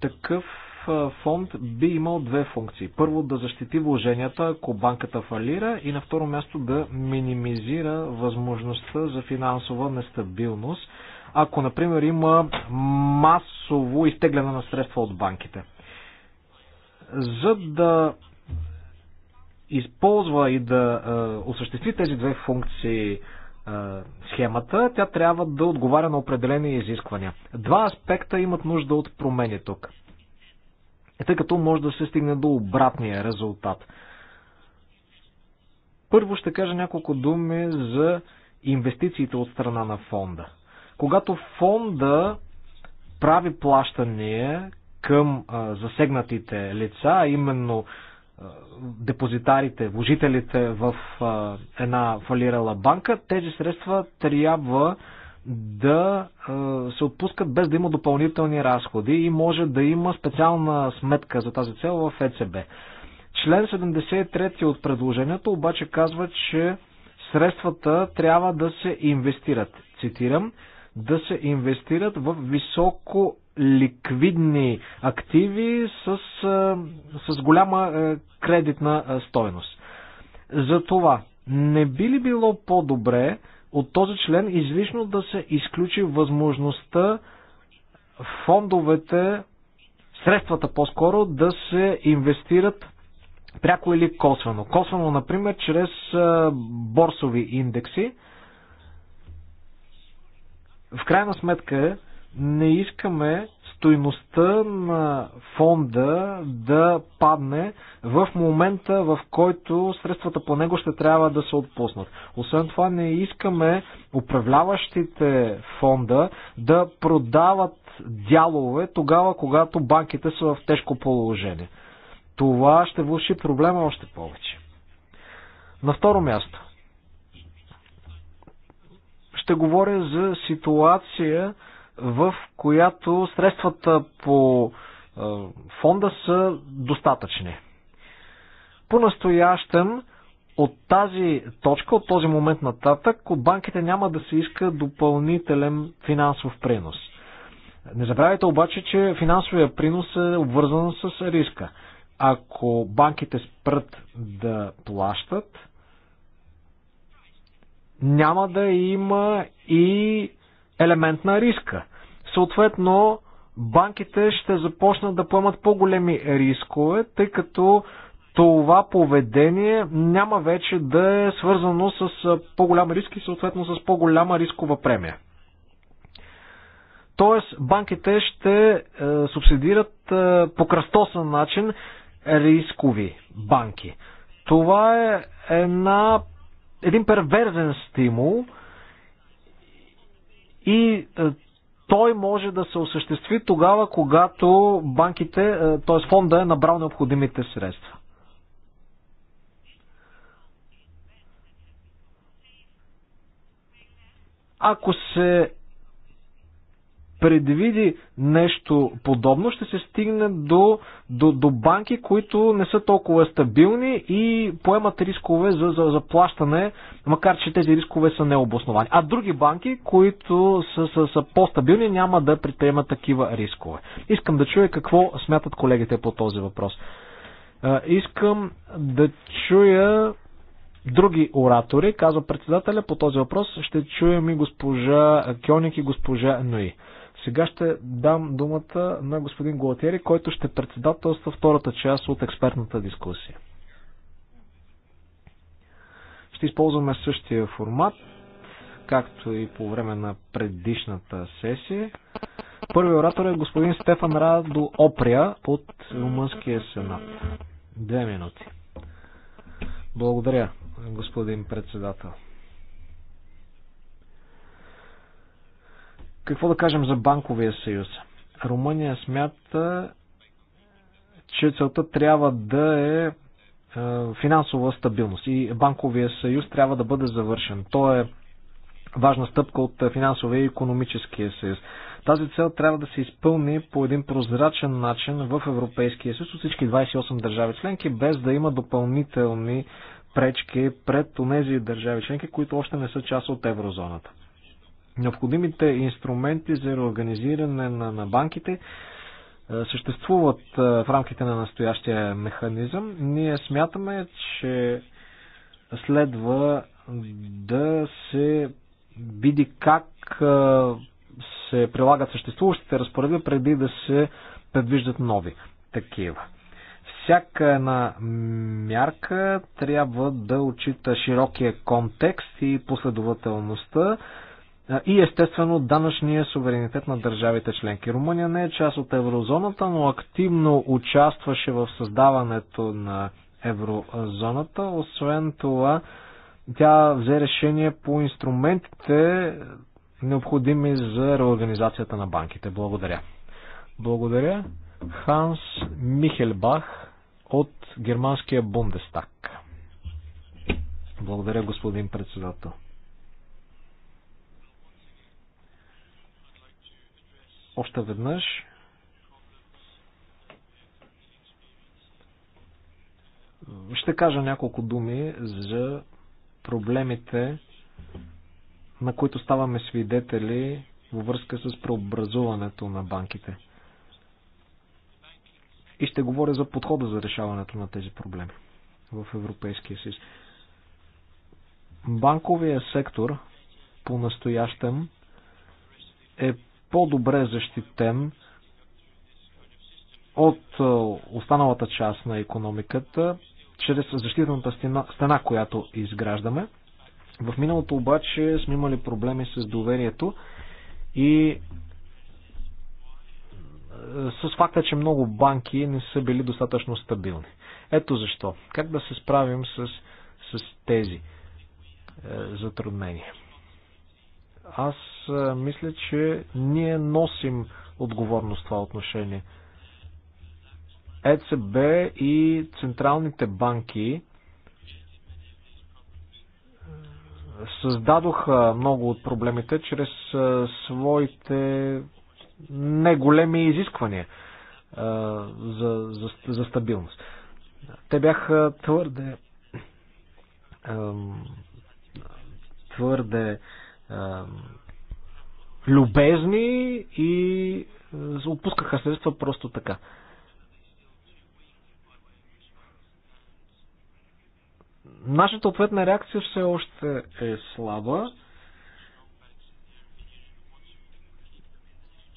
Такъв е, фонд би имал две функции. Първо да защити вложенията, ако банката фалира и на второ място да минимизира възможността за финансова нестабилност, ако, например, има масово изтегляне на средства от банките. За да използва и да е, осъществи тези две функции е, схемата, тя трябва да отговаря на определени изисквания. Два аспекта имат нужда от промени тук. Е, тъй като може да се стигне до обратния резултат. Първо ще кажа няколко думи за инвестициите от страна на фонда. Когато фонда прави плащания към засегнатите лица, именно депозитарите, вложителите в една фалирала банка, тези средства трябва да се отпускат без да има допълнителни разходи и може да има специална сметка за тази цел в ЕЦБ. Член 73 от предложението обаче казва, че средствата трябва да се инвестират. Цитирам, да се инвестират в високо ликвидни активи с, с голяма кредитна стойност. Затова не би ли било по-добре от този член излишно да се изключи възможността фондовете, средствата по-скоро, да се инвестират пряко или косвено. Косвено, например, чрез борсови индекси. В крайна сметка не искаме стойността на фонда да падне в момента, в който средствата по него ще трябва да се отпуснат. Освен това не искаме управляващите фонда да продават дялове тогава, когато банките са в тежко положение. Това ще влуши проблема още повече. На второ място. Ще говоря за ситуация, в която средствата по фонда са достатъчни. По-настоящем от тази точка, от този момент нататък, от банките няма да се иска допълнителен финансов принос. Не забравяйте обаче, че финансовия принос е обвързан с риска. Ако банките спрат да плащат, няма да има и елемент на риска. Съответно, банките ще започнат да поемат по-големи рискове, тъй като това поведение няма вече да е свързано с по-голям риск и съответно с по-голяма рискова премия. Тоест, банките ще е, субсидират е, по кръстосан начин рискови банки. Това е една, един перверзен стимул, и е, той може да се осъществи тогава, когато банките, е, т.е. фонда е набрал необходимите средства. Ако се предвиди нещо подобно, ще се стигне до, до, до банки, които не са толкова стабилни и поемат рискове за, за плащане, макар че тези рискове са необосновани. А други банки, които са, са, са по-стабилни, няма да предприемат такива рискове. Искам да чуя какво смятат колегите по този въпрос. Искам да чуя други оратори, казва председателя по този въпрос, ще чуем и госпожа Кьоник и госпожа Нуи. Сега ще дам думата на господин Голатери, който ще председателства втората част от експертната дискусия. Ще използваме същия формат, както и по време на предишната сесия. Първият оратор е господин Стефан Радо Опря от Румънския сенат. Две минути. Благодаря, господин председател. Какво да кажем за банковия съюз? Румъния смята, че целта трябва да е, е финансова стабилност и банковия съюз трябва да бъде завършен. То е важна стъпка от финансовия и економическия съюз. Тази цел трябва да се изпълни по един прозрачен начин в Европейския съюз от всички 28 държави членки, без да има допълнителни пречки пред тези държави членки, които още не са част от еврозоната необходимите инструменти за реорганизиране на, на банките съществуват в рамките на настоящия механизъм. Ние смятаме, че следва да се види как се прилагат съществуващите разпоредби преди да се предвиждат нови такива. Всяка една мярка трябва да отчита широкия контекст и последователността и естествено данъчния суверенитет на държавите членки. Румъния не е част от еврозоната, но активно участваше в създаването на еврозоната. Освен това, тя взе решение по инструментите, необходими за реорганизацията на банките. Благодаря. Благодаря. Ханс Михелбах от германския Бундестаг. Благодаря, господин председател. Още веднъж. Ще кажа няколко думи за проблемите, на които ставаме свидетели във връзка с преобразуването на банките. И ще говоря за подхода за решаването на тези проблеми в Европейския съюз. Банковия сектор по-настоящем е по-добре защитен от е, останалата част на економиката, чрез защитната стена, стена, която изграждаме. В миналото обаче сме имали проблеми с доверието и е, с факта, че много банки не са били достатъчно стабилни. Ето защо. Как да се справим с, с тези е, затруднения? Аз мисля, че ние носим отговорност в това отношение. ЕЦБ и централните банки създадоха много от проблемите чрез своите неголеми изисквания за, за, за стабилност. Те бяха твърде твърде любезни и опускаха средства просто така. Нашата ответна реакция все още е слаба.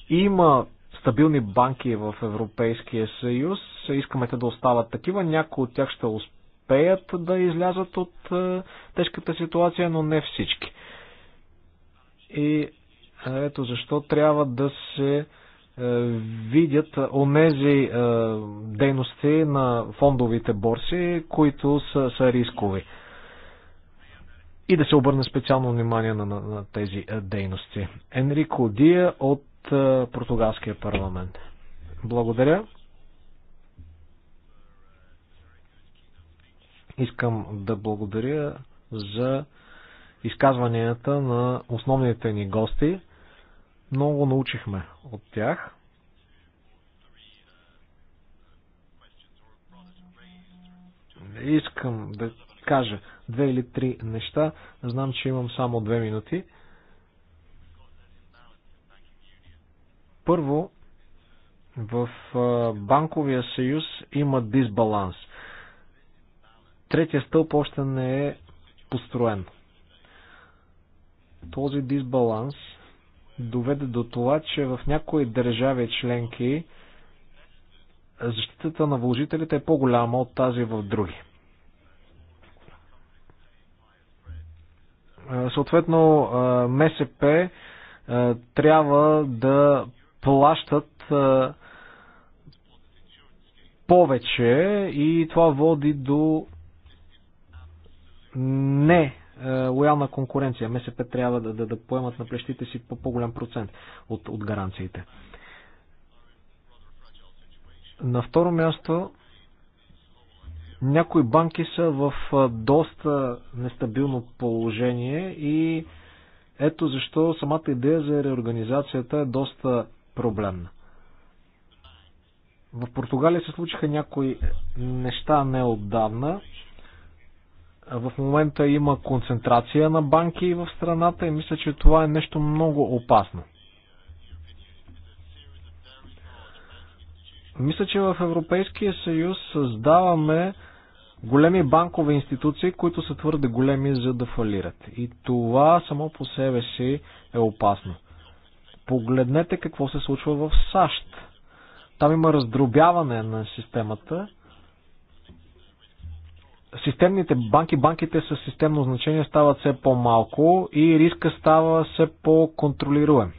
Има стабилни банки в Европейския съюз. Искаме те да остават такива. Някои от тях ще успеят да излязат от тежката ситуация, но не всички. И ето защо трябва да се видят онези дейности на фондовите борси, които са, са рискови. И да се обърне специално внимание на, на, на тези дейности. Енрико Дия от португалския парламент. Благодаря. Искам да благодаря за изказванията на основните ни гости. Много научихме от тях. Искам да кажа две или три неща. Знам, че имам само две минути. Първо, в банковия съюз има дисбаланс. Третия стълб още не е построен. Този дисбаланс доведе до това, че в някои държави членки защитата на вложителите е по-голяма от тази в други. Съответно, МСП трябва да плащат повече и това води до не е, лоялна конкуренция. МСП трябва да, да, да поемат на плещите си по по-голям процент от, от гаранциите. На второ място, някои банки са в е, доста нестабилно положение и ето защо самата идея за реорганизацията е доста проблемна. В Португалия се случиха някои неща неотдавна. В момента има концентрация на банки в страната и мисля, че това е нещо много опасно. Мисля, че в Европейския съюз създаваме големи банкови институции, които са твърде големи за да фалират. И това само по себе си е опасно. Погледнете какво се случва в САЩ. Там има раздробяване на системата системните банки, банките с системно значение стават все по-малко и риска става все по-контролируем.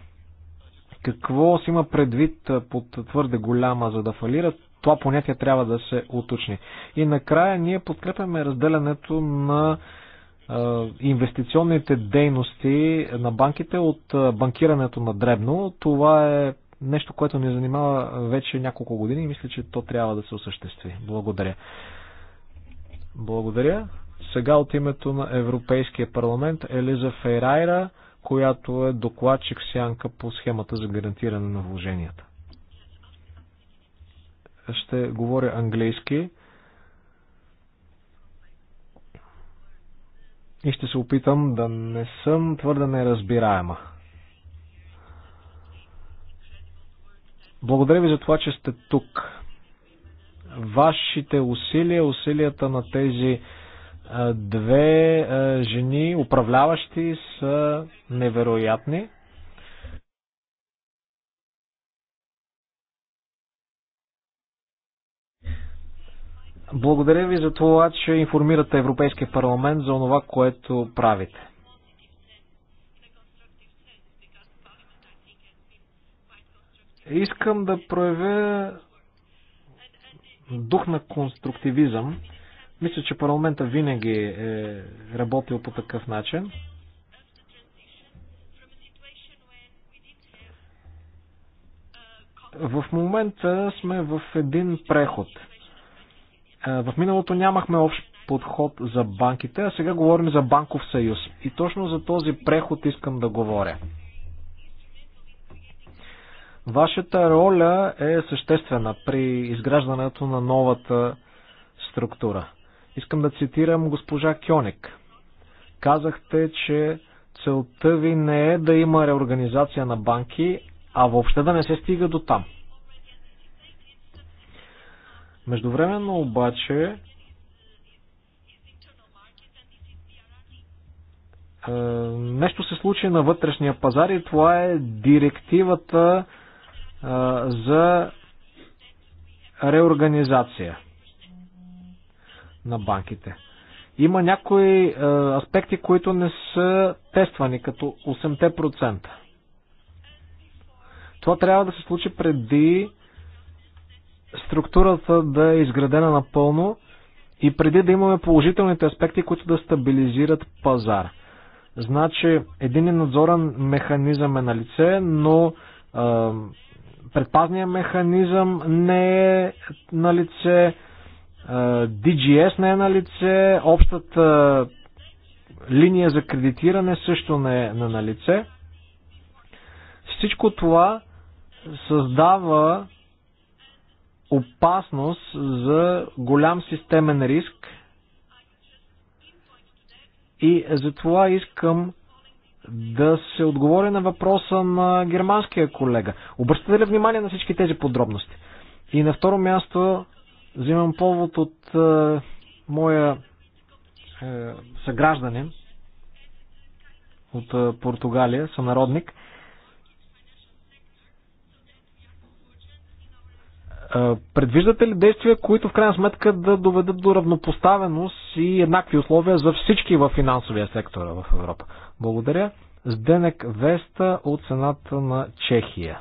Какво си има предвид под твърде голяма за да фалират? Това понятие трябва да се уточни. И накрая ние подкрепяме разделянето на инвестиционните дейности на банките от банкирането на дребно. Това е нещо, което ни занимава вече няколко години и мисля, че то трябва да се осъществи. Благодаря. Благодаря. Сега от името на Европейския парламент Елиза Фейрайра, която е докладчик сянка по схемата за гарантиране на вложенията. Ще говоря английски и ще се опитам да не съм твърде неразбираема. Благодаря ви за това, че сте тук вашите усилия, усилията на тези две жени управляващи са невероятни. Благодаря ви за това, че информирате Европейския парламент за това, което правите. Искам да проявя дух на конструктивизъм. Мисля, че парламента винаги е работил по такъв начин. В момента сме в един преход. В миналото нямахме общ подход за банките, а сега говорим за банков съюз. И точно за този преход искам да говоря. Вашата роля е съществена при изграждането на новата структура. Искам да цитирам госпожа Кьоник. Казахте, че целта ви не е да има реорганизация на банки, а въобще да не се стига до там. Междувременно обаче е, нещо се случи на вътрешния пазар и това е директивата за реорганизация на банките. Има някои аспекти, които не са тествани, като 8%. Това трябва да се случи преди структурата да е изградена напълно и преди да имаме положителните аспекти, които да стабилизират пазар. Значи, един надзорен механизъм е на лице, но предпазния механизъм не е на лице, DGS е, не е на лице, общата линия за кредитиране също е, не е на лице. Всичко това създава опасност за голям системен риск и затова искам да се отговори на въпроса на германския колега. Обръщате ли внимание на всички тези подробности? И на второ място взимам повод от е, моя е, съгражданин от е, Португалия, сънародник. Е, предвиждате ли действия, които в крайна сметка да доведат до равнопоставеност и еднакви условия за всички в финансовия сектор в Европа? Благодаря. Сденек Веста от цената на Чехия.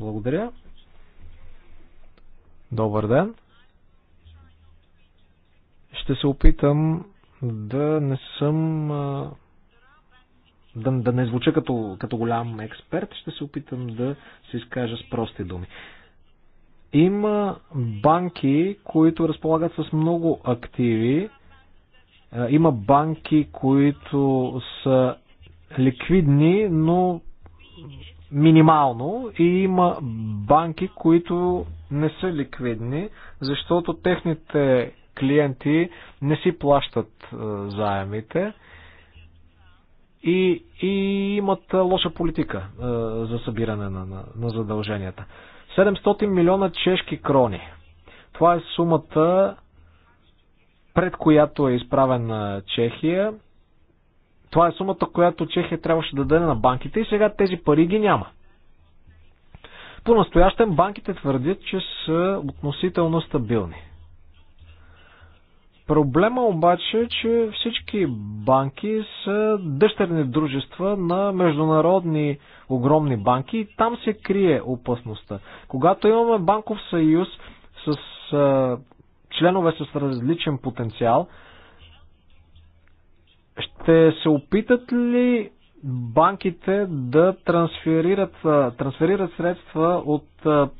Благодаря. Добър ден. Ще се опитам да не съм. Да, да не звуча като, като голям експерт, ще се опитам да се изкажа с прости думи. Има банки, които разполагат с много активи, е, има банки, които са ликвидни, но минимално и има банки, които не са ликвидни, защото техните клиенти не си плащат е, заемите и, и имат е, лоша политика е, за събиране на, на, на задълженията. 700 милиона чешки крони. Това е сумата пред която е изправена Чехия. Това е сумата, която Чехия трябваше да даде на банките и сега тези пари ги няма. По-настоящем банките твърдят, че са относително стабилни. Проблема обаче е, че всички банки са дъщерни дружества на международни огромни банки и там се крие опасността. Когато имаме банков съюз с членове с различен потенциал. Ще се опитат ли банките да трансферират, трансферират средства от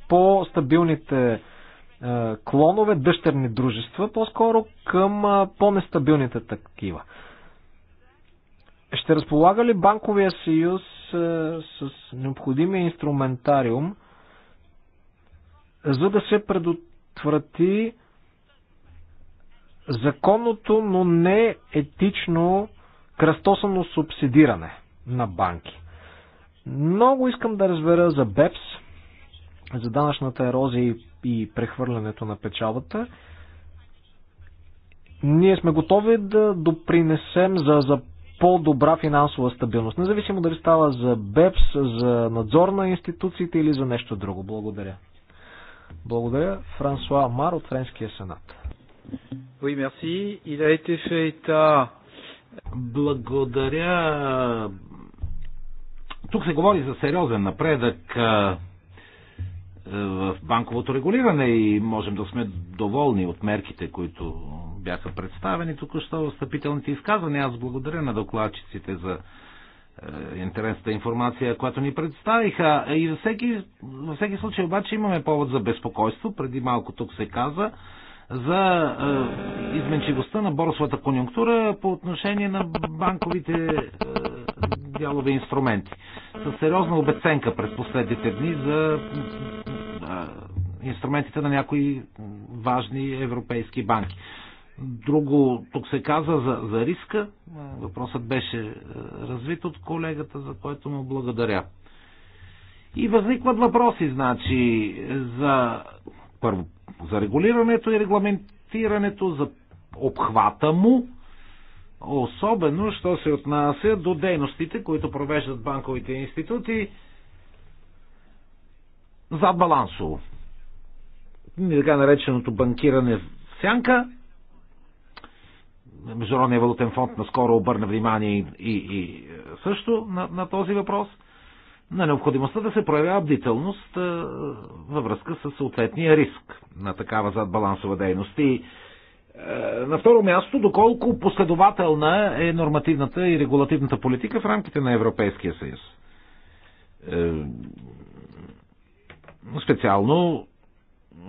по-стабилните клонове, дъщерни дружества, по-скоро към по-нестабилните такива? Ще разполага ли банковия съюз с необходимия инструментариум, за да се предотврати законното, но не етично кръстосано субсидиране на банки. Много искам да разбера за БЕПС, за данъчната ерозия и прехвърлянето на печалбата. Ние сме готови да допринесем за, за по-добра финансова стабилност, независимо дали става за БЕПС, за надзор на институциите или за нещо друго. Благодаря. Благодаря, Франсуа Мар от Френския сенат. Oui, merci. Il a été fait état. Благодаря. Тук се говори за сериозен напредък в банковото регулиране и можем да сме доволни от мерките, които бяха представени току-що в стъпителните изказвания. Аз благодаря на докладчиците за интересната информация, която ни представиха. И във всеки, във всеки случай обаче имаме повод за безпокойство. Преди малко тук се каза, за изменчивостта на борсовата конюнктура по отношение на банковите дялове инструменти. С сериозна обеценка през последните дни за инструментите на някои важни европейски банки. Друго, тук се каза за, за риска. Въпросът беше развит от колегата, за който му благодаря. И възникват въпроси, значи, за първо за регулирането и регламентирането, за обхвата му, особено, що се отнася до дейностите, които провеждат банковите институти зад балансово. Така нареченото банкиране в сянка. Международният валутен фонд наскоро обърна внимание и, и, и също на, на този въпрос – на необходимостта да се проявява бдителност във връзка с съответния риск на такава задбалансова дейност. И на второ място, доколко последователна е нормативната и регулативната политика в рамките на Европейския съюз. Е, специално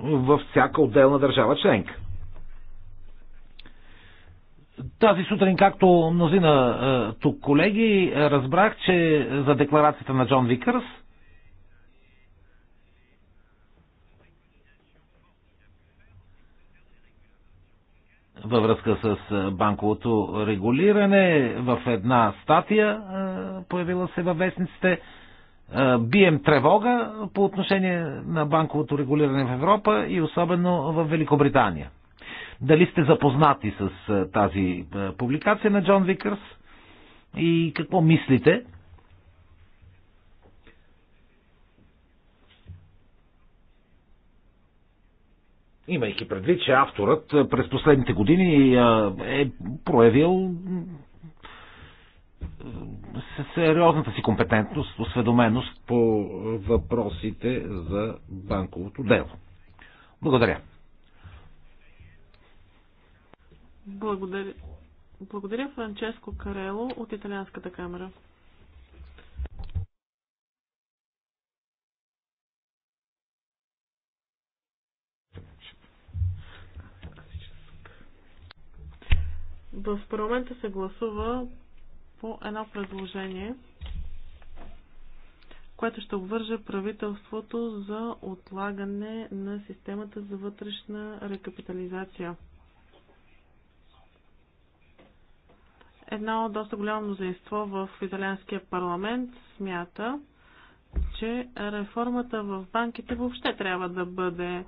във всяка отделна държава членка. Тази сутрин, както мнозина е, тук колеги, разбрах, че за декларацията на Джон Викърс във връзка с е, банковото регулиране в една статия, е, появила се във вестниците, бием тревога по отношение на банковото регулиране в Европа и особено в Великобритания. Дали сте запознати с тази публикация на Джон Викърс и какво мислите? Имайки предвид, че авторът през последните години е проявил сериозната си компетентност, осведоменост по въпросите за банковото дело. Благодаря. Благодаря. Благодаря Франческо Карело от Италианската камера. В парламента се гласува по едно предложение, което ще обвърже правителството за отлагане на системата за вътрешна рекапитализация. едно доста голямо мнозинство в италианския парламент смята, че реформата в банките въобще трябва да бъде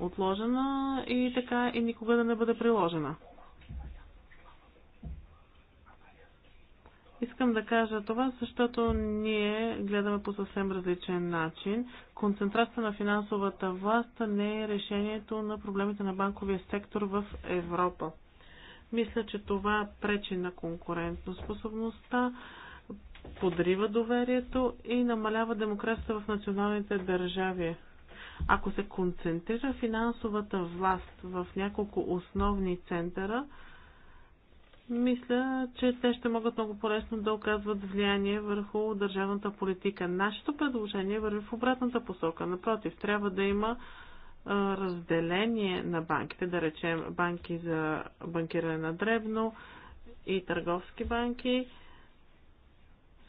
отложена и така и никога да не бъде приложена. Искам да кажа това, защото ние гледаме по съвсем различен начин. Концентрацията на финансовата власт не е решението на проблемите на банковия сектор в Европа. Мисля, че това пречи на конкурентоспособността, подрива доверието и намалява демокрацията в националните държави. Ако се концентрира финансовата власт в няколко основни центъра, мисля, че те ще могат много по-лесно да оказват влияние върху държавната политика. Нашето предложение върви в обратната посока. Напротив, трябва да има разделение на банките, да речем банки за банкиране на древно и търговски банки.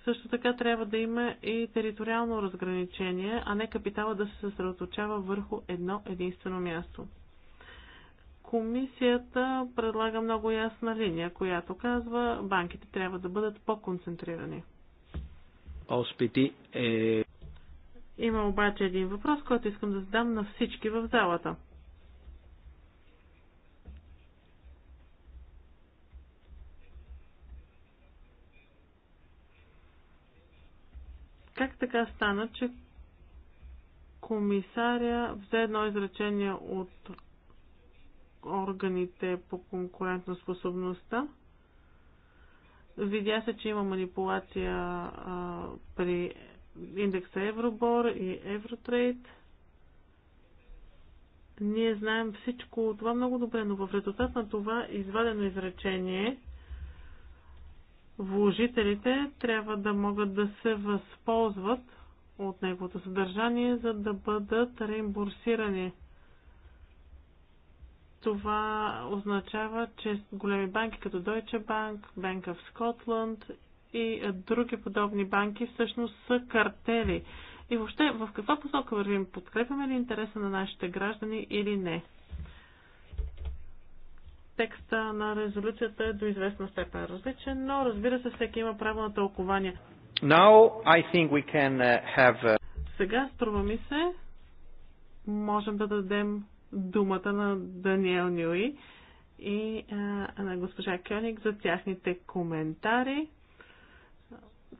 Също така трябва да има и териториално разграничение, а не капитала да се съсредоточава върху едно единствено място. Комисията предлага много ясна линия, която казва банките трябва да бъдат по-концентрирани. Оспити е. Има обаче един въпрос, който искам да задам на всички в залата. Как така стана, че комисаря взе едно изречение от органите по способността? Видя се, че има манипулация а, при индекса Евробор и Евротрейд. Ние знаем всичко това много добре, но в резултат на това извадено изречение вложителите трябва да могат да се възползват от неговото съдържание, за да бъдат реимбурсирани. Това означава, че големи банки като Deutsche Bank, Bank of Scotland и други подобни банки всъщност са картели. И въобще в каква посока вървим? Подкрепяме ли интереса на нашите граждани или не? Текста на резолюцията е до известна степен различен, но разбира се, всеки има право на тълкование. Now, I think we can uh, have uh, Сега, струва ми се, можем да дадем думата на Даниел Нюи и а, на госпожа Кьоник за тяхните коментари.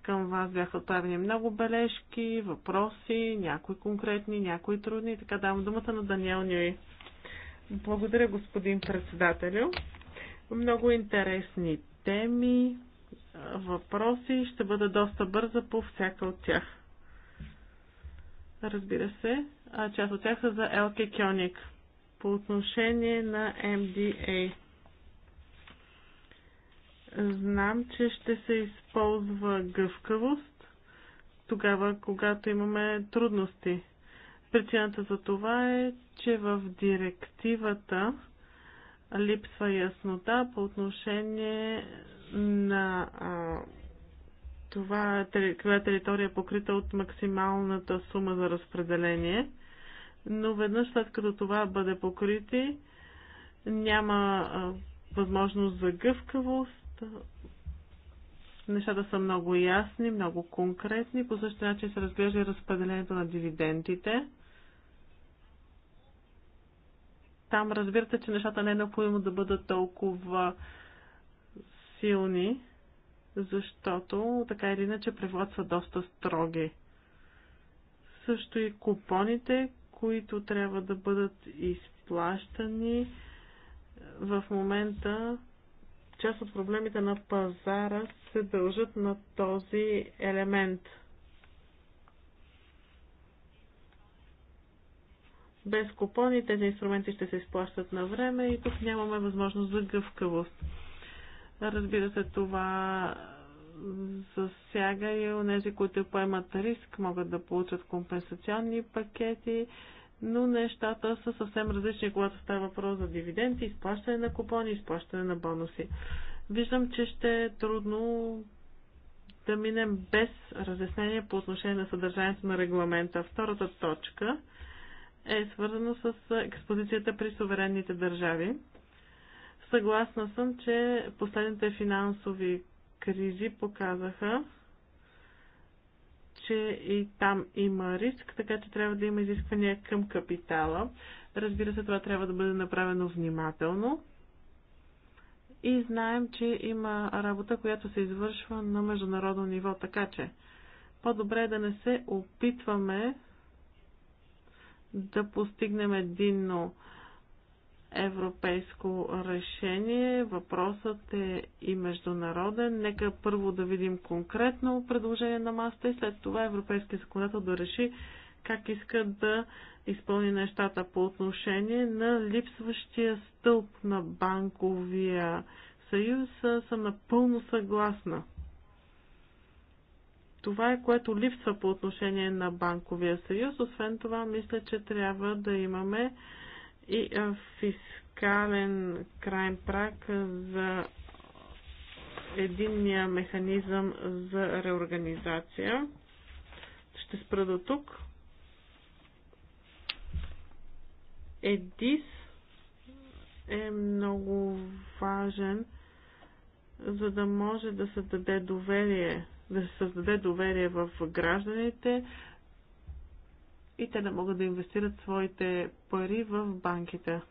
Към вас бяха отправени много бележки, въпроси, някои конкретни, някои трудни. Така давам думата на Даниел Нюи. Благодаря, господин председателю. Много интересни теми, въпроси. Ще бъда доста бърза по всяка от тях. Разбира се, част от тях са за Елке Кьоник. По отношение на MDA. Знам, че ще се използва гъвкавост тогава, когато имаме трудности. Причината за това е, че в директивата липсва яснота по отношение на а, това, е коя е територия е покрита от максималната сума за разпределение, но веднъж след като това бъде покрити, няма а, възможност за гъвкавост Нещата са много ясни, много конкретни. По същия начин се разглежда и разпределението на дивидендите. Там разбирате, че нещата не е необходимо да бъдат толкова силни, защото така или иначе превод са доста строги. Също и купоните, които трябва да бъдат изплащани в момента Част от проблемите на пазара се дължат на този елемент. Без купони тези инструменти ще се изплащат на време и тук нямаме възможност за гъвкавост. Разбира се, това засяга и у нези, които поемат риск, могат да получат компенсационни пакети но нещата са съвсем различни, когато става въпрос за дивиденти, изплащане на купони, изплащане на бонуси. Виждам, че ще е трудно да минем без разяснение по отношение на съдържанието на регламента. Втората точка е свързано с експозицията при суверенните държави. Съгласна съм, че последните финансови кризи показаха, че и там има риск, така че трябва да има изисквания към капитала. Разбира се, това трябва да бъде направено внимателно. И знаем, че има работа, която се извършва на международно ниво, така че по-добре е да не се опитваме да постигнем единно европейско решение. Въпросът е и международен. Нека първо да видим конкретно предложение на масата и след това европейския законодател да реши как иска да изпълни нещата по отношение на липсващия стълб на банковия съюз. Съм напълно съгласна. Това е което липсва по отношение на банковия съюз. Освен това, мисля, че трябва да имаме и фискален крайен прак за единния механизъм за реорганизация. Ще спра до тук. ЕДИС е много важен, за да може да се даде доверие, да се създаде доверие в гражданите, и те да могат да инвестират своите пари в банките.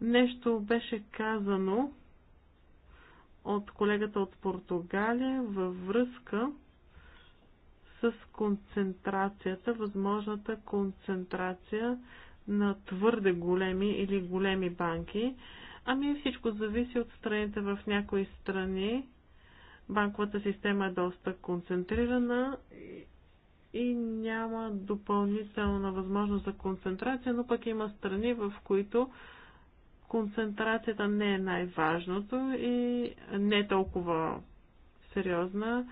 Нещо беше казано от колегата от Португалия във връзка с концентрацията, възможната концентрация на твърде големи или големи банки. Ами всичко зависи от страните. В някои страни банковата система е доста концентрирана и няма допълнителна възможност за концентрация, но пък има страни, в които концентрацията не е най-важното и не е толкова сериозна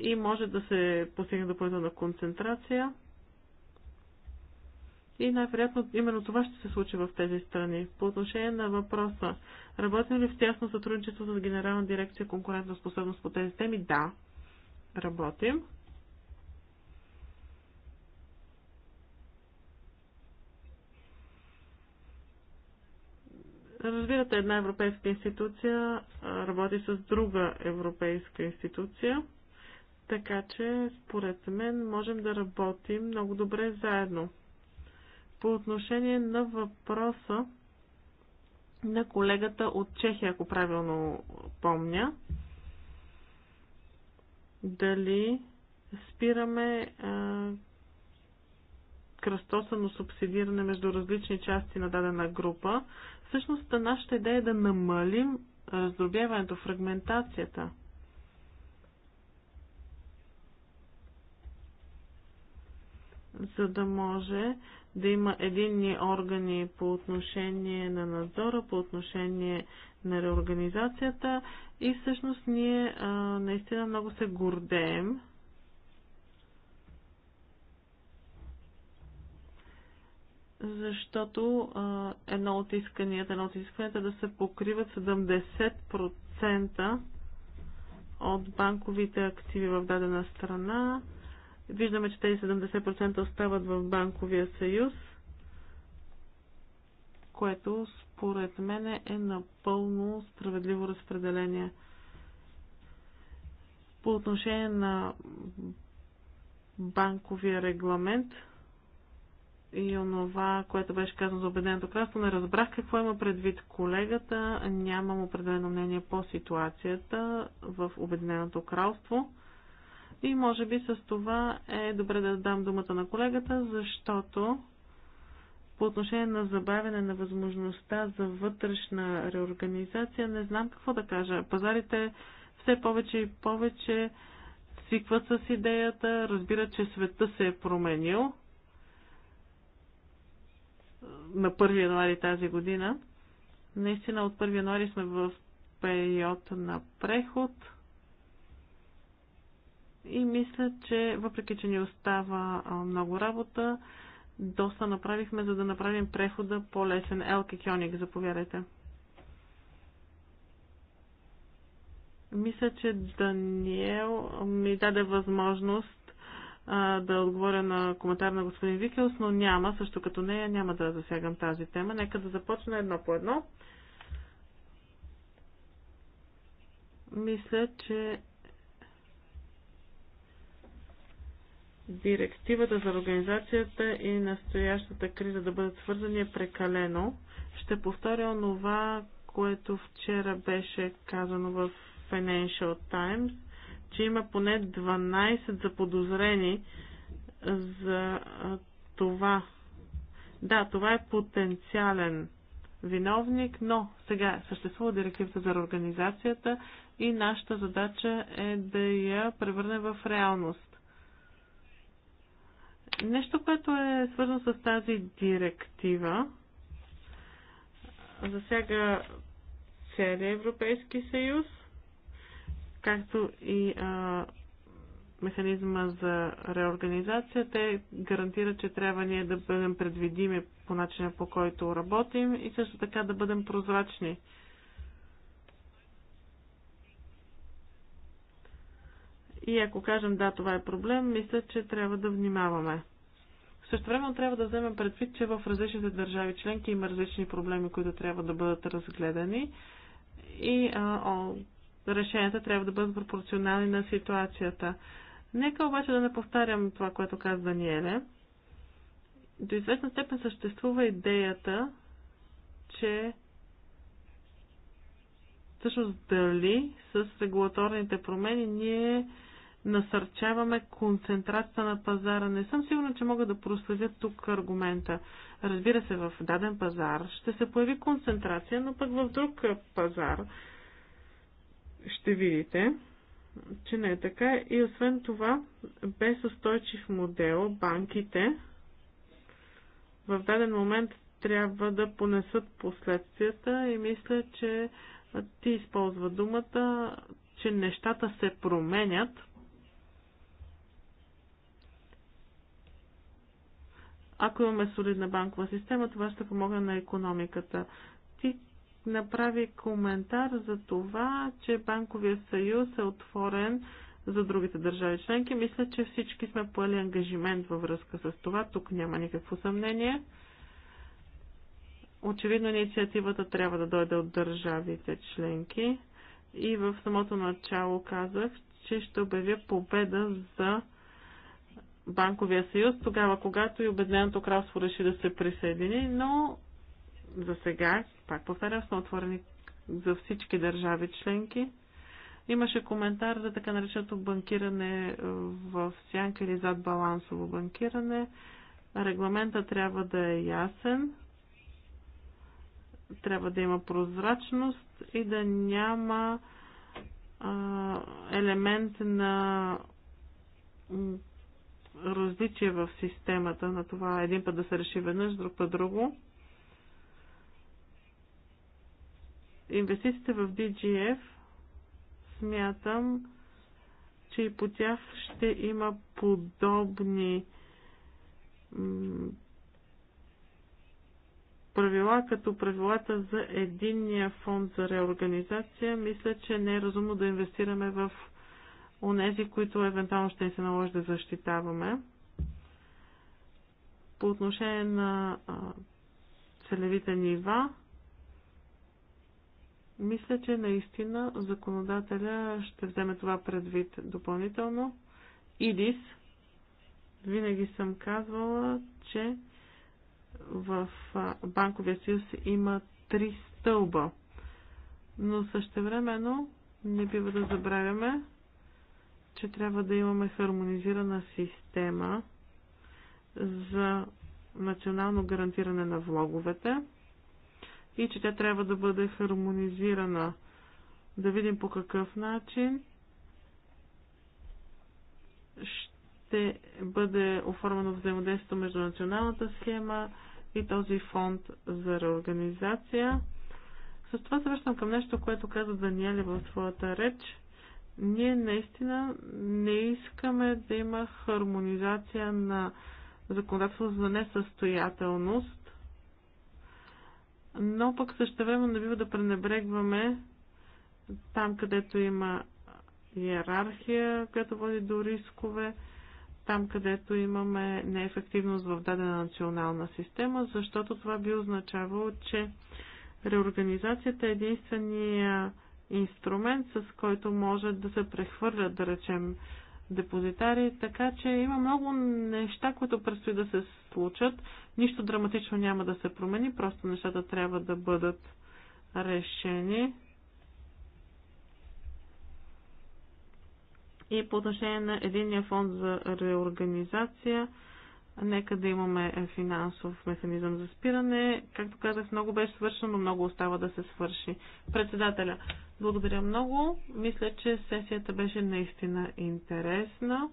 и може да се постигне допълнителна концентрация. И най-вероятно именно това ще се случи в тези страни. По отношение на въпроса, работим ли в тясно сътрудничество с Генерална дирекция конкурентна способност по тези теми? Да, работим. Разбирате, една европейска институция работи с друга европейска институция, така че според мен можем да работим много добре заедно. По отношение на въпроса на колегата от Чехия, ако правилно помня, дали спираме кръстосано субсидиране между различни части на дадена група. Всъщност нашата идея е да намалим раздробяването, фрагментацията. За да може да има единни органи по отношение на надзора, по отношение на реорганизацията и всъщност ние а, наистина много се гордеем защото а, едно от исканията, едно от изискванията е да се покриват 70% от банковите активи в дадена страна. Виждаме, че тези 70% остават в банковия съюз, което според мен е напълно справедливо разпределение. По отношение на банковия регламент, и онова, което беше казано за Обеденото кралство, не разбрах какво има предвид колегата. Нямам определено мнение по ситуацията в Обединеното кралство. И може би с това е добре да дам думата на колегата, защото по отношение на забавяне на възможността за вътрешна реорганизация, не знам какво да кажа. Пазарите все повече и повече свикват с идеята, разбират, че света се е променил на 1 януари тази година. Наистина от 1 януари сме в период на преход и мисля, че въпреки, че ни остава много работа, доста направихме, за да направим прехода по-лесен. Елки Кьоник, заповядайте. Мисля, че Даниел ми даде възможност а, да отговоря на коментар на господин Викелс, но няма, също като нея, няма да засягам тази тема. Нека да започна едно по едно. Мисля, че директивата за организацията и настоящата криза да бъдат свързани е прекалено. Ще повторя онова, което вчера беше казано в Financial Times че има поне 12 заподозрени за това. Да, това е потенциален виновник, но сега съществува директивата за организацията и нашата задача е да я превърне в реалност. Нещо, което е свързано с тази директива, засяга целия Европейски съюз – както и а, механизма за реорганизация, те гарантират, че трябва ние да бъдем предвидими по начина по който работим и също така да бъдем прозрачни. И ако кажем да, това е проблем, мисля, че трябва да внимаваме. Също време трябва да вземем предвид, че в различните държави членки има различни проблеми, които трябва да бъдат разгледани. И а, о, решенията трябва да бъдат пропорционални на ситуацията. Нека обаче да не повтарям това, което каза Даниеле. До известна степен съществува идеята, че всъщност дали с регулаторните промени ние насърчаваме концентрацията на пазара. Не съм сигурна, че мога да проследя тук аргумента. Разбира се, в даден пазар ще се появи концентрация, но пък в друг пазар ще видите, че не е така. И освен това, без устойчив модел, банките в даден момент трябва да понесат последствията и мисля, че ти използва думата, че нещата се променят. Ако имаме солидна банкова система, това ще помогне на економиката. Ти направи коментар за това, че Банковия съюз е отворен за другите държави членки. Мисля, че всички сме поели ангажимент във връзка с това. Тук няма никакво съмнение. Очевидно инициативата трябва да дойде от държавите членки. И в самото начало казах, че ще обявя победа за Банковия съюз, тогава когато и Обединеното кралство реши да се присъедини, но за сега пак повтарям, сме отворени за всички държави членки. Имаше коментар за така нареченото банкиране е, в сянка или зад балансово банкиране. Регламента трябва да е ясен, трябва да има прозрачност и да няма а, елемент на различие в системата на това един път да се реши веднъж, друг път друго. Инвестициите в DGF смятам, че и по тях ще има подобни правила, като правилата за единния фонд за реорганизация, мисля, че не е разумно да инвестираме в онези, които евентуално ще ни се наложи да защитаваме. По отношение на целевите нива, мисля, че наистина законодателя ще вземе това предвид допълнително. ИДИС винаги съм казвала, че в Банковия съюз има три стълба. Но същевременно не бива да забравяме, че трябва да имаме хармонизирана система за национално гарантиране на влоговете и че тя трябва да бъде хармонизирана. Да видим по какъв начин ще бъде оформено взаимодействието между националната схема и този фонд за реорганизация. С това се връщам към нещо, което каза Даниели в своята реч. Ние наистина не искаме да има хармонизация на законодателство за несъстоятелност но пък също време не бива да пренебрегваме там, където има иерархия, която води до рискове, там, където имаме неефективност в дадена национална система, защото това би означавало, че реорганизацията е единствения инструмент, с който може да се прехвърлят, да речем, депозитари, така че има много неща, които предстои да се случат. Нищо драматично няма да се промени, просто нещата трябва да бъдат решени. И по отношение на единия фонд за реорганизация, Нека да имаме финансов механизъм за спиране. Както казах, много беше свършено, но много остава да се свърши. Председателя, благодаря много. Мисля, че сесията беше наистина интересна.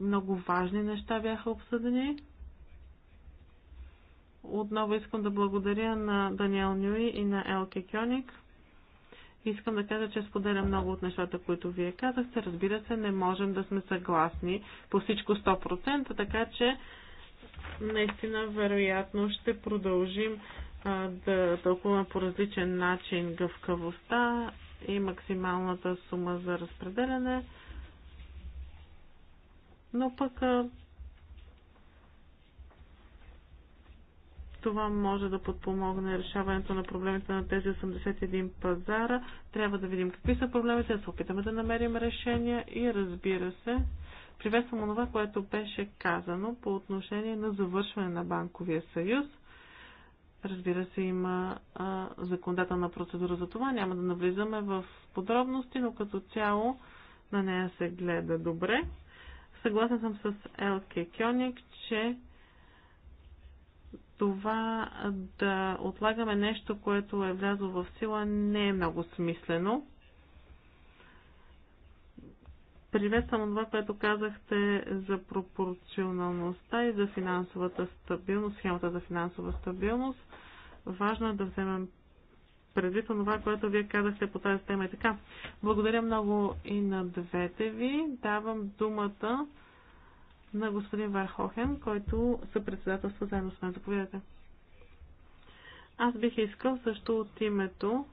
Много важни неща бяха обсъдени. Отново искам да благодаря на Даниел Нюи и на Елке Кьоник. Искам да кажа, че споделя много от нещата, които вие казахте. Разбира се, не можем да сме съгласни по всичко 100%, така че наистина вероятно ще продължим а, да тълкуваме по различен начин гъвкавостта и максималната сума за разпределяне. Но пък а, Това може да подпомогне решаването на проблемите на тези 81 пазара. Трябва да видим какви са проблемите, да се опитаме да намерим решения и разбира се, приветствам това, което беше казано по отношение на завършване на банковия съюз. Разбира се, има а, законодателна процедура за това. Няма да навлизаме в подробности, но като цяло на нея се гледа добре. Съгласен съм с Елке Кьоник, че това да отлагаме нещо, което е влязло в сила, не е много смислено. Приветствам това, което казахте за пропорционалността и за финансовата стабилност, схемата за финансова стабилност. Важно е да вземем предвид това, което вие казахте по тази тема и така. Благодаря много и на двете ви. Давам думата на господин Вархохен, който председателства заедно с мен. Заповядайте. Аз бих искал също от името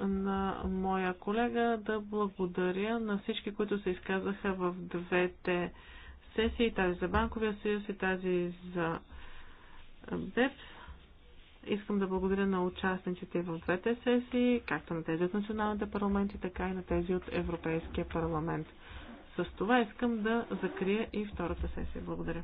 на моя колега да благодаря на всички, които се изказаха в двете сесии, тази за Банковия съюз и тази за БЕПС. Искам да благодаря на участниците в двете сесии, както на тези от националните парламенти, така и на тези от Европейския парламент. С това искам да закрия и втората сесия. Благодаря.